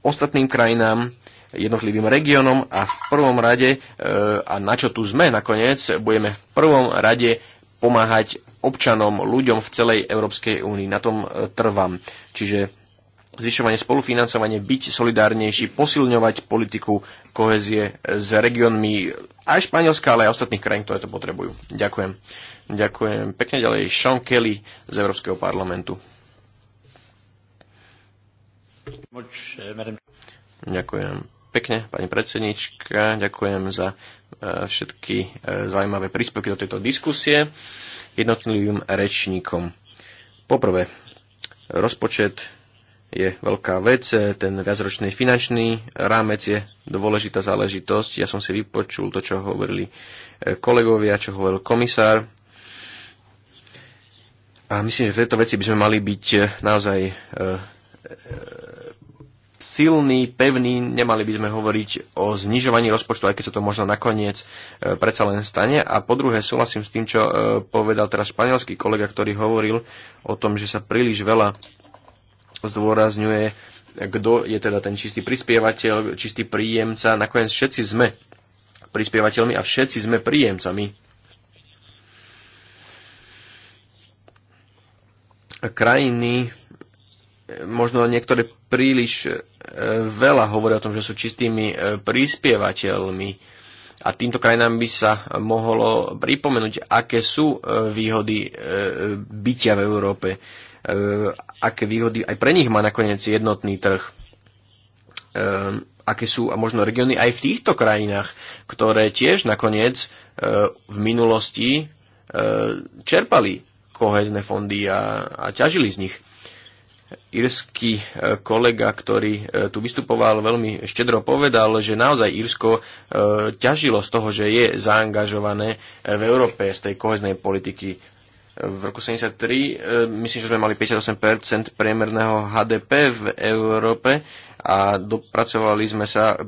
ostatným krajinám, jednotlivým regiónom a v prvom rade, e, a na čo tu sme nakoniec, budeme v prvom rade pomáhať občanom, ľuďom v celej Európskej únii. Na tom e, trvám. Čiže zvyšovanie spolufinancovanie, byť solidárnejší, posilňovať politiku kohezie s regiónmi aj Španielska, ale aj ostatných krajín, ktoré to potrebujú. Ďakujem. Ďakujem pekne ďalej. Sean Kelly z Európskeho parlamentu. Ďakujem pekne, pani predsednička. Ďakujem za e, všetky e, zaujímavé príspevky do tejto diskusie jednotlivým rečníkom. Poprvé, rozpočet je veľká vec, e, ten viacročný finančný rámec je dôležitá záležitosť. Ja som si vypočul to, čo hovorili kolegovia, čo hovoril komisár. A myslím, že v tejto veci by sme mali byť naozaj silný, pevný, nemali by sme hovoriť o znižovaní rozpočtu, aj keď sa to možno nakoniec e, predsa len stane. A po druhé, súhlasím s tým, čo e, povedal teraz španielský kolega, ktorý hovoril o tom, že sa príliš veľa zdôrazňuje, kto je teda ten čistý prispievateľ, čistý príjemca. Nakoniec všetci sme prispievateľmi a všetci sme príjemcami krajiny možno niektoré príliš e, veľa hovoria o tom, že sú čistými e, prispievateľmi. A týmto krajinám by sa mohlo pripomenúť, aké sú e, výhody bytia v Európe, aké výhody aj pre nich má nakoniec jednotný trh, aké sú a možno regióny aj v týchto krajinách, ktoré tiež nakoniec v minulosti čerpali kohezné fondy a, a ťažili z nich írsky e, kolega, ktorý e, tu vystupoval, veľmi štedro povedal, že naozaj Írsko e, ťažilo z toho, že je zaangažované v Európe z tej koheznej politiky v roku 73, e, myslím, že sme mali 58% priemerného HDP v Európe a dopracovali sme sa e,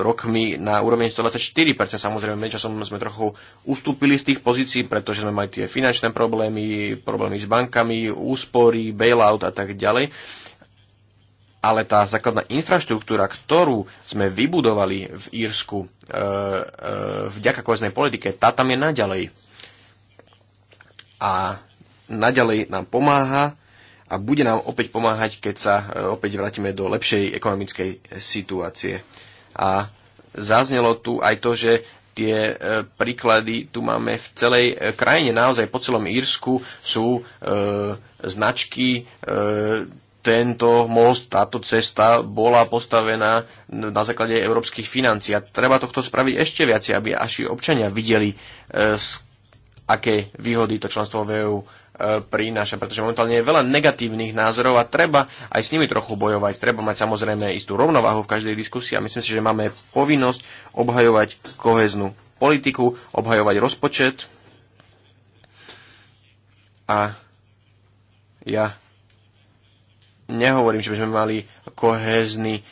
rokmi na úroveň 124%. Samozrejme, medzičasom sme trochu ustúpili z tých pozícií, pretože sme mali tie finančné problémy, problémy s bankami, úspory, bailout a tak ďalej ale tá základná infraštruktúra, ktorú sme vybudovali v Írsku e, e, vďaka koheznej politike, tá tam je naďalej a naďalej nám pomáha a bude nám opäť pomáhať, keď sa e, opäť vrátime do lepšej ekonomickej situácie. A zaznelo tu aj to, že tie e, príklady tu máme v celej e, krajine, naozaj po celom Írsku sú e, značky, e, tento most, táto cesta bola postavená na základe európskych financií. A treba tohto spraviť ešte viacej, aby aši občania videli, e, aké výhody to členstvo v EU e, prináša, pretože momentálne je veľa negatívnych názorov a treba aj s nimi trochu bojovať. Treba mať samozrejme istú rovnováhu v každej diskusii a myslím si, že máme povinnosť obhajovať koheznú politiku, obhajovať rozpočet a ja nehovorím, že by sme mali kohezný e,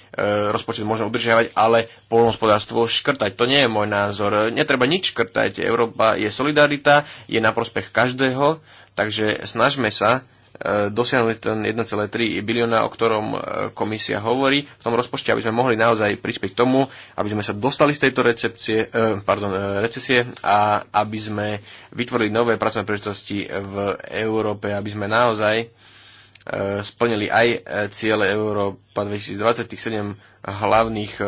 rozpočet možno udržiavať, ale polnohospodárstvo škrtať. To nie je môj názor. Netreba nič škrtať. Európa je solidarita, je na prospech každého, takže snažme sa e, dosiahnuť ten 1,3 bilióna, o ktorom e, komisia hovorí v tom rozpočte, aby sme mohli naozaj prispieť k tomu, aby sme sa dostali z tejto recepcie, e, pardon, e, recesie a aby sme vytvorili nové pracovné príležitosti v Európe, aby sme naozaj E, splnili aj e, ciele Európa 2020, tých 7 hlavných e,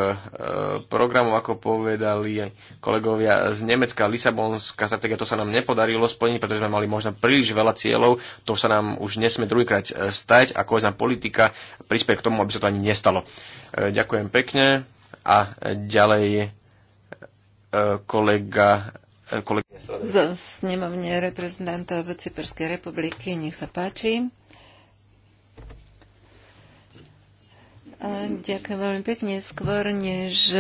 programov, ako povedali aj kolegovia z Nemecka. Lisabonská strategia, to sa nám nepodarilo splniť, pretože sme mali možno príliš veľa cieľov, to sa nám už nesme druhýkrát stať a kohezná politika prispieje k tomu, aby sa to ani nestalo. Ďakujem pekne a ďalej kolega kolegy. Zo snemovne reprezentantov Cyperskej republiky, nech sa páči. Ďakujem veľmi pekne. Skôr než e,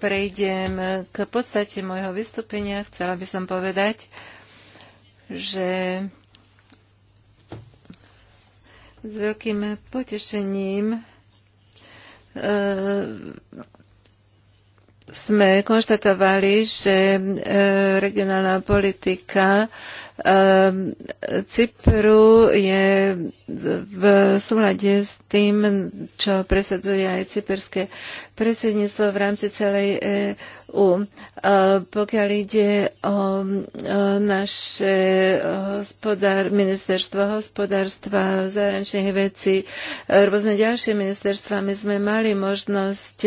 prejdem k podstate môjho vystúpenia, chcela by som povedať, že s veľkým potešením e, sme konštatovali, že e, regionálna politika Ehm, Cypru je v súlade s tým, čo presadzuje aj cyperské predsedníctvo v rámci celej EU. Ehm, pokiaľ ide o e, naše hospodár, ministerstvo hospodárstva, zahraničných vecí, rôzne ďalšie ministerstva, my sme mali možnosť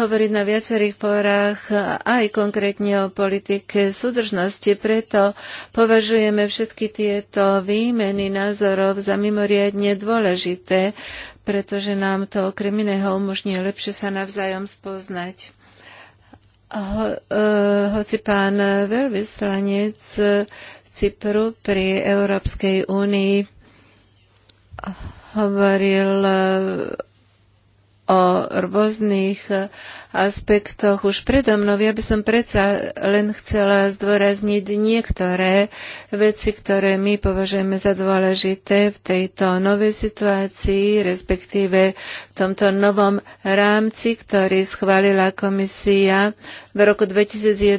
hovoriť na viacerých porách aj konkrétne o politike súdržnosti, preto považujem považujeme všetky tieto výmeny názorov za mimoriadne dôležité, pretože nám to okrem iného umožňuje lepšie sa navzájom spoznať. Ho, e, hoci pán veľvyslanec Cypru pri Európskej únii hovoril o rôznych aspektoch už predo mnou. Ja by som predsa len chcela zdôrazniť niektoré veci, ktoré my považujeme za dôležité v tejto novej situácii, respektíve tomto novom rámci, ktorý schválila komisia v roku 2011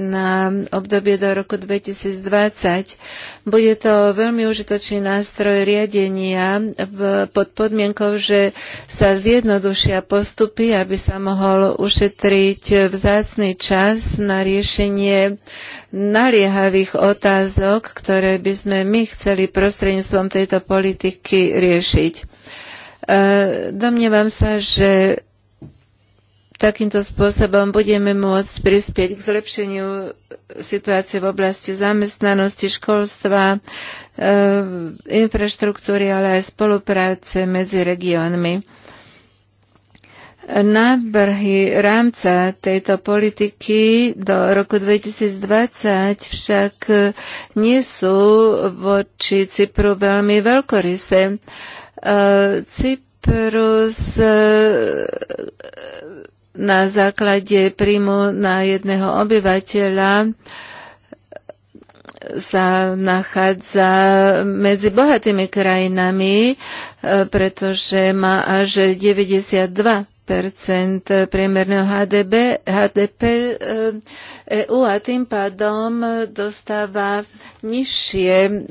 na obdobie do roku 2020. Bude to veľmi užitočný nástroj riadenia v, pod podmienkou, že sa zjednodušia postupy, aby sa mohol ušetriť vzácný čas na riešenie naliehavých otázok, ktoré by sme my chceli prostredníctvom tejto politiky riešiť. Domnievam sa, že takýmto spôsobom budeme môcť prispieť k zlepšeniu situácie v oblasti zamestnanosti, školstva, e, infraštruktúry, ale aj spolupráce medzi regiónmi. Návrhy rámca tejto politiky do roku 2020 však nie sú voči Cypru veľmi veľkorysé Cyprus e, na základe príjmu na jedného obyvateľa e, sa nachádza medzi bohatými krajinami, e, pretože má až 92 priemerného HDB, HDP EU a tým pádom dostáva nižšie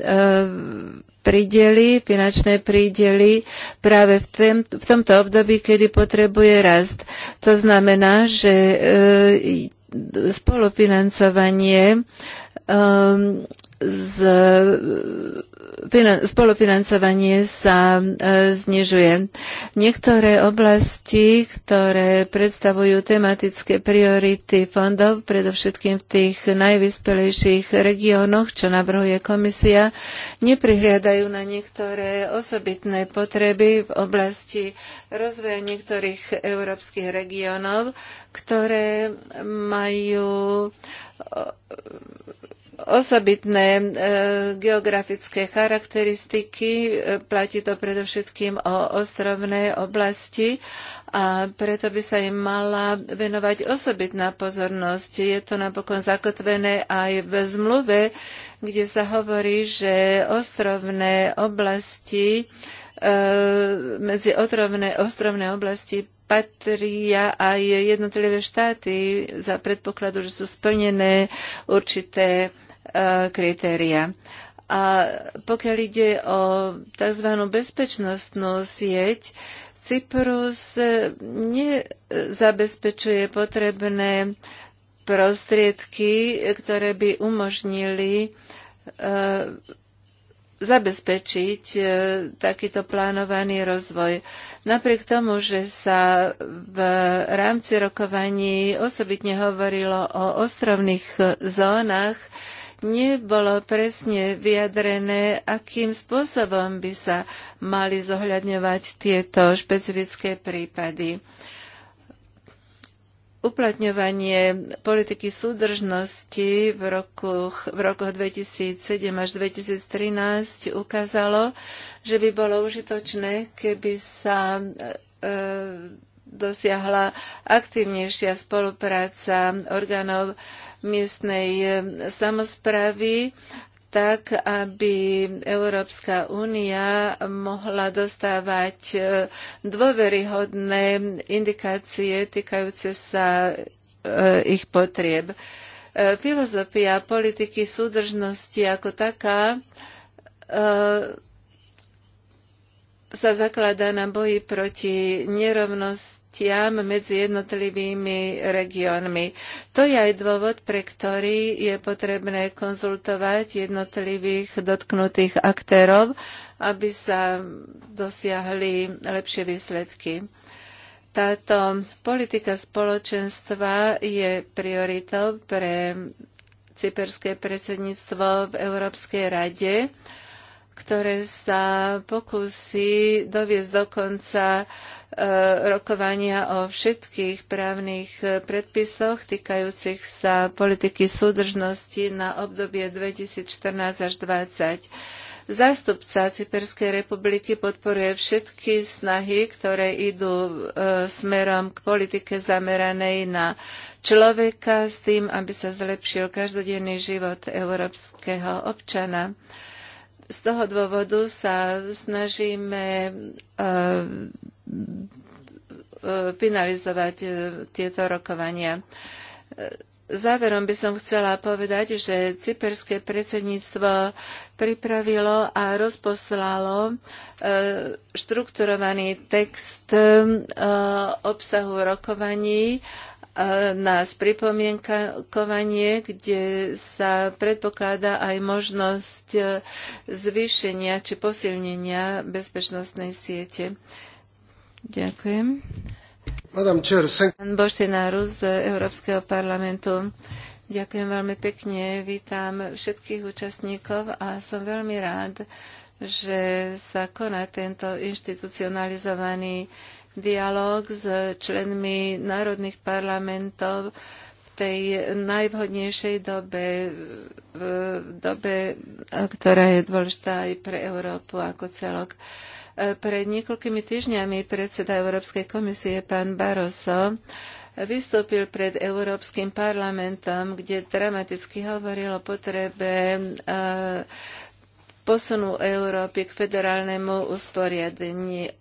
prídely, finančné prídely práve v, tém, v tomto období, kedy potrebuje rast. To znamená, že e, spolufinancovanie e, z, spolufinancovanie sa e, znižuje. Niektoré oblasti, ktoré predstavujú tematické priority fondov, predovšetkým v tých najvyspelejších regiónoch, čo navrhuje komisia, neprihliadajú na niektoré osobitné potreby v oblasti rozvoja niektorých európskych regiónov, ktoré majú osobitné e, geografické charakteristiky. Platí to predovšetkým o ostrovné oblasti a preto by sa im mala venovať osobitná pozornosť. Je to napokon zakotvené aj v zmluve, kde sa hovorí, že ostrovné oblasti e, medzi otrovné, ostrovné oblasti patria aj jednotlivé štáty za predpokladu, že sú splnené určité E, kritéria. A pokiaľ ide o tzv. bezpečnostnú sieť, Cyprus e, nezabezpečuje potrebné prostriedky, ktoré by umožnili e, zabezpečiť takýto plánovaný rozvoj. Napriek tomu, že sa v rámci rokovaní osobitne hovorilo o ostrovných zónach, nebolo presne vyjadrené, akým spôsobom by sa mali zohľadňovať tieto špecifické prípady uplatňovanie politiky súdržnosti v, roku, v rokoch 2007 až 2013 ukázalo, že by bolo užitočné, keby sa e, dosiahla aktívnejšia spolupráca orgánov miestnej e, samozpravy tak, aby Európska únia mohla dostávať e, dôveryhodné indikácie týkajúce sa e, ich potrieb. Filozofia politiky súdržnosti ako taká sa zakladá na boji proti nerovnosti tiam medzi jednotlivými regiónmi. To je aj dôvod, pre ktorý je potrebné konzultovať jednotlivých dotknutých aktérov, aby sa dosiahli lepšie výsledky. Táto politika spoločenstva je prioritou pre cyperské predsedníctvo v Európskej rade ktoré sa pokusí doviesť do konca e, rokovania o všetkých právnych e, predpisoch týkajúcich sa politiky súdržnosti na obdobie 2014 až 2020. Zástupca Cyperskej republiky podporuje všetky snahy, ktoré idú e, smerom k politike zameranej na človeka s tým, aby sa zlepšil každodenný život európskeho občana z toho dôvodu sa snažíme eh, eh, finalizovať eh, tieto rokovania. Záverom by som chcela povedať, že cyperské predsedníctvo pripravilo a rozposlalo štrukturovaný text obsahu rokovaní na pripomienkovanie, kde sa predpokladá aj možnosť e, zvýšenia či posilnenia bezpečnostnej siete. Ďakujem. Pán Boštenáru z Európskeho parlamentu. Ďakujem veľmi pekne. Vítam všetkých účastníkov a som veľmi rád, že sa koná tento inštitucionalizovaný dialog s členmi národných parlamentov v tej najvhodnejšej dobe, v dobe, ktorá je dôležitá aj pre Európu ako celok. Pred niekoľkými týždňami predseda Európskej komisie pán Barroso vystúpil pred Európskym parlamentom, kde dramaticky hovoril o potrebe eh, posunu Európy k federálnemu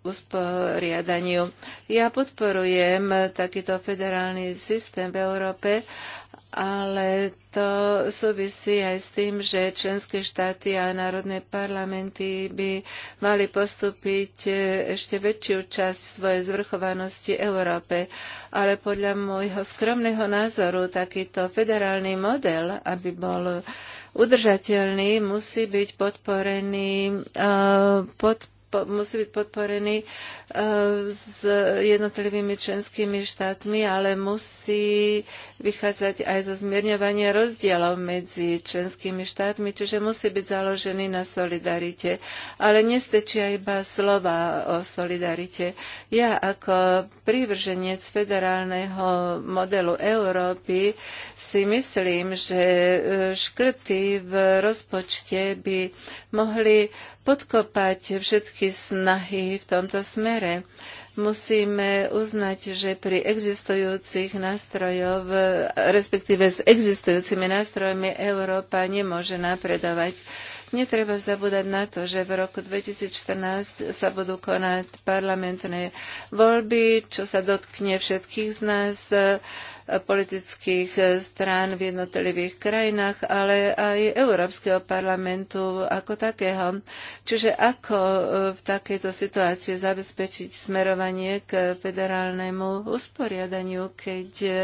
usporiadaniu. Ja podporujem takýto federálny systém v Európe, ale to súvisí aj s tým, že členské štáty a národné parlamenty by mali postúpiť ešte väčšiu časť svojej zvrchovanosti Európe. Ale podľa môjho skromného názoru takýto federálny model, aby bol udržateľný, musí byť podporený eh, pod musí byť podporený e, s jednotlivými členskými štátmi, ale musí vychádzať aj zo zmierňovania rozdielov medzi členskými štátmi, čiže musí byť založený na solidarite. Ale nestečia iba slova o solidarite. Ja ako prívrženec federálneho modelu Európy si myslím, že e, škrty v rozpočte by mohli podkopať všetky snahy v tomto smere. Musíme uznať, že pri existujúcich nástrojov, respektíve s existujúcimi nástrojmi Európa nemôže napredovať. Netreba zabúdať na to, že v roku 2014 sa budú konať parlamentné voľby, čo sa dotkne všetkých z nás politických eh, strán v jednotlivých krajinách, ale aj Európskeho parlamentu ako takého. Čiže ako eh, v takejto situácii zabezpečiť smerovanie k federálnemu usporiadaniu, keď eh,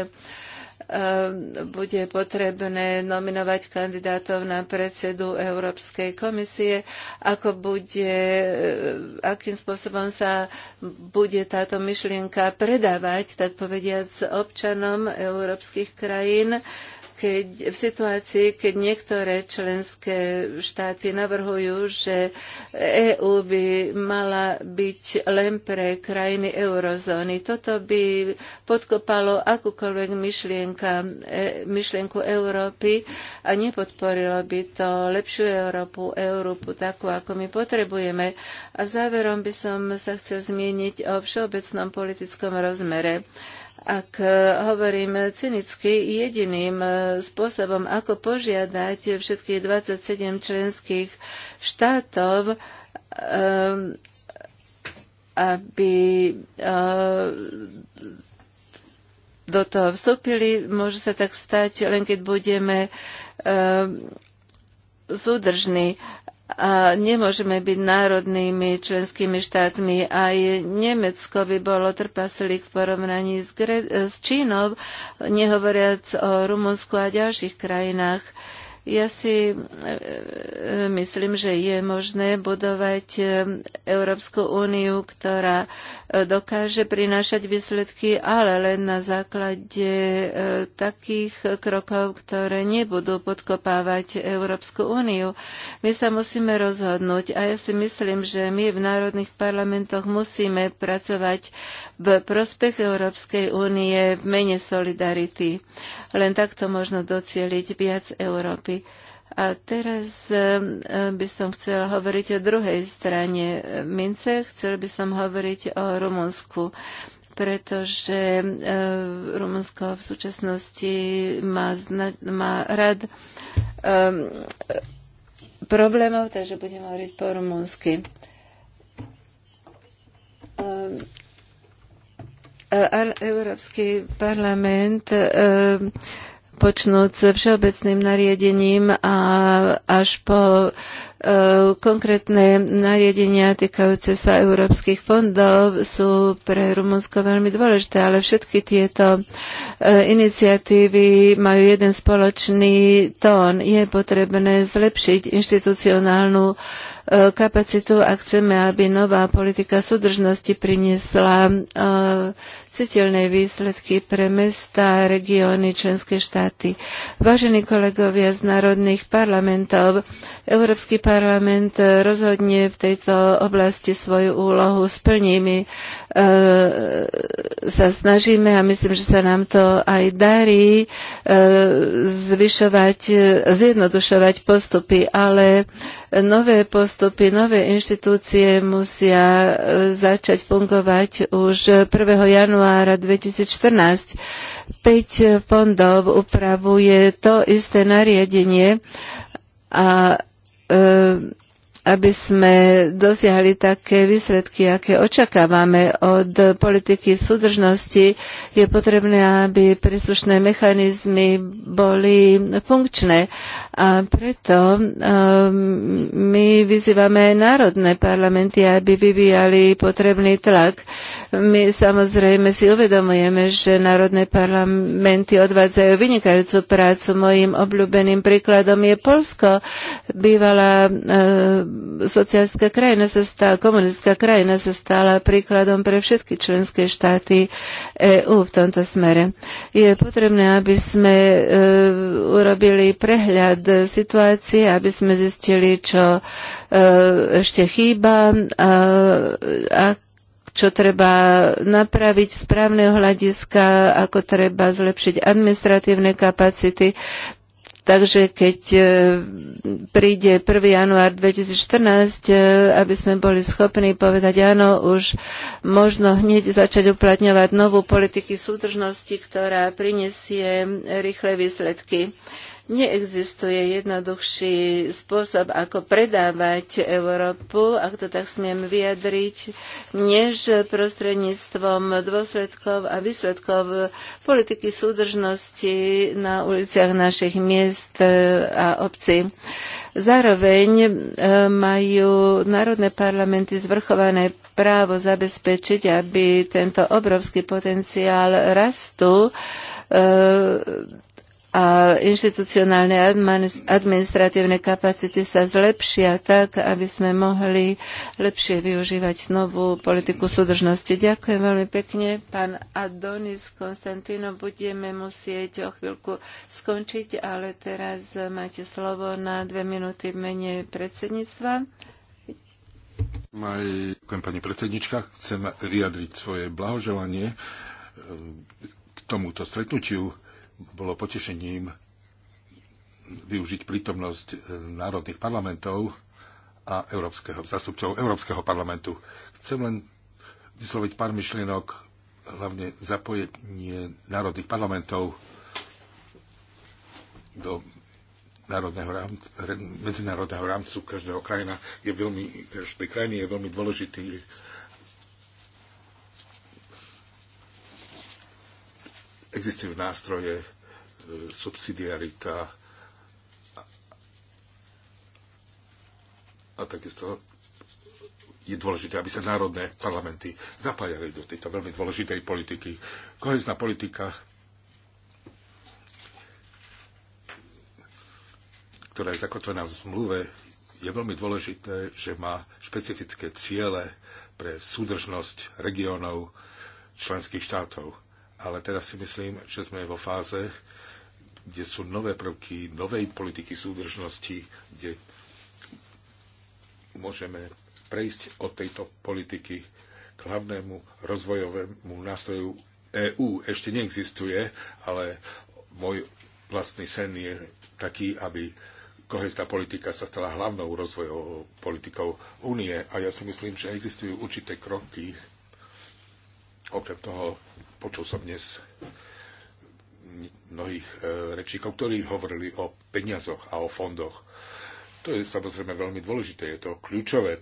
Ehm, bude potrebné nominovať kandidátov na predsedu Európskej komisie, ako bude, ehm, akým spôsobom sa bude táto myšlienka predávať, tak s občanom európskych krajín keď, v situácii, keď niektoré členské štáty navrhujú, že EÚ by mala byť len pre krajiny eurozóny. Toto by podkopalo akúkoľvek myšlienka, e, myšlienku Európy a nepodporilo by to lepšiu Európu, Európu takú, ako my potrebujeme. A záverom by som sa chcel zmieniť o všeobecnom politickom rozmere ak e, hovorím cynicky, jediným e, spôsobom, ako požiadať všetkých 27 členských štátov, e, aby do toho vstúpili, môže sa tak stať, len keď budeme súdržní a nemôžeme byť národnými členskými štátmi. Aj Nemecko by bolo trpaslík v porovnaní s, Gre- s Čínou, nehovoriac o Rumunsku a ďalších krajinách. Ja si e, e, myslím, že je možné budovať e, Európsku úniu, ktorá dokáže prinášať výsledky, ale len na základe takých krokov, ktoré nebudú podkopávať Európsku úniu. My sa musíme rozhodnúť a ja si myslím, že my v národných parlamentoch musíme pracovať v prospech Európskej únie v mene solidarity. Len takto možno docieliť viac Európy roky. A teraz e, e, by som chcela hovoriť o druhej strane mince, chcela by som hovoriť o Rumunsku pretože e, Rumunsko v súčasnosti má, zna, má rad e, problémov, takže budem hovoriť po rumunsky. e, Európsky parlament e, počnúť s všeobecným nariadením a až po Eh, konkrétne nariadenia týkajúce sa európskych fondov sú pre Rumunsko veľmi dôležité, ale všetky tieto eh, iniciatívy majú jeden spoločný tón. Je potrebné zlepšiť inštitucionálnu eh, kapacitu a chceme, aby nová politika súdržnosti priniesla citeľné výsledky pre mesta, regióny, členské štáty. Vážení kolegovia z národných parlamentov, Európsky parlament eh, rozhodne v tejto oblasti svoju úlohu splní. My e, eh, sa snažíme a myslím, že sa nám to aj darí e, zvyšovať, zjednodušovať postupy, ale nové postupy, nové inštitúcie musia začať fungovať už 1. januára 2014. Peť fondov upravuje to isté nariadenie a E, aby sme dosiahli také výsledky, aké očakávame od politiky súdržnosti, je potrebné, aby príslušné mechanizmy boli funkčné. A preto ehm, my vyzývame národné parlamenty, aby vyvíjali potrebný tlak. My samozrejme si uvedomujeme, že národné parlamenty odvádzajú vynikajúcu prácu. Mojím obľúbeným príkladom je Polsko. Bývalá ehm, sociálska krajina sa stala, komunistická krajina sa stala príkladom pre všetky členské štáty EÚ v tomto smere. Je potrebné, aby sme ehm, urobili prehľad prehľad situácie, aby sme zistili, čo e, ešte chýba a čo treba napraviť správneho hľadiska, ako treba zlepšiť administratívne kapacity. Takže keď e, príde 1. január 2014, e, aby sme boli schopní povedať, áno, už možno hneď začať uplatňovať novú politiky súdržnosti, ktorá prinesie rýchle výsledky. Neexistuje jednoduchší spôsob, ako predávať Európu, ak to tak smiem vyjadriť, než prostredníctvom dôsledkov a výsledkov politiky súdržnosti na uliciach našich miest a obcí. Zároveň e, majú národné parlamenty zvrchované právo zabezpečiť, aby tento obrovský potenciál rastu e, a inštitucionálne administratívne kapacity sa zlepšia tak, aby sme mohli lepšie využívať novú politiku súdržnosti. Ďakujem veľmi pekne. Pán Adonis Konstantino, budeme musieť o chvíľku skončiť, ale teraz máte slovo na dve minúty v mene predsedníctva. Ďakujem, pani predsednička. Chcem vyjadriť svoje blahoželanie eh, k tomuto stretnutiu bolo potešením využiť prítomnosť eh, národných parlamentov a európskeho, zastupcov Európskeho parlamentu. Chcem len vysloviť pár myšlienok, hlavne zapojenie národných parlamentov do národného rámcu, medzinárodného rámcu každého krajina je veľmi, každej krajiny je veľmi dôležitý existujú nástroje, e, subsidiarita a takisto je dôležité, aby sa národné parlamenty zapájali do tejto veľmi dôležitej politiky. Kohezná politika, ktorá je zakotvená v zmluve, je veľmi dôležité, že má špecifické ciele pre súdržnosť regiónov členských štátov ale teraz si myslím, že sme vo fáze, kde sú nové prvky, novej politiky súdržnosti, kde môžeme prejsť od tejto politiky k hlavnému rozvojovému nástroju EÚ. Ešte neexistuje, ale môj vlastný sen je taký, aby kohezná politika sa stala hlavnou rozvojovou politikou únie. A ja si myslím, že existujú určité kroky, okrem toho Počul som dnes mnohých e, rečíkov, ktorí hovorili o peniazoch a o fondoch. To je samozrejme veľmi dôležité, je to kľúčové.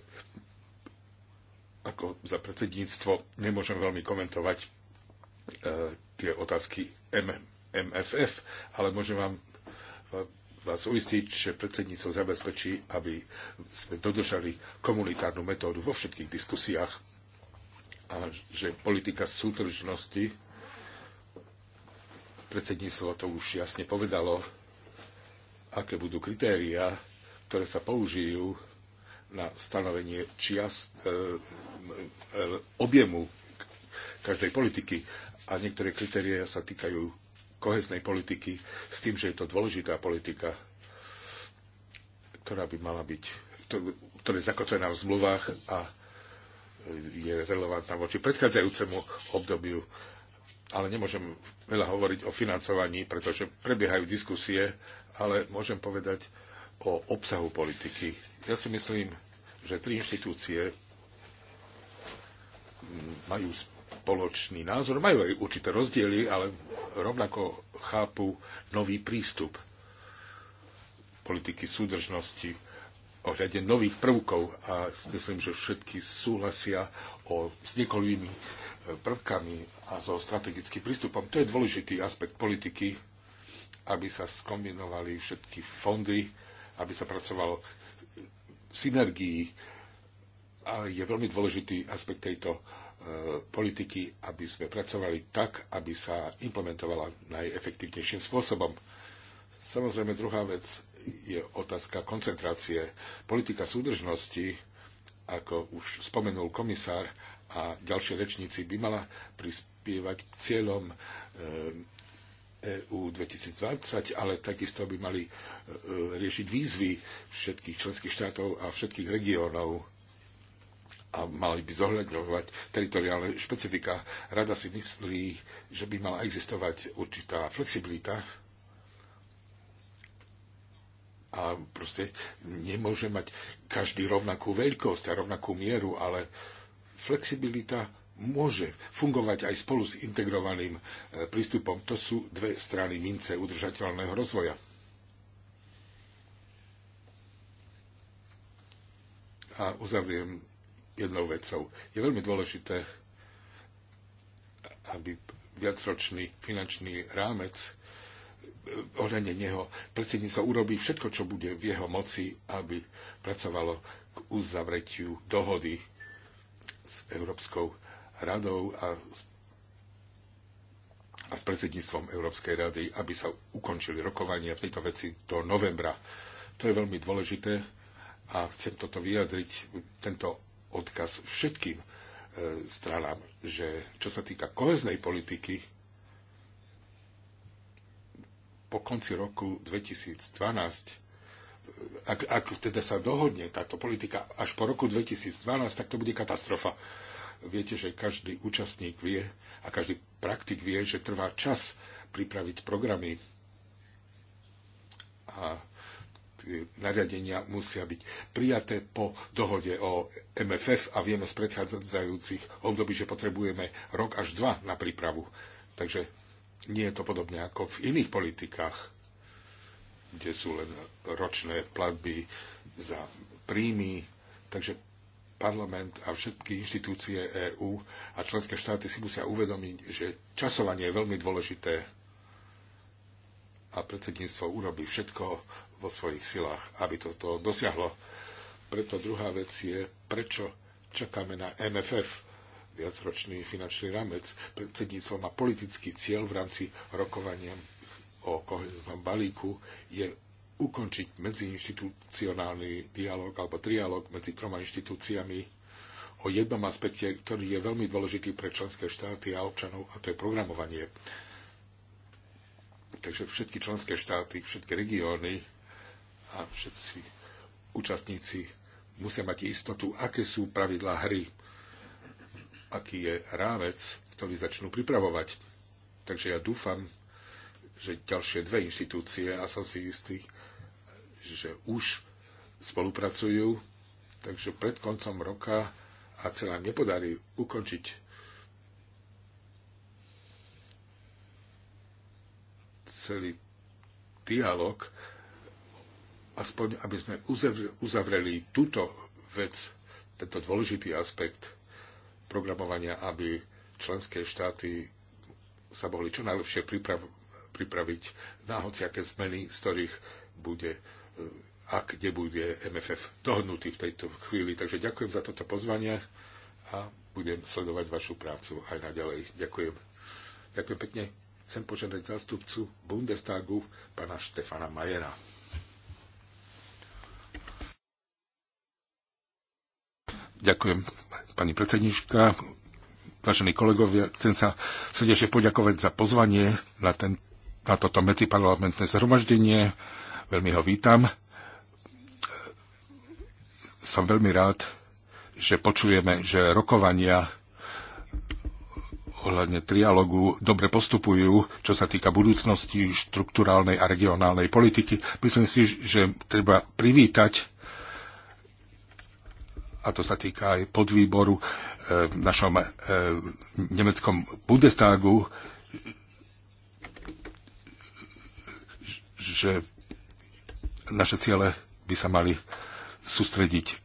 Ako za predsedníctvo nemôžem veľmi komentovať e, tie otázky MFF, ale môžem vám e, vás uistiť, že predsedníctvo zabezpečí, aby sme dodržali komunitárnu metódu vo všetkých diskusiách a že politika súdržnosti, predsedníctvo to už jasne povedalo, aké budú kritéria, ktoré sa použijú na stanovenie čias, e, e, objemu každej politiky. A niektoré kritéria sa týkajú kohesnej politiky s tým, že je to dôležitá politika, ktorá by mala byť, ktorá je zakotvená v zmluvách a je relevantná voči predchádzajúcemu obdobiu. Ale nemôžem veľa hovoriť o financovaní, pretože prebiehajú diskusie, ale môžem povedať o obsahu politiky. Ja si myslím, že tri inštitúcie majú spoločný názor, majú aj určité rozdiely, ale rovnako chápu nový prístup politiky súdržnosti, ohľade nových prvkov a myslím, že všetky súhlasia o, s niekoľkými e, prvkami a so strategickým prístupom. To je dôležitý aspekt politiky, aby sa skombinovali všetky fondy, aby sa pracovalo v synergii. A je veľmi dôležitý aspekt tejto e, politiky, aby sme pracovali tak, aby sa implementovala najefektívnejším spôsobom. Samozrejme, druhá vec je otázka koncentrácie. Politika súdržnosti, ako už spomenul komisár a ďalšie rečníci, by mala prispievať k cieľom EU e 2020, ale takisto by mali e, e, riešiť výzvy všetkých členských štátov a všetkých regiónov a mali by zohľadňovať teritoriálne špecifika. Rada si myslí, že by mala existovať určitá flexibilita a proste nemôže mať každý rovnakú veľkosť a rovnakú mieru, ale flexibilita môže fungovať aj spolu s integrovaným e, prístupom. To sú dve strany mince udržateľného rozvoja. A uzavriem jednou vecou. Je veľmi dôležité, aby viacročný finančný rámec ohľadne neho predsedníctvo urobí všetko, čo bude v jeho moci, aby pracovalo k uzavretiu dohody s Európskou radou a s, a s predsedníctvom Európskej rady, aby sa ukončili rokovania v tejto veci do novembra. To je veľmi dôležité a chcem toto vyjadriť, tento odkaz všetkým e, stranám, že čo sa týka koheznej politiky, po konci roku 2012, ak, ak teda sa dohodne táto politika až po roku 2012, tak to bude katastrofa. Viete, že každý účastník vie a každý praktik vie, že trvá čas pripraviť programy a tie nariadenia musia byť prijaté po dohode o MFF a vieme z predchádzajúcich období, že potrebujeme rok až dva na prípravu. Takže nie je to podobne ako v iných politikách, kde sú len ročné platby za príjmy. Takže parlament a všetky inštitúcie EÚ a členské štáty si musia uvedomiť, že časovanie je veľmi dôležité a predsedníctvo urobí všetko vo svojich silách, aby toto dosiahlo. Preto druhá vec je, prečo čakáme na MFF viacročný finančný rámec. Predsedníctvo má politický cieľ v rámci rokovania o koheznom balíku je ukončiť medziinstitucionálny dialog alebo trialog medzi troma inštitúciami o jednom aspekte, ktorý je veľmi dôležitý pre členské štáty a občanov, a to je programovanie. Takže všetky členské štáty, všetky regióny a všetci účastníci musia mať istotu, aké sú pravidlá hry aký je rámec, ktorý začnú pripravovať. Takže ja dúfam, že ďalšie dve inštitúcie, a som si istý, že už spolupracujú, takže pred koncom roka, ak sa nám nepodarí ukončiť celý dialog, aspoň aby sme uzavreli túto vec, tento dôležitý aspekt programovania, aby členské štáty sa mohli čo najlepšie priprav, pripraviť na hociaké zmeny, z ktorých bude e, ak nebude MFF dohodnutý v tejto chvíli. Takže ďakujem za toto pozvanie a budem sledovať vašu prácu aj naďalej. Ďakujem. Ďakujem pekne. Chcem požiadať zástupcu Bundestagu, pana Štefana Majera. Ďakujem, pani predsedníčka, Vážení kolegovia, chcem sa srdečne poďakovať za pozvanie na, ten, na toto medziparlamentné zhromaždenie. Veľmi ho vítam. Som veľmi rád, že počujeme, že rokovania ohľadne trialogu dobre postupujú, čo sa týka budúcnosti štruktúrálnej a regionálnej politiky. Myslím si, že treba privítať a to sa týka aj podvýboru eh, v našom eh, nemeckom Bundestagu, že naše ciele by sa mali sústrediť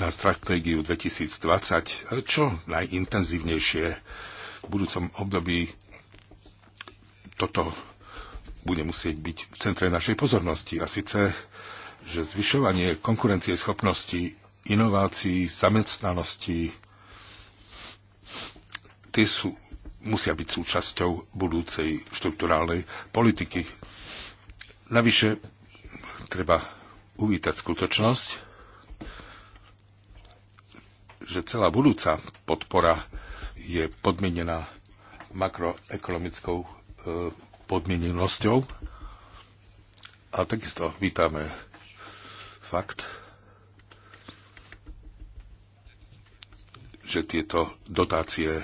na stratégiu 2020 čo najintenzívnejšie. V budúcom období toto bude musieť byť v centre našej pozornosti. A síce, že zvyšovanie konkurencie schopnosti inovácií, zamestnanosti, tie sú, musia byť súčasťou budúcej štruktúrálnej politiky. Navyše treba uvítať skutočnosť, že celá budúca podpora je podmienená makroekonomickou e, podmienenosťou. A takisto vítame fakt, že tieto dotácie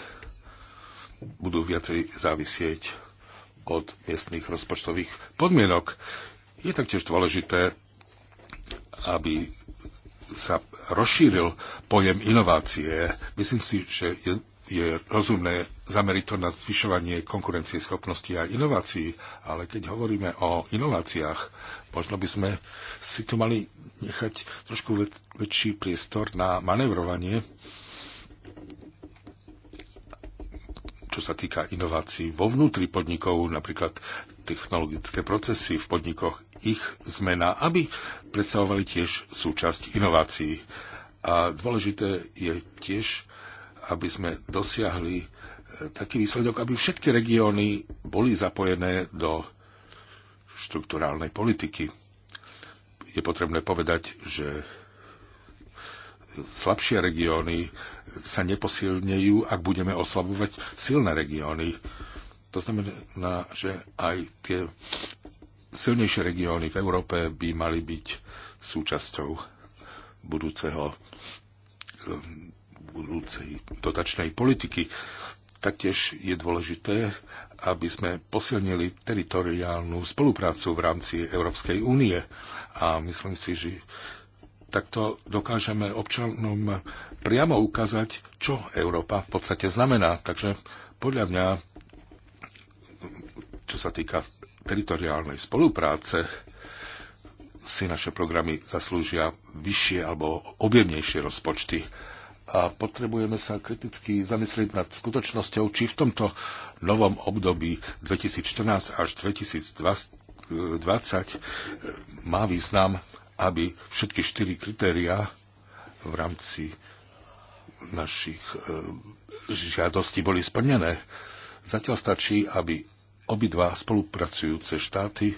budú viacej závisieť od miestných rozpočtových podmienok. Je taktiež dôležité, aby sa rozšíril pojem inovácie. Myslím si, že je, je rozumné zameriť to na zvyšovanie konkurencie schopnosti a inovácií, ale keď hovoríme o inováciách, možno by sme si tu mali nechať trošku väčší priestor na manevrovanie, čo sa týka inovácií vo vnútri podnikov, napríklad technologické procesy v podnikoch, ich zmena, aby predstavovali tiež súčasť inovácií. A dôležité je tiež, aby sme dosiahli e, taký výsledok, aby všetky regióny boli zapojené do štruktúrálnej politiky. Je potrebné povedať, že slabšie regióny sa neposilnejú, ak budeme oslabovať silné regióny. To znamená, že aj tie silnejšie regióny v Európe by mali byť súčasťou budúceho eh, budúcej dotačnej politiky. Taktiež je dôležité, aby sme posilnili teritoriálnu spoluprácu v rámci Európskej únie. A myslím si, že takto dokážeme občanom priamo ukázať, čo Európa v podstate znamená. Takže podľa mňa, čo sa týka teritoriálnej spolupráce, si naše programy zaslúžia vyššie alebo objemnejšie rozpočty. A potrebujeme sa kriticky zamyslieť nad skutočnosťou, či v tomto novom období 2014 až 2020 má význam aby všetky štyri kritériá v rámci našich e, žiadostí boli splnené. Zatiaľ stačí, aby obidva spolupracujúce štáty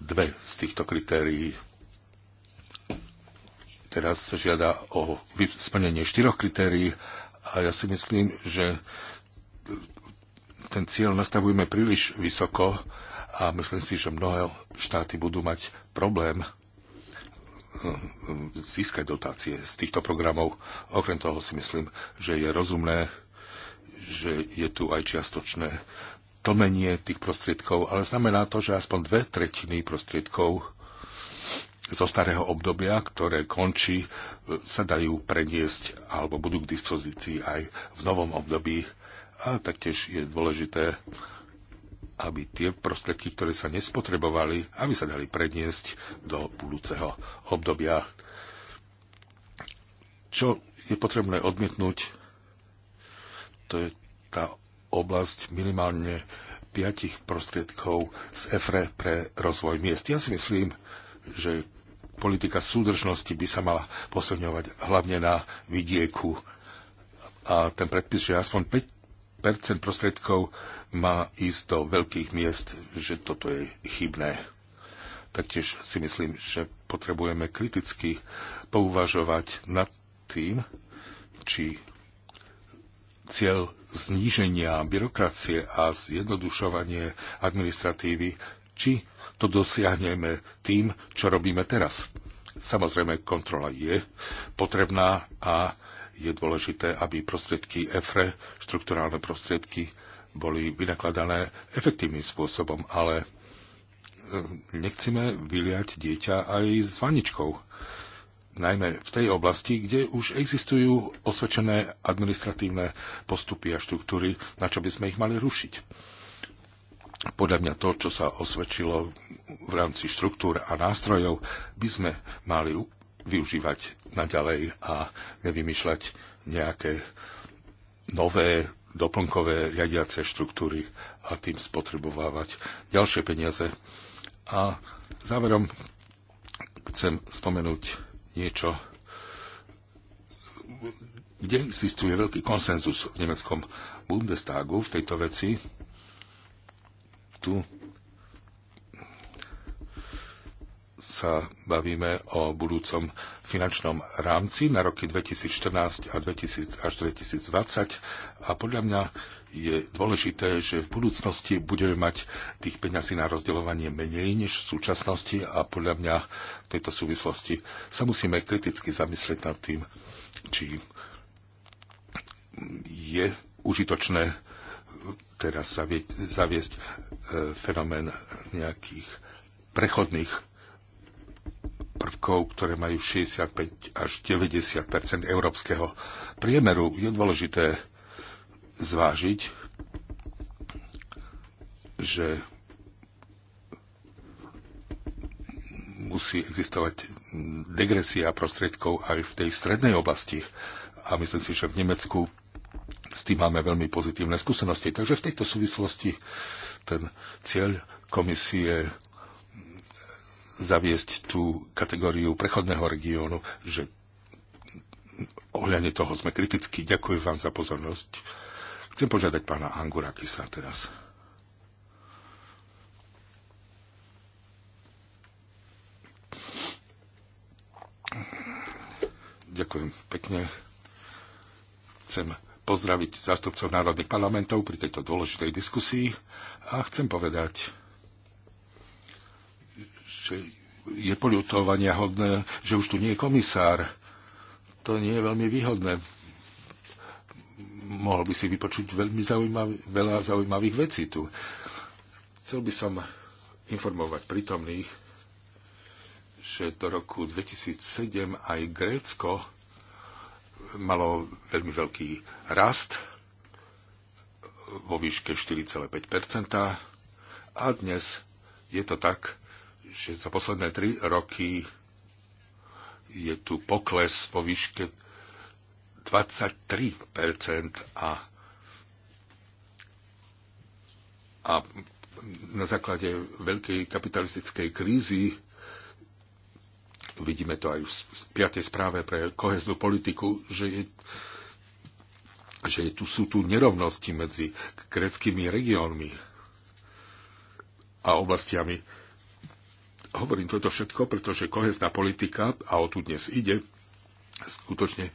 dve z týchto kritérií. Teraz sa žiada o splnenie štyroch kritérií a ja si myslím, že ten cieľ nastavujeme príliš vysoko a myslím si, že mnohé štáty budú mať problém získať dotácie z týchto programov. Okrem toho si myslím, že je rozumné, že je tu aj čiastočné tlmenie tých prostriedkov, ale znamená to, že aspoň dve tretiny prostriedkov zo starého obdobia, ktoré končí, sa dajú preniesť alebo budú k dispozícii aj v novom období. A taktiež je dôležité aby tie prostriedky, ktoré sa nespotrebovali, aby sa dali predniesť do budúceho obdobia. Čo je potrebné odmietnúť, to je tá oblasť minimálne piatich prostriedkov z EFRE pre rozvoj miest. Ja si myslím, že politika súdržnosti by sa mala posilňovať hlavne na vidieku. A ten predpis, že aspoň 5 prostriedkov má ísť do veľkých miest, že toto je chybné. Taktiež si myslím, že potrebujeme kriticky pouvažovať nad tým, či cieľ zníženia byrokracie a zjednodušovanie administratívy, či to dosiahneme tým, čo robíme teraz. Samozrejme, kontrola je potrebná a je dôležité, aby prostriedky EFRE, štrukturálne prostriedky, boli vynakladané efektívnym spôsobom, ale e, nechceme vyliať dieťa aj s vaničkou. Najmä v tej oblasti, kde už existujú osvedčené administratívne postupy a štruktúry, na čo by sme ich mali rušiť. Podľa mňa to, čo sa osvedčilo v rámci štruktúr a nástrojov, by sme mali využívať naďalej a nevymýšľať nejaké nové doplnkové riadiace štruktúry a tým spotrebovávať ďalšie peniaze. A záverom chcem spomenúť niečo, kde existuje veľký konsenzus v nemeckom Bundestagu v tejto veci. Tu sa bavíme o budúcom finančnom rámci na roky 2014 a 2000 až 2020 a podľa mňa je dôležité, že v budúcnosti budeme mať tých peňazí na rozdeľovanie menej než v súčasnosti a podľa mňa v tejto súvislosti sa musíme kriticky zamyslieť nad tým, či je užitočné teraz zaviesť e, fenomén nejakých prechodných prvkov, ktoré majú 65 až 90 európskeho priemeru, je dôležité zvážiť, že musí existovať degresia prostriedkov aj v tej strednej oblasti. A myslím si, že v Nemecku s tým máme veľmi pozitívne skúsenosti. Takže v tejto súvislosti ten cieľ komisie zaviesť tú kategóriu prechodného regiónu, že ohľadne toho sme kritickí. Ďakujem vám za pozornosť. Chcem požiadať pána Angura Kisa teraz. Ďakujem pekne. Chcem pozdraviť zástupcov národných parlamentov pri tejto dôležitej diskusii a chcem povedať, že je poľutovania hodné, že už tu nie je komisár. To nie je veľmi výhodné. Mohol by si vypočuť veľmi zaujímav, veľa zaujímavých vecí tu. Chcel by som informovať prítomných, že do roku 2007 aj Grécko malo veľmi veľký rast vo výške 4,5 a dnes je to tak, že za posledné tri roky je tu pokles po výške 23% a, a na základe veľkej kapitalistickej krízy vidíme to aj v 5. správe pre koheznú politiku, že, je, že je tu, sú tu nerovnosti medzi greckými regiónmi a oblastiami hovorím toto všetko, pretože kohezná politika, a o tu dnes ide, skutočne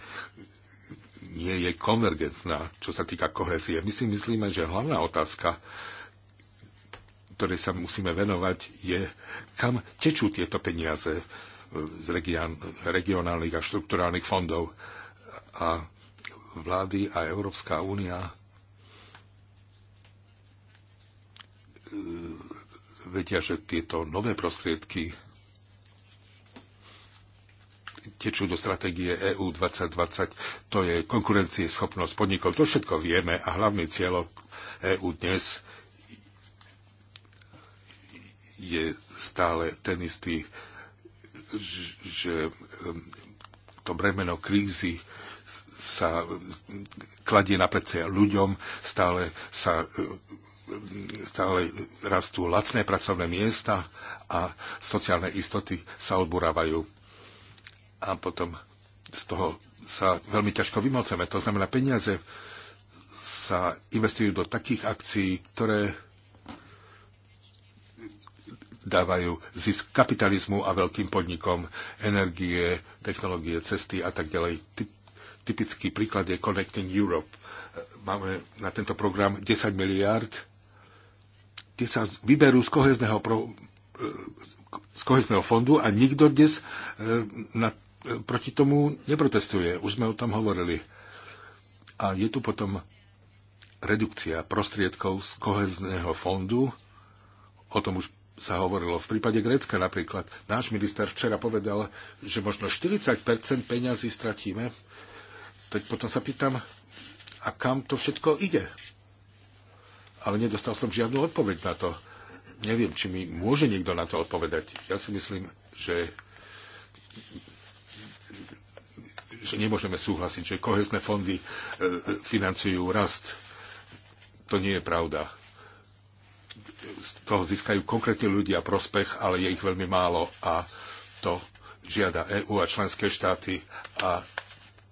nie je konvergentná, čo sa týka kohezie. My si myslíme, že hlavná otázka, ktorej sa musíme venovať, je, kam tečú tieto peniaze e, z region, regionálnych a štrukturálnych fondov. A vlády a Európska únia e, vedia, že tieto nové prostriedky tečú do stratégie EU 2020. To je konkurencieschopnosť podnikov. To všetko vieme a hlavný cieľ EU dnes je stále ten istý, že to bremeno krízy sa kladie na plece ľuďom, stále sa stále rastú lacné pracovné miesta a sociálne istoty sa odburávajú. A potom z toho sa veľmi ťažko vymoceme. To znamená, peniaze sa investujú do takých akcií, ktoré dávajú zisk kapitalizmu a veľkým podnikom energie, technológie, cesty a tak ďalej. Typický príklad je Connecting Europe. Máme na tento program 10 miliárd tie sa vyberú z kohezného, pro, e, z kohezného fondu a nikto dnes e, na, e, proti tomu neprotestuje. Už sme o tom hovorili. A je tu potom redukcia prostriedkov z kohezného fondu. O tom už sa hovorilo. V prípade Grécka napríklad náš minister včera povedal, že možno 40 peňazí stratíme. Tak potom sa pýtam, a kam to všetko ide? ale nedostal som žiadnu odpoveď na to. Neviem, či mi môže niekto na to odpovedať. Ja si myslím, že, že nemôžeme súhlasiť, že kohezné fondy e, financujú rast. To nie je pravda. Z toho získajú konkrétne ľudia prospech, ale je ich veľmi málo a to žiada EÚ a členské štáty a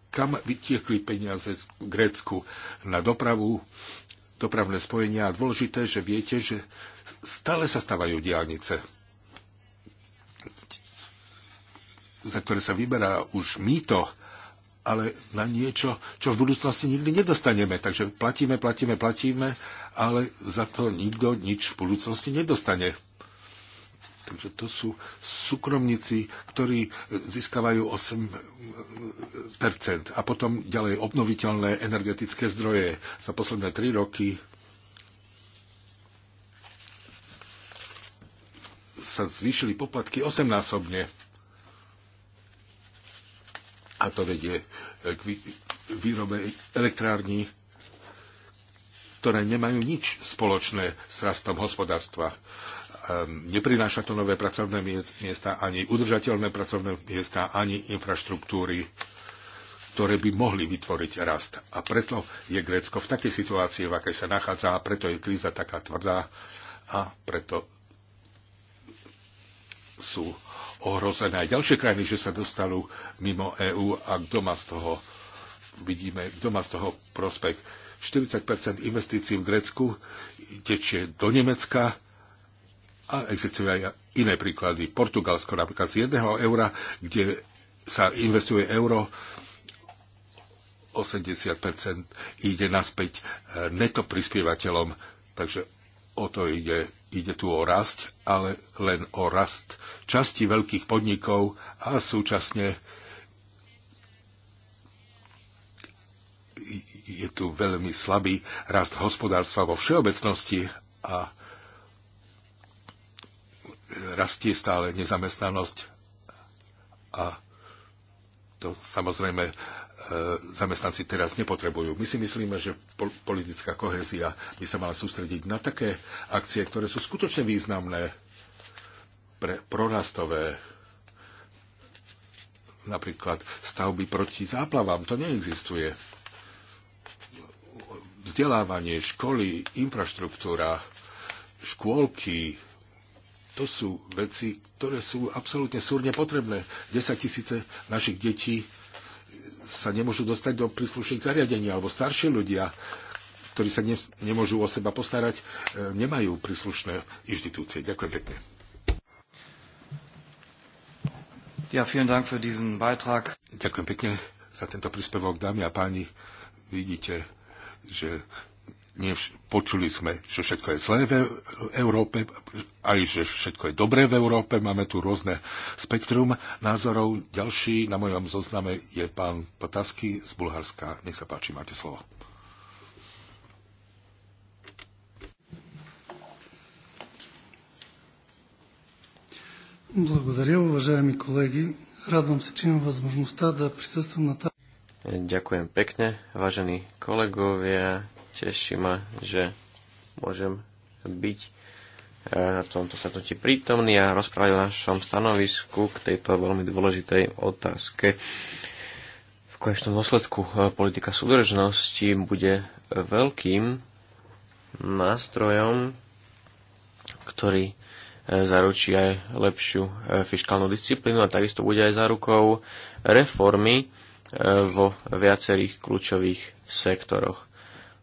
kam vytiekli peniaze z Grécku na dopravu, dopravné spojenia a dôležité, že viete, že stále sa stávajú diálnice, za ktoré sa vyberá už mýto, ale na niečo, čo v budúcnosti nikdy nedostaneme. Takže platíme, platíme, platíme, ale za to nikto nič v budúcnosti nedostane. Takže to sú súkromníci, ktorí získavajú 8 eh, a potom ďalej obnoviteľné energetické zdroje za posledné 3 roky sa zvýšili poplatky osemnásobne. A to vedie eh, k výrobe elektrární, ktoré nemajú nič spoločné s rastom hospodárstva. Ehm, neprináša to nové pracovné miesta, ani udržateľné pracovné miesta, ani infraštruktúry, ktoré by mohli vytvoriť rast. A preto je Grécko v takej situácii, v akej sa nachádza, a preto je kríza taká tvrdá a preto sú ohrozené aj ďalšie krajiny, že sa dostanú mimo EÚ a kto má z toho, vidíme, kto má z toho prospech. 40 investícií v Grécku tečie do Nemecka, a existujú aj iné príklady. Portugalsko napríklad z jedného eura, kde sa investuje euro, 80% ide naspäť e, neto prispievateľom. Takže o to ide. Ide tu o rast, ale len o rast časti veľkých podnikov a súčasne je tu veľmi slabý rast hospodárstva vo všeobecnosti a rastie stále nezamestnanosť a to samozrejme e, zamestnanci teraz nepotrebujú. My si myslíme, že politická kohezia by sa mala sústrediť na také akcie, ktoré sú skutočne významné pre prorastové napríklad stavby proti záplavám. To neexistuje. Vzdelávanie, školy, infraštruktúra, škôlky, to sú veci, ktoré sú absolútne súrne potrebné. 10 tisíce našich detí sa nemôžu dostať do príslušných zariadení, alebo starší ľudia, ktorí sa ne, nemôžu o seba postarať, e, nemajú príslušné inštitúcie. Ďakujem pekne. Ja, Dank für diesen Beitrag. Ďakujem pekne za tento príspevok, dámy a páni. Vidíte, že Nevš- počuli sme, že všetko je zlé v Európe, aj že všetko je dobré v Európe. Máme tu rôzne spektrum názorov. Ďalší na mojom zozname je pán Potasky z Bulharska. Nech sa páči, máte slovo. Благодаря, уважаеми колеги. Радвам се, че имам да на Ďakujem pekne, vážení kolegovia. Teší ma, že môžem byť eh, na tomto stretnutí prítomný a rozprávať o našom stanovisku k tejto veľmi dôležitej otázke. V konečnom dôsledku eh, politika súdržnosti bude eh, veľkým nástrojom, ktorý zaručí aj lepšiu fiskálnu disciplínu a takisto bude aj zárukou reformy vo viacerých kľúčových sektoroch.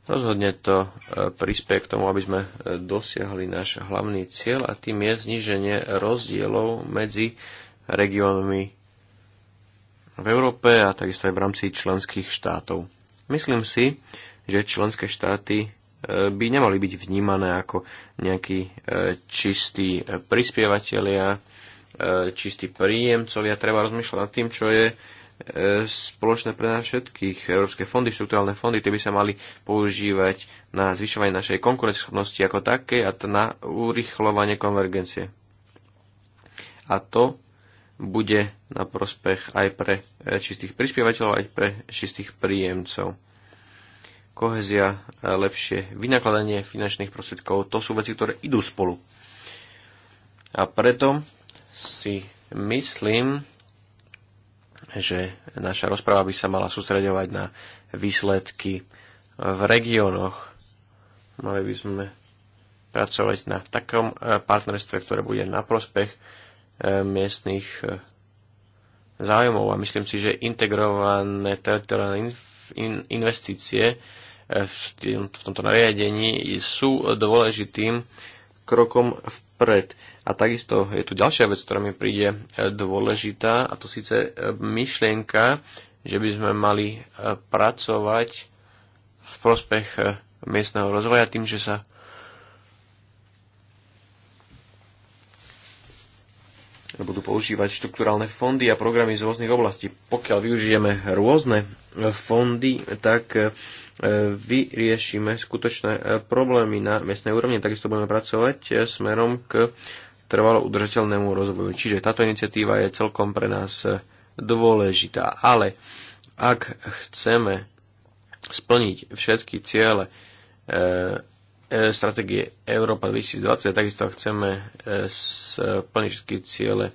Rozhodne to e, prispie k tomu, aby sme e, dosiahli náš hlavný cieľ a tým je zníženie rozdielov medzi regiónmi v Európe a takisto aj v rámci členských štátov. Myslím si, že členské štáty e, by nemali byť vnímané ako nejakí čistí prispievateľia, čistí príjemcovia. Treba rozmýšľať nad tým, čo je E, spoločné pre nás všetkých. Európske fondy, štruktúrálne fondy, tie by sa mali používať na zvyšovanie našej konkurenceschopnosti ako také a na urychľovanie konvergencie. A to bude na prospech aj pre e, čistých prispievateľov, aj pre čistých príjemcov. Kohezia, e, lepšie vynakladanie finančných prostriedkov, to sú veci, ktoré idú spolu. A preto si myslím, že naša rozpráva by sa mala sústredovať na výsledky v regiónoch. Mali by sme pracovať na takom e, partnerstve, ktoré bude na prospech e, miestnych e, záujmov a myslím si, že integrované teritoriálne investície v, tomto nariadení sú dôležitým krokom v vpred. A takisto je tu ďalšia vec, ktorá mi príde e, dôležitá, a to síce e, myšlienka, že by sme mali e, pracovať v prospech miestneho rozvoja tým, že sa budú používať štrukturálne fondy a programy z rôznych oblastí. Pokiaľ využijeme rôzne fondy, tak E, vyriešime skutočné e, problémy na miestnej úrovni, takisto budeme pracovať e, smerom k trvalo udržateľnému rozvoju. Čiže táto iniciatíva je celkom pre nás dôležitá. Ale ak chceme splniť všetky ciele e, stratégie Európa 2020, takisto chceme splniť všetky ciele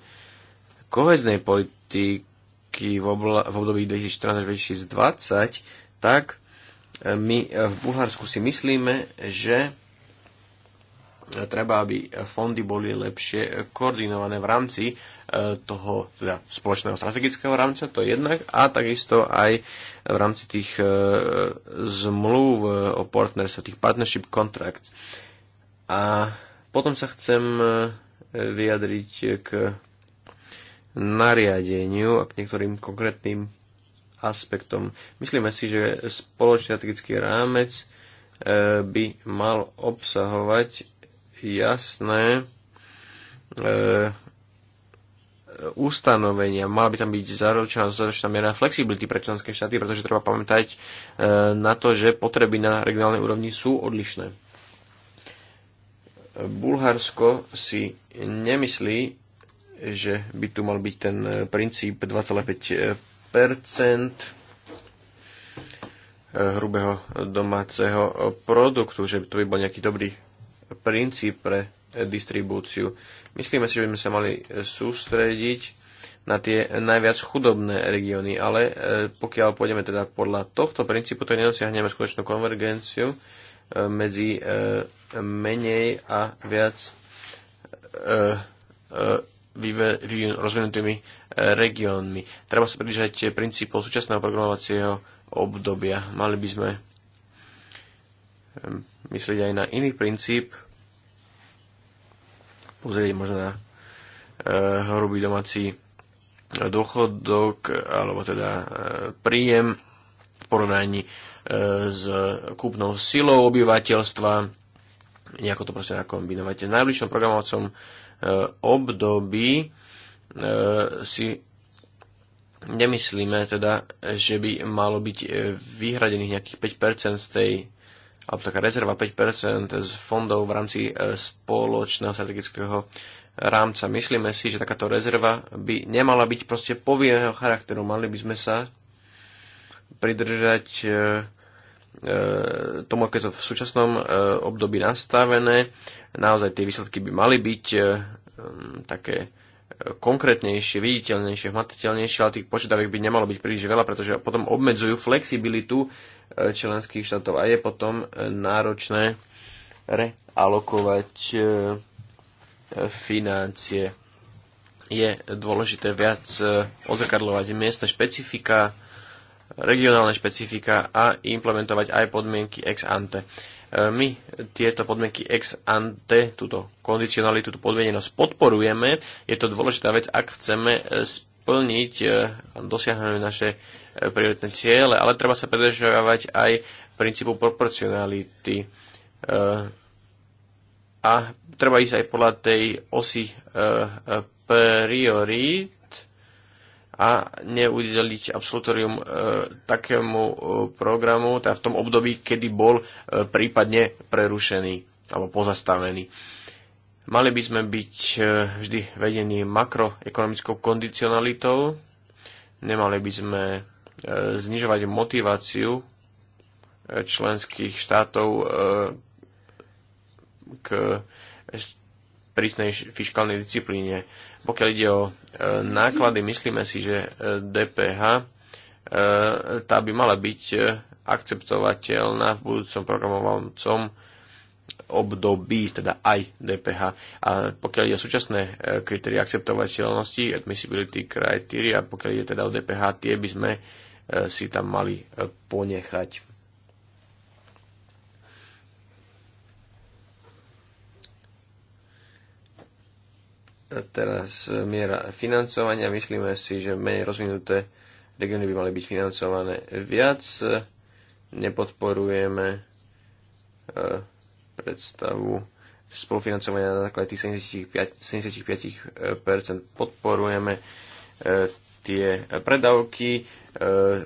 koheznej politiky v, v období 2014-2020, tak my v Bulharsku si myslíme, že treba, aby fondy boli lepšie koordinované v rámci e, toho teda spoločného strategického rámca, to jednak, a takisto aj v rámci tých e, zmluv o partnerstve, tých partnership contracts. A potom sa chcem e, vyjadriť k nariadeniu a k niektorým konkrétnym aspektom. Myslíme si, že spoločný rámec e, by mal obsahovať jasné e, ustanovenia. Mala by tam byť zaručená zaručená miera flexibility pre členské štáty, pretože treba pamätať e, na to, že potreby na regionálnej úrovni sú odlišné. Bulharsko si nemyslí, že by tu mal byť ten princíp 2,5 Eh, hrubého domáceho produktu, že to by bol nejaký dobrý princíp pre distribúciu. Myslíme si, že by sme sa mali sústrediť na tie najviac chudobné regióny, ale eh, pokiaľ pôjdeme teda podľa tohto princípu, tak to nedosiahneme skutočnú konvergenciu eh, medzi menej a viac rozvinutými e, regiónmi. Treba sa približať princípov súčasného programovacieho obdobia. Mali by sme e, myslieť aj na iný princíp, pozrieť možno na e, hrubý domáci dôchodok alebo teda príjem v porovnaní s kúpnou silou obyvateľstva, nejako to proste nakombinovať. V najbližšom programovacom období e, si nemyslíme teda, že by malo byť e, vyhradených nejakých 5% z tej alebo taká rezerva 5% z fondov v rámci e, spoločného strategického rámca. Myslíme si, že takáto rezerva by nemala byť proste povinného charakteru. Mali by sme sa pridržať E, tomu, je to v súčasnom e, období nastavené. Naozaj tie výsledky by mali byť e, také konkrétnejšie, viditeľnejšie, hmatateľnejšie, ale tých požiadaviek by nemalo byť príliš veľa, pretože potom obmedzujú flexibilitu členských štátov a je potom náročné realokovať financie. Je dôležité viac odzrkadľovať miesta špecifika, regionálne špecifika a implementovať aj podmienky ex ante. E, my tieto podmienky ex ante, túto kondicionalitu, túto podmienenosť podporujeme. Je to dôležitá vec, ak chceme e, splniť e, a dosiahnuť naše prioritné ciele, ale treba sa predržiavať aj princípu proporcionality a treba ísť aj podľa tej osy priorít a neudeliť absolutorium e, takému e, programu teda v tom období, kedy bol e, prípadne prerušený alebo pozastavený. Mali by sme byť e, vždy vedení makroekonomickou kondicionalitou, nemali by sme e, znižovať motiváciu e, členských štátov e, k prísnej fiskálnej disciplíne. Pokiaľ ide o e, náklady, myslíme si, že e, DPH e, tá by mala byť akceptovateľná v budúcom programovacom období, teda aj DPH. A pokiaľ ide o súčasné kritéria akceptovateľnosti, admissibility criteria, a pokiaľ ide teda o DPH, tie by sme si tam mali ponechať. teraz miera financovania. Myslíme si, že menej rozvinuté regióny by mali byť financované viac. Nepodporujeme e, predstavu spolufinancovania na základe tých 75%, 75% podporujeme e, tie predávky, e,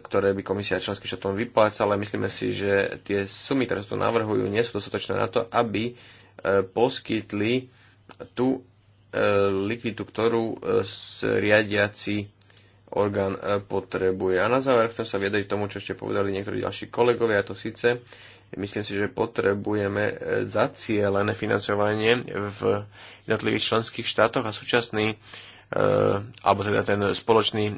ktoré by komisia členským štátom vyplácala. Myslíme si, že tie sumy, ktoré sa tu navrhujú, nie sú dostatočné na to, aby poskytli tú E, likviditu, ktorú e, riadiaci orgán e, potrebuje. A na záver chcem sa viedať k tomu, čo ešte povedali niektorí ďalší kolegovia, a to síce myslím si, že potrebujeme zacielené financovanie v jednotlivých členských štátoch a súčasný alebo teda ten spoločný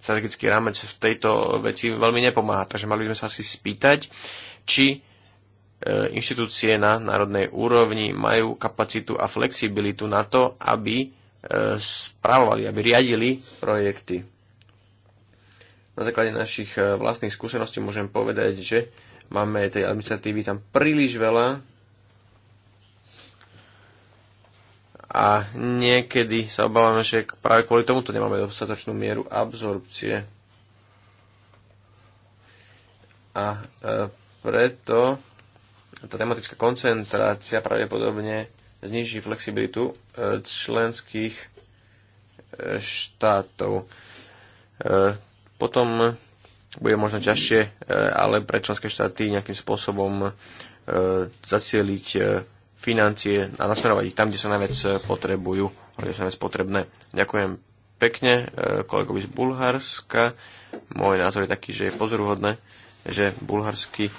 strategický rámec v tejto veci veľmi nepomáha. Takže mali by sme sa asi spýtať, či E, inštitúcie na národnej úrovni majú kapacitu a flexibilitu na to, aby e, správovali, aby riadili projekty. Na základe našich e, vlastných skúseností môžem povedať, že máme tej administratívy tam príliš veľa a niekedy sa obávame, že práve kvôli tomuto nemáme dostatočnú mieru absorpcie. A preto tá tematická koncentrácia pravdepodobne zniží flexibilitu e, členských e, štátov. E, potom bude možno ťažšie, ale pre členské štáty nejakým spôsobom zacieliť financie a nasmerovať ich tam, kde sa najviac potrebujú, kde sú najviac potrebné. Ďakujem pekne kolegovi z Bulharska. Môj názor je taký, že je pozoruhodné, že bulharský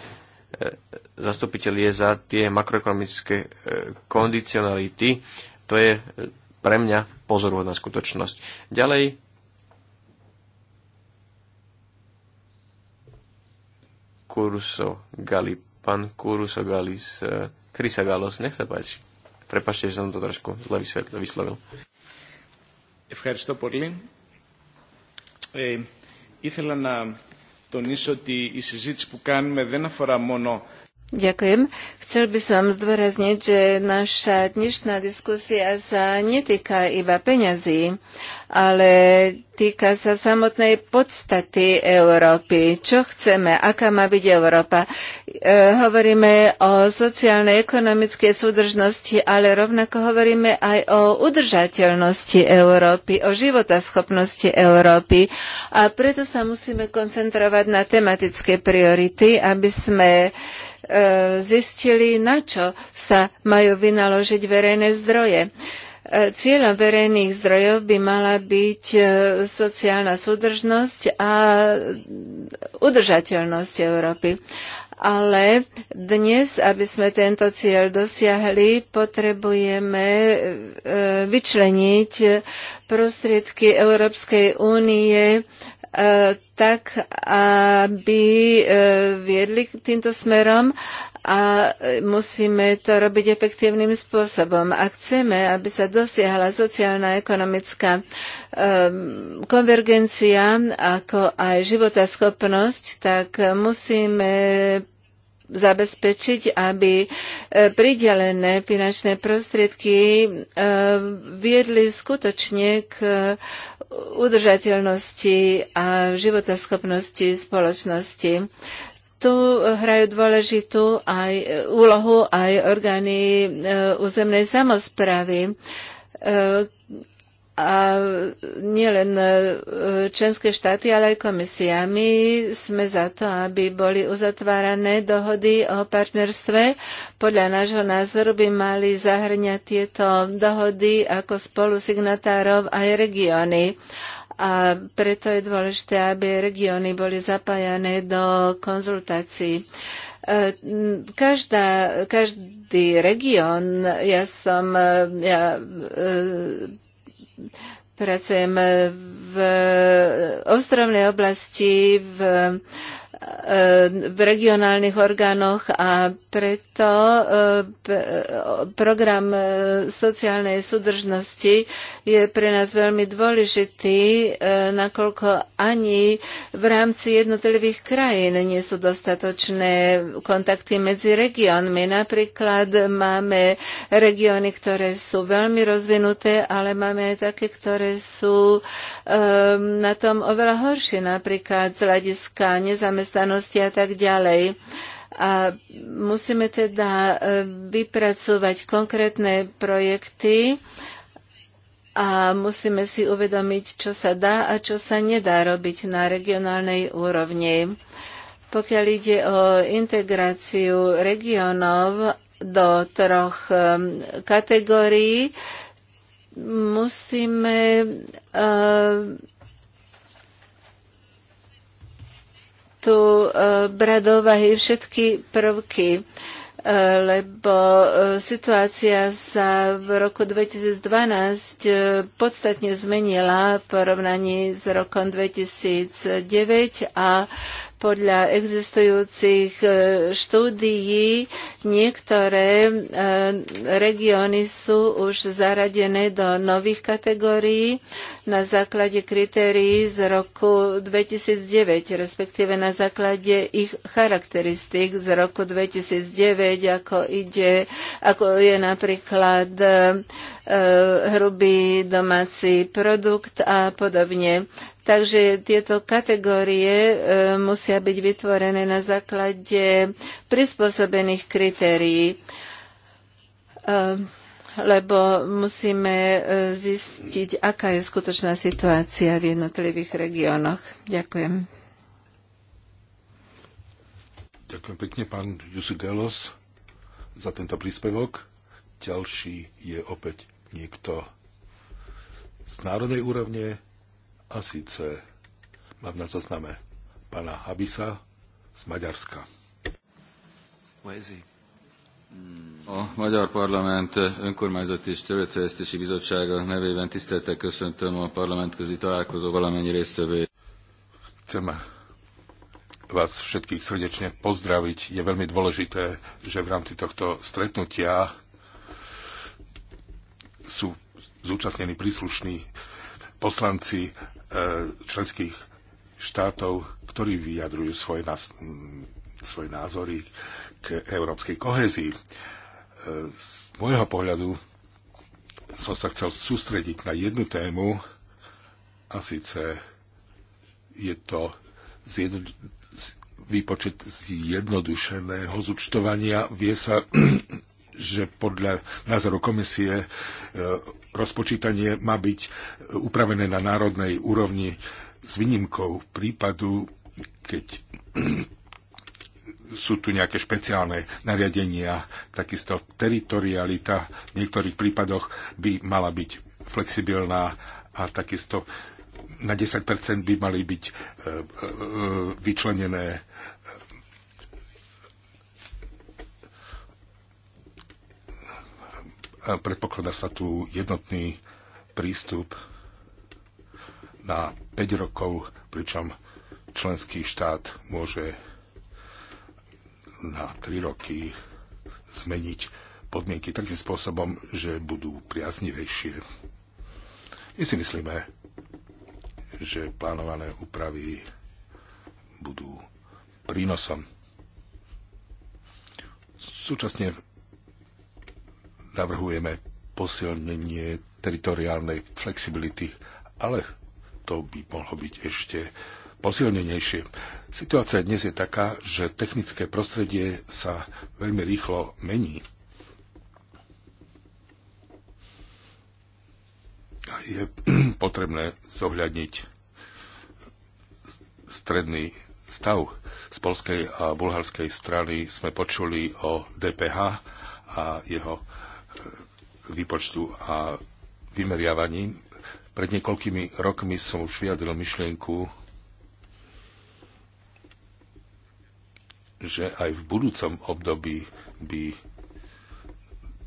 E, zastupiteľ je za tie makroekonomické e, kondicionality. To je e, pre mňa pozorúhodná skutočnosť. Ďalej, Kurso Gali, pán Kuruso Galis, Krisa Galos, nech sa páči. Prepašte, že som to trošku zle vyslovil. Ευχαριστώ πολύ. Ε, ήθελα να Ďakujem. Chcel by som zdôrazniť, že naša dnešná diskusia sa netýka iba peňazí, ale týka sa samotnej podstaty Európy. Čo chceme? Aká má byť Európa? E, hovoríme o sociálnej, ekonomickej súdržnosti, ale rovnako hovoríme aj o udržateľnosti Európy, o životaschopnosti Európy. A preto sa musíme koncentrovať na tematické priority, aby sme e, zistili, vedeli, na čo sa majú vynaložiť verejné zdroje. E, cieľom verejných zdrojov by mala byť e, sociálna súdržnosť a udržateľnosť Európy. Ale dnes, aby sme tento cieľ dosiahli, potrebujeme e, vyčleniť prostriedky Európskej únie tak, aby viedli k týmto smerom a e, musíme to robiť efektívnym spôsobom. Ak chceme, aby sa dosiahla sociálna a ekonomická e, konvergencia, ako aj schopnosť, tak musíme zabezpečiť, aby e, pridelené finančné prostriedky viedli skutočne k udržateľnosti a životaschopnosti spoločnosti. Tu hrajú dôležitú aj úlohu aj orgány e, územnej samozpravy, e, a nielen e, členské štáty, ale aj komisia. My sme za to, aby boli uzatvárané dohody o partnerstve. Podľa nášho názoru by mali zahrňať tieto dohody ako spolusignatárov aj regióny a preto je dôležité, aby regióny boli zapájané do konzultácií. E, každá, každý región, ja som, e, ja e, pracujem v ostrovnej oblasti v v regionálnych orgánoch a preto eh, program eh, sociálnej súdržnosti je pre nás veľmi dôležitý, eh, nakoľko ani v rámci jednotlivých krajín nie sú dostatočné kontakty medzi regiónmi. Napríklad máme regióny, ktoré sú veľmi rozvinuté, ale máme aj také, ktoré sú na tom oveľa horšie, napríklad z hľadiska nezamestnanosti nezamestnanosti a tak ďalej. A musíme teda e, vypracovať konkrétne projekty a musíme si uvedomiť, čo sa dá a čo sa nedá robiť na regionálnej úrovni. Pokiaľ ide o integráciu regionov do troch e, kategórií, musíme uh, tu e, brať do úvahy všetky prvky e, lebo e, situácia sa v roku 2012 podstatne zmenila v porovnaní s rokom 2009 a podľa existujúcich e, štúdií niektoré e, regióny sú už zaradené do nových kategórií na základe kritérií z roku 2009, respektíve na základe ich charakteristík z roku 2009, ako, ide, ako je napríklad e, hrubý domáci produkt a podobne. Takže tieto kategórie e, musia byť vytvorené na základe prispôsobených kritérií e, lebo musíme e, zistiť, aká je skutočná situácia v jednotlivých regiónoch. Ďakujem. Ďakujem pekne, pán Gelos, za tento príspevok. Ďalší je opäť niekto z národnej úrovne, a síce mám na zozname pána Habisa z Maďarska. A Magyar Parlament Önkormányzati és Területfejlesztési Bizottsága nevében tisztelettel köszöntöm a parlamentközi találkozó valamennyi résztvevőjét. Chceme vás všetkých srdečne pozdraviť. Je veľmi dôležité, že v rámci tohto stretnutia sú zúčastnení príslušní poslanci E, členských štátov, ktorí vyjadrujú svoje, svoje názory k európskej kohezii. E, z môjho pohľadu som sa chcel sústrediť na jednu tému a síce je to zjedno, výpočet zjednodušeného zúčtovania. Vie sa, že podľa názoru komisie e, rozpočítanie má byť e, upravené na národnej úrovni s výnimkou prípadu, keď sú tu nejaké špeciálne nariadenia, takisto teritorialita v niektorých prípadoch by mala byť flexibilná a takisto na 10% by mali byť e, e, vyčlenené predpokladá sa tu jednotný prístup na 5 rokov, pričom členský štát môže na 3 roky zmeniť podmienky takým spôsobom, že budú priaznivejšie. My si myslíme, že plánované úpravy budú prínosom. Súčasne navrhujeme posilnenie teritoriálnej flexibility, ale to by mohlo byť ešte posilnenejšie. Situácia dnes je taká, že technické prostredie sa veľmi rýchlo mení. A je potrebné zohľadniť stredný stav. Z polskej a bulharskej strany sme počuli o DPH a jeho výpočtu a vymeriavaní. Pred niekoľkými rokmi som už vyjadril myšlienku, že aj v budúcom období by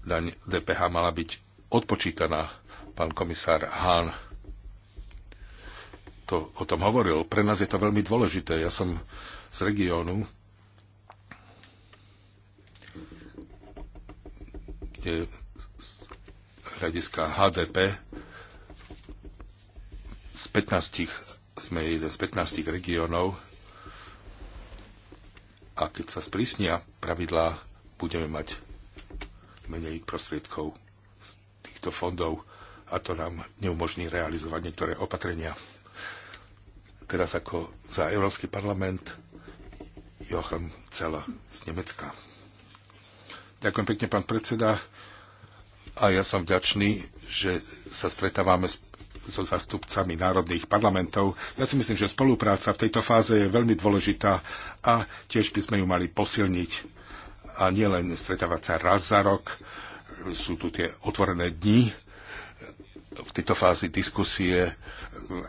daň DPH mala byť odpočítaná. Pán komisár Hahn to, o tom hovoril. Pre nás je to veľmi dôležité. Ja som z regiónu, kde hľadiska HDP z 15, sme jeden z 15 regiónov a keď sa sprísnia pravidlá, budeme mať menej prostriedkov z týchto fondov a to nám neumožní realizovať niektoré opatrenia. Teraz ako za Európsky parlament Joachim Cela z Nemecka. Ďakujem pekne, pán predseda. A ja som vďačný, že sa stretávame s so zastupcami národných parlamentov. Ja si myslím, že spolupráca v tejto fáze je veľmi dôležitá a tiež by sme ju mali posilniť a nielen stretávať sa raz za rok. Sú tu tie otvorené dni v tejto fázi diskusie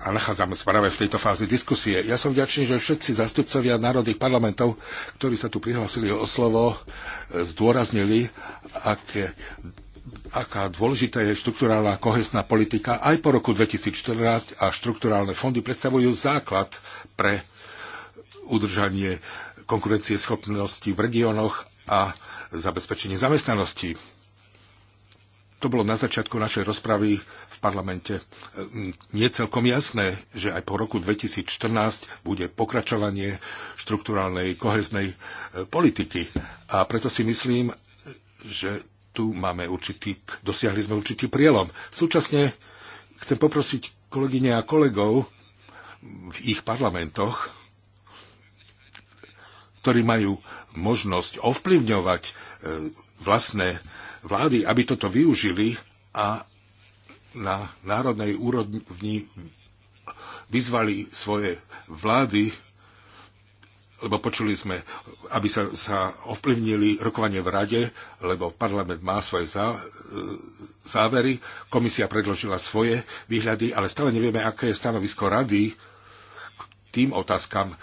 a nachádzame sa práve v tejto fázi diskusie. Ja som vďačný, že všetci zastupcovia národných parlamentov, ktorí sa tu prihlásili o slovo, e, zdôraznili, aké aká dôležitá je štrukturálna kohesná politika aj po roku 2014 a štrukturálne fondy predstavujú základ pre udržanie konkurencieschopnosti v regiónoch a zabezpečenie zamestnanosti. To bolo na začiatku našej rozpravy v parlamente. Nie celkom jasné, že aj po roku 2014 bude pokračovanie štrukturálnej koheznej e, politiky. A preto si myslím, že tu máme určitý, dosiahli sme určitý prielom. Súčasne chcem poprosiť kolegyne a kolegov v ich parlamentoch, ktorí majú možnosť ovplyvňovať e, vlastné vlády, aby toto využili a na národnej úrovni vyzvali svoje vlády lebo počuli sme, aby sa, sa ovplyvnili rokovanie v rade, lebo parlament má svoje zá, e, závery, komisia predložila svoje výhľady, ale stále nevieme, aké je stanovisko rady k tým otázkam,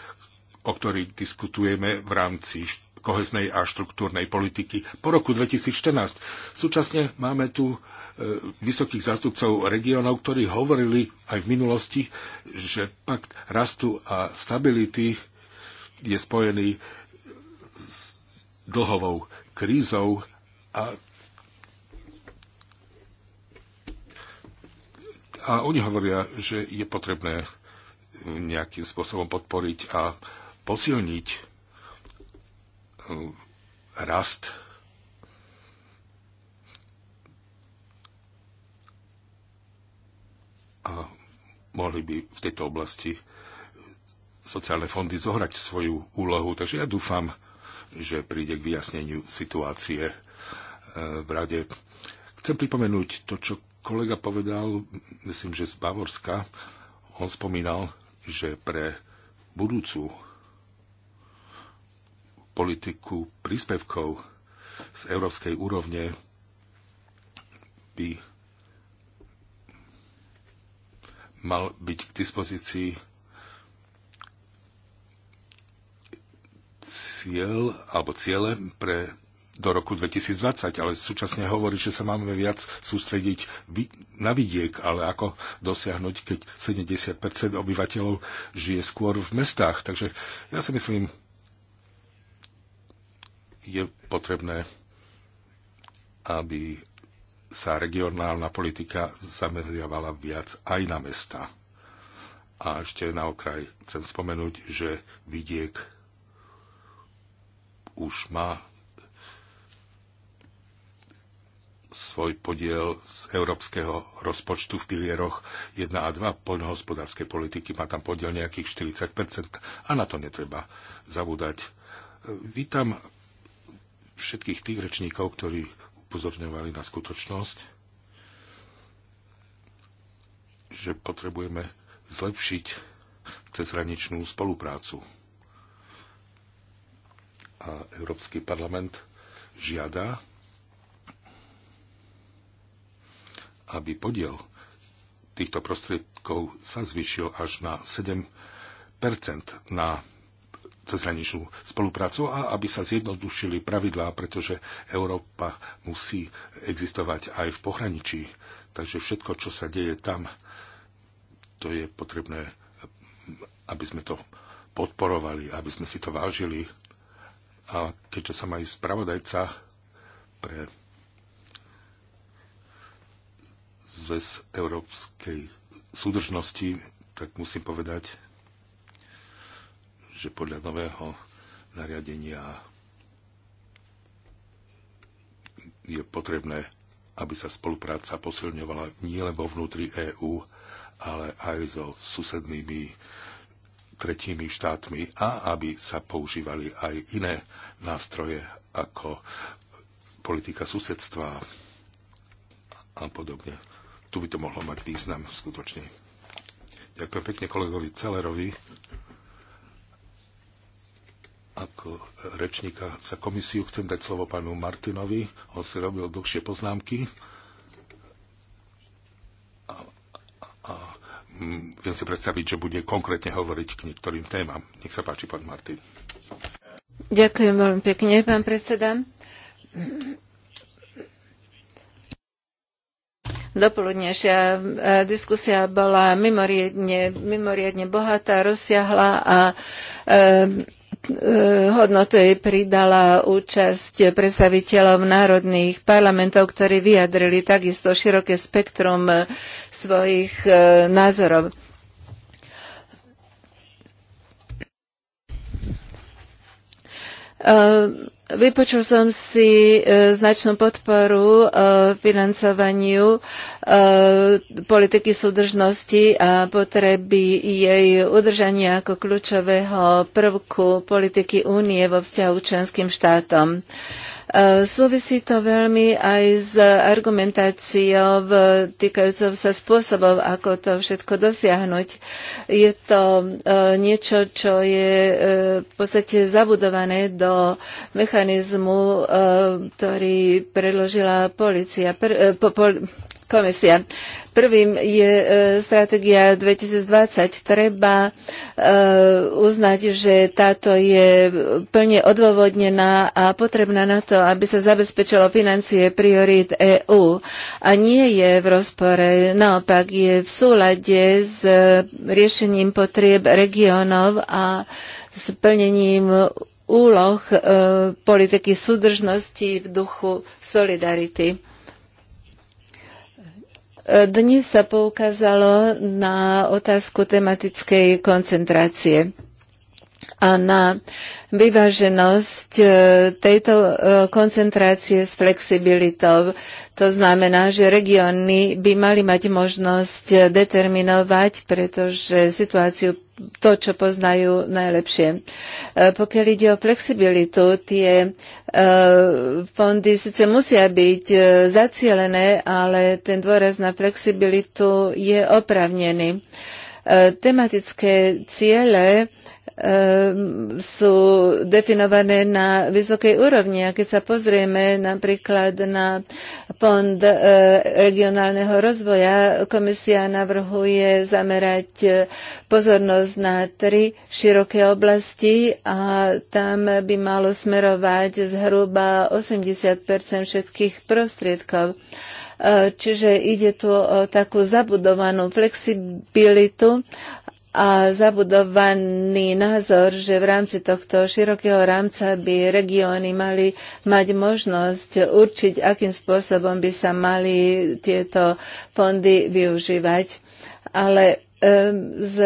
o ktorých diskutujeme v rámci koheznej a štruktúrnej politiky po roku 2014. Súčasne máme tu e, vysokých zástupcov regiónov, ktorí hovorili aj v minulosti, že pakt rastu a stability je spojený s dlhovou krízou a A oni hovoria, že je potrebné nejakým spôsobom podporiť a posilniť um, rast a mohli by v tejto oblasti sociálne fondy zohrať svoju úlohu. Takže ja dúfam, že príde k vyjasneniu situácie e, v rade. Chcem pripomenúť to, čo kolega povedal, myslím, že z Bavorska. On spomínal, že pre budúcu politiku príspevkov z európskej úrovne by mal byť k dispozícii cieľ alebo ciele pre do roku 2020, ale súčasne hovorí, že sa máme viac sústrediť na vidiek, ale ako dosiahnuť, keď 70% obyvateľov žije skôr v mestách. Takže ja si myslím, je potrebné, aby sa regionálna politika zameriavala viac aj na mesta. A ešte na okraj chcem spomenúť, že vidiek už má svoj podiel z európskeho rozpočtu v pilieroch 1 a 2 poľnohospodárskej politiky. Má tam podiel nejakých 40 a na to netreba zabúdať. Vítam všetkých tých rečníkov, ktorí upozorňovali na skutočnosť, že potrebujeme zlepšiť cezhraničnú spoluprácu a Európsky parlament žiada, aby podiel týchto prostriedkov sa zvyšil až na 7 na cezhraničnú spoluprácu a aby sa zjednodušili pravidlá, pretože Európa musí existovať aj v pohraničí. Takže všetko, čo sa deje tam, to je potrebné, aby sme to podporovali, aby sme si to vážili a keďže som aj spravodajca pre zväz európskej súdržnosti, tak musím povedať, že podľa nového nariadenia je potrebné, aby sa spolupráca posilňovala nielen vo vnútri EÚ, ale aj so susednými tretími štátmi a aby sa používali aj iné nástroje ako politika susedstva a podobne. Tu by to mohlo mať význam skutočne. Ďakujem pekne kolegovi Celerovi ako rečníka za komisiu chcem dať slovo pánu Martinovi. On si robil dlhšie poznámky. Mm, viem si predstaviť, že bude konkrétne hovoriť k niektorým témam. Nech sa páči, pán Martin. Ďakujem veľmi pekne, pán predseda. Dopoludnejšia e, diskusia bola mimoriadne, mimoriadne bohatá, rozsiahla a e, Eh, hodnotu jej pridala účasť predstaviteľov národných parlamentov, ktorí vyjadrili takisto široké spektrum eh, svojich eh, názorov. Uh, Vypočul som si e, značnú podporu e, financovaniu e, politiky súdržnosti a potreby jej udržania ako kľúčového prvku politiky únie vo vzťahu členským štátom. Eh, súvisí to veľmi aj s argumentáciou týkajúcou sa spôsobov, ako to všetko dosiahnuť. Je to eh, niečo, čo je eh, v podstate zabudované do mechanizmu, ktorý predložila policia, pr, po, komisia. Prvým je e, stratégia 2020. Treba e, uznať, že táto je plne odôvodnená a potrebná na to, aby sa zabezpečilo financie priorít EÚ. A nie je v rozpore, naopak je v súlade s e, riešením potrieb regiónov a s plnením úloh e, politiky súdržnosti v duchu solidarity. Dnes sa poukázalo na otázku tematickej koncentrácie a na vyváženosť e, tejto e, koncentrácie s flexibilitou. To znamená, že regióny by mali mať možnosť e, determinovať, pretože situáciu to, čo poznajú najlepšie. Pokiaľ ide o flexibilitu, tie fondy síce musia byť zacielené, ale ten dôraz na flexibilitu je opravnený. Tematické ciele Ehm, sú definované na vysokej úrovni. A keď sa pozrieme napríklad na fond e, regionálneho rozvoja, komisia navrhuje zamerať e, pozornosť na tri široké oblasti a tam by malo smerovať zhruba 80 všetkých prostriedkov. E, čiže ide tu o takú zabudovanú flexibilitu a zabudovaný názor, že v rámci tohto širokého rámca by regióny mali mať možnosť určiť, akým spôsobom by sa mali tieto fondy využívať. Ale z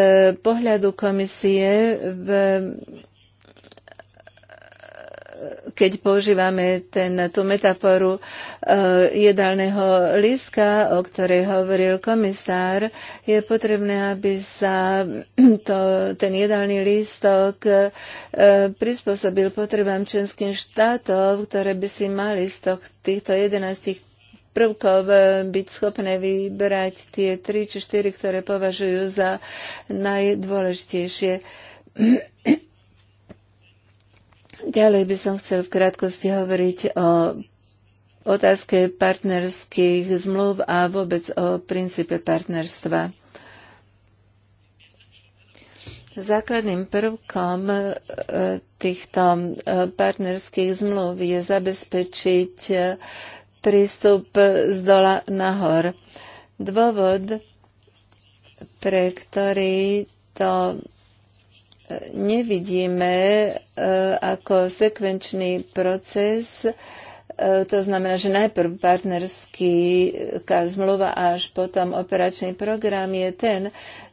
pohľadu komisie v keď používame ten, tú metaforu e, jedálneho lístka, o ktorej hovoril komisár, je potrebné, aby sa to, ten jedálny lístok e, prispôsobil potrebám členských štátov, ktoré by si mali z tohto, týchto 11 prvkov e, byť schopné vybrať tie tri či štyri, ktoré považujú za najdôležitejšie. Ďalej by som chcel v krátkosti hovoriť o otázke partnerských zmluv a vôbec o princípe partnerstva. Základným prvkom e, týchto e, partnerských zmluv je zabezpečiť e, prístup z dola nahor. Dôvod, pre ktorý to nevidíme e, ako sekvenčný proces E, to znamená, že najprv partnerská e, zmluva a až potom operačný program je ten,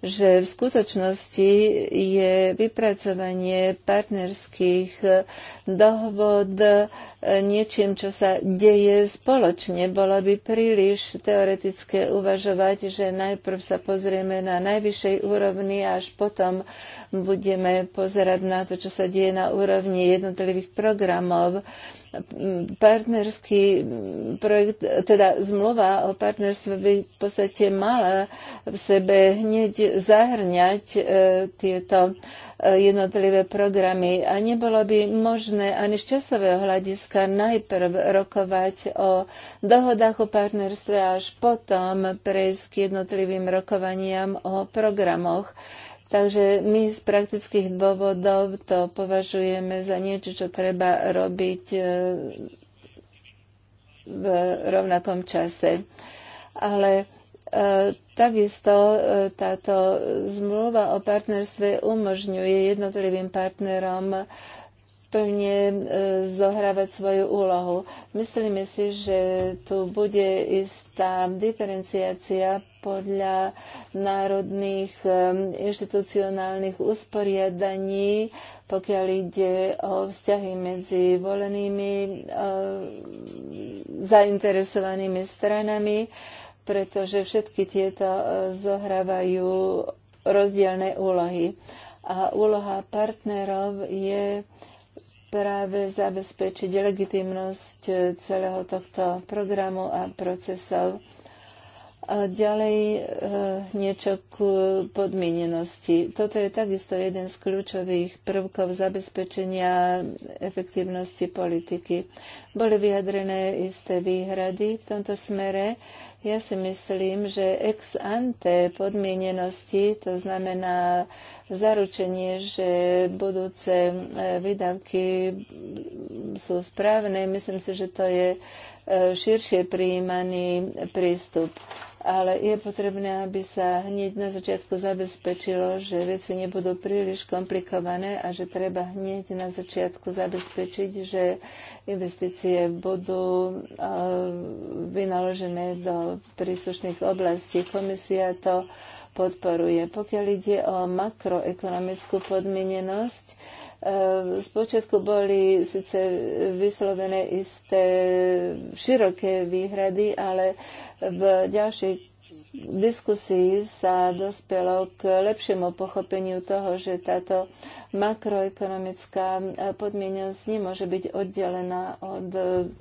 že v skutočnosti je vypracovanie partnerských e, dohod niečím, čo sa deje spoločne. Bolo by príliš teoretické uvažovať, že najprv sa pozrieme na najvyššej úrovni a až potom budeme pozerať na to, čo sa deje na úrovni jednotlivých programov partnerský projekt, teda zmluva o partnerstve by v podstate mala v sebe hneď zahrňať e, tieto e, jednotlivé programy a nebolo by možné ani z časového hľadiska najprv rokovať o dohodách o partnerstve a až potom prejsť k jednotlivým rokovaniam o programoch. Takže my z praktických dôvodov to považujeme za niečo, čo treba robiť e, v rovnakom čase. Ale e, takisto e, táto zmluva o partnerstve umožňuje jednotlivým partnerom plne zohrávať svoju úlohu. Myslíme si, že tu bude istá diferenciácia podľa národných inštitucionálnych usporiadaní, pokiaľ ide o vzťahy medzi volenými zainteresovanými stranami, pretože všetky tieto zohrávajú rozdielne úlohy. A úloha partnerov je práve zabezpečiť legitimnosť eh, celého tohto programu a procesov. Ďalej e, niečo k podmienenosti. Toto je takisto jeden z kľúčových prvkov zabezpečenia efektívnosti politiky. Boli vyjadrené isté výhrady v tomto smere. Ja si myslím, že ex ante podmienenosti, to znamená zaručenie, že budúce e, výdavky sú správne, myslím si, že to je širšie prijímaný prístup. Ale je potrebné, aby sa hneď na začiatku zabezpečilo, že veci nebudú príliš komplikované a že treba hneď na začiatku zabezpečiť, že investície budú eh, vynaložené do príslušných oblastí. Komisia to podporuje. Pokiaľ ide o makroekonomickú podmienenosť, Spočiatku ehm, boli síce vyslovené isté široké výhrady, ale v ďalšej diskusii sa dospelo k lepšiemu pochopeniu toho, že táto makroekonomická podmienosť nemôže byť oddelená od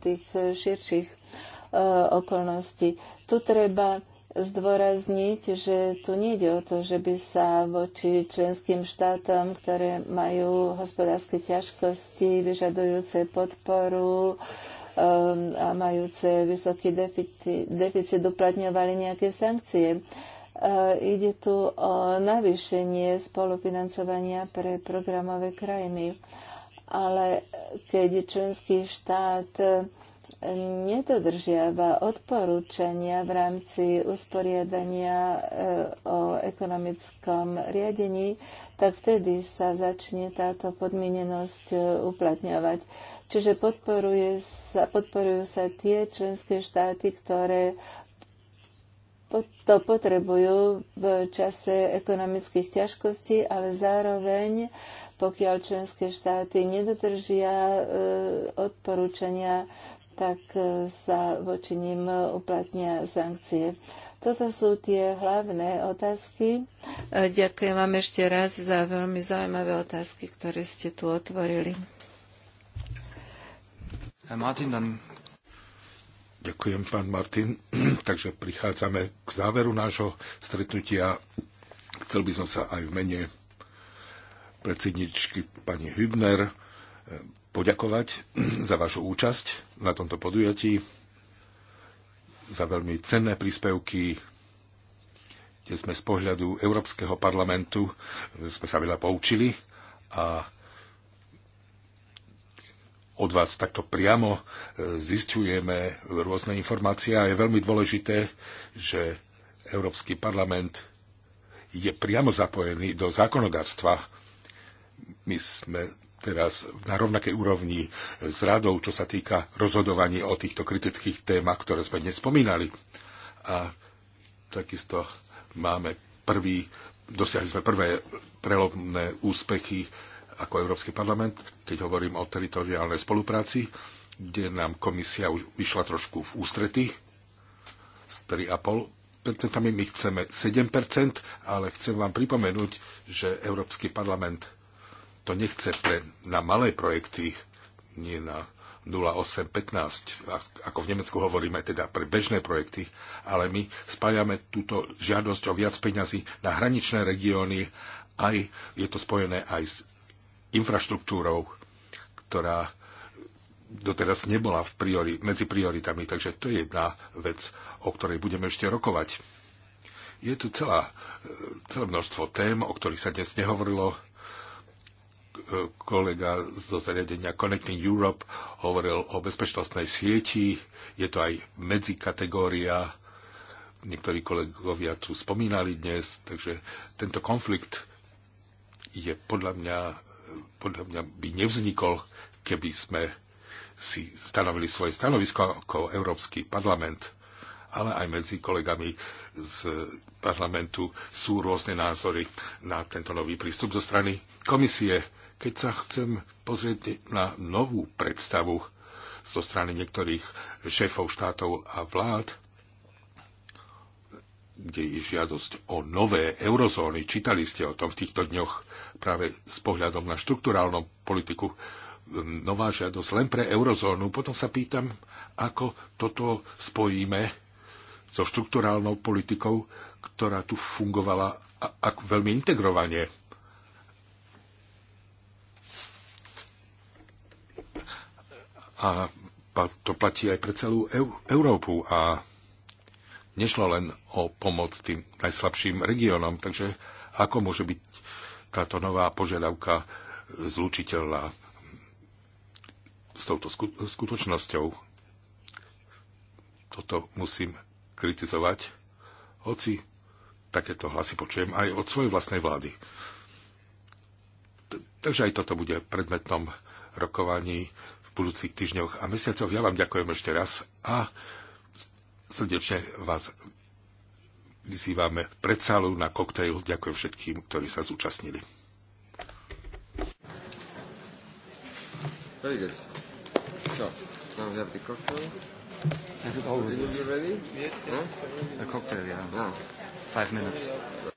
tých širších eh, okolností. Tu treba zdôrazniť, že tu nejde o to, že by sa voči členským štátom, ktoré majú hospodárske ťažkosti, vyžadujúce podporu um, a majúce vysoký deficit, deficit uplatňovali nejaké sankcie. Uh, ide tu o navýšenie spolufinancovania pre programové krajiny. Ale keď členský štát nedodržiava odporúčania v rámci usporiadania e, o ekonomickom riadení, tak vtedy sa začne táto podmienenosť e, uplatňovať. Čiže podporuje sa, podporujú sa tie členské štáty, ktoré to potrebujú v čase ekonomických ťažkostí, ale zároveň, pokiaľ členské štáty nedodržia e, odporúčania tak sa voči ním uplatnia sankcie. Toto sú tie hlavné otázky. Ďakujem vám ešte raz za veľmi zaujímavé otázky, ktoré ste tu otvorili. Martin, dan... Ďakujem, pán Martin. Takže prichádzame k záveru nášho stretnutia. Chcel by som sa aj v mene predsedničky pani Hübner eh, poďakovať za vašu účasť na tomto podujatí, za veľmi cenné príspevky, kde sme z pohľadu Európskeho parlamentu sme sa veľa poučili a od vás takto priamo e, zistujeme rôzne informácie a je veľmi dôležité, že Európsky parlament je priamo zapojený do zákonodárstva. My sme teraz na rovnakej úrovni s radou, čo sa týka rozhodovaní o týchto kritických témach, ktoré sme dnes spomínali. A takisto máme prvý, dosiahli sme prvé prelomné úspechy ako Európsky parlament, keď hovorím o teritoriálnej spolupráci, kde nám komisia už vyšla trošku v ústrety s 3,5 percentami, my chceme 7 ale chcem vám pripomenúť, že Európsky parlament to nechce pre, na malé projekty, nie na 0815, ako v Nemecku hovoríme teda pre bežné projekty, ale my spájame túto žiadosť o viac peňazí na hraničné regióny, aj je to spojené aj s infraštruktúrou, ktorá doteraz nebola v priori, medzi prioritami, takže to je jedna vec, o ktorej budeme ešte rokovať. Je tu celá, e, celé množstvo tém, o ktorých sa dnes nehovorilo, kolega zo zariadenia Connecting Europe hovoril o bezpečnostnej sieti. Je to aj medzikategória. Niektorí kolegovia tu spomínali dnes, takže tento konflikt je podľa mňa, podľa mňa by nevznikol, keby sme si stanovili svoje stanovisko ako Európsky parlament, ale aj medzi kolegami z parlamentu sú rôzne názory na tento nový prístup zo strany komisie keď sa chcem pozrieť na novú predstavu zo strany niektorých šéfov štátov a vlád, kde je žiadosť o nové eurozóny. Čítali ste o tom v týchto dňoch práve s pohľadom na štruktúrálnu politiku. Hm, nová žiadosť len pre eurozónu. Potom sa pýtam, ako toto spojíme so štruktúrálnou politikou, ktorá tu fungovala ako veľmi integrovanie. A to platí aj pre celú Európu a nešlo len o pomoc tým najslabším regiónom, takže ako môže byť táto nová požiadavka zlučiteľná s touto skutočnosťou. Toto musím kritizovať, hoci takéto hlasy počujem aj od svojej vlastnej vlády. Takže aj toto bude predmetom rokovaní budúcich týždňoch a mesiacoch. Ja vám ďakujem ešte raz a srdečne vás vyzývame pred sálu na koktejl. Ďakujem všetkým, ktorí sa zúčastnili. Very good. So, now we have the cocktail. it always You ready? Yes, yes. Huh? cocktail, yeah. Ah. Five minutes.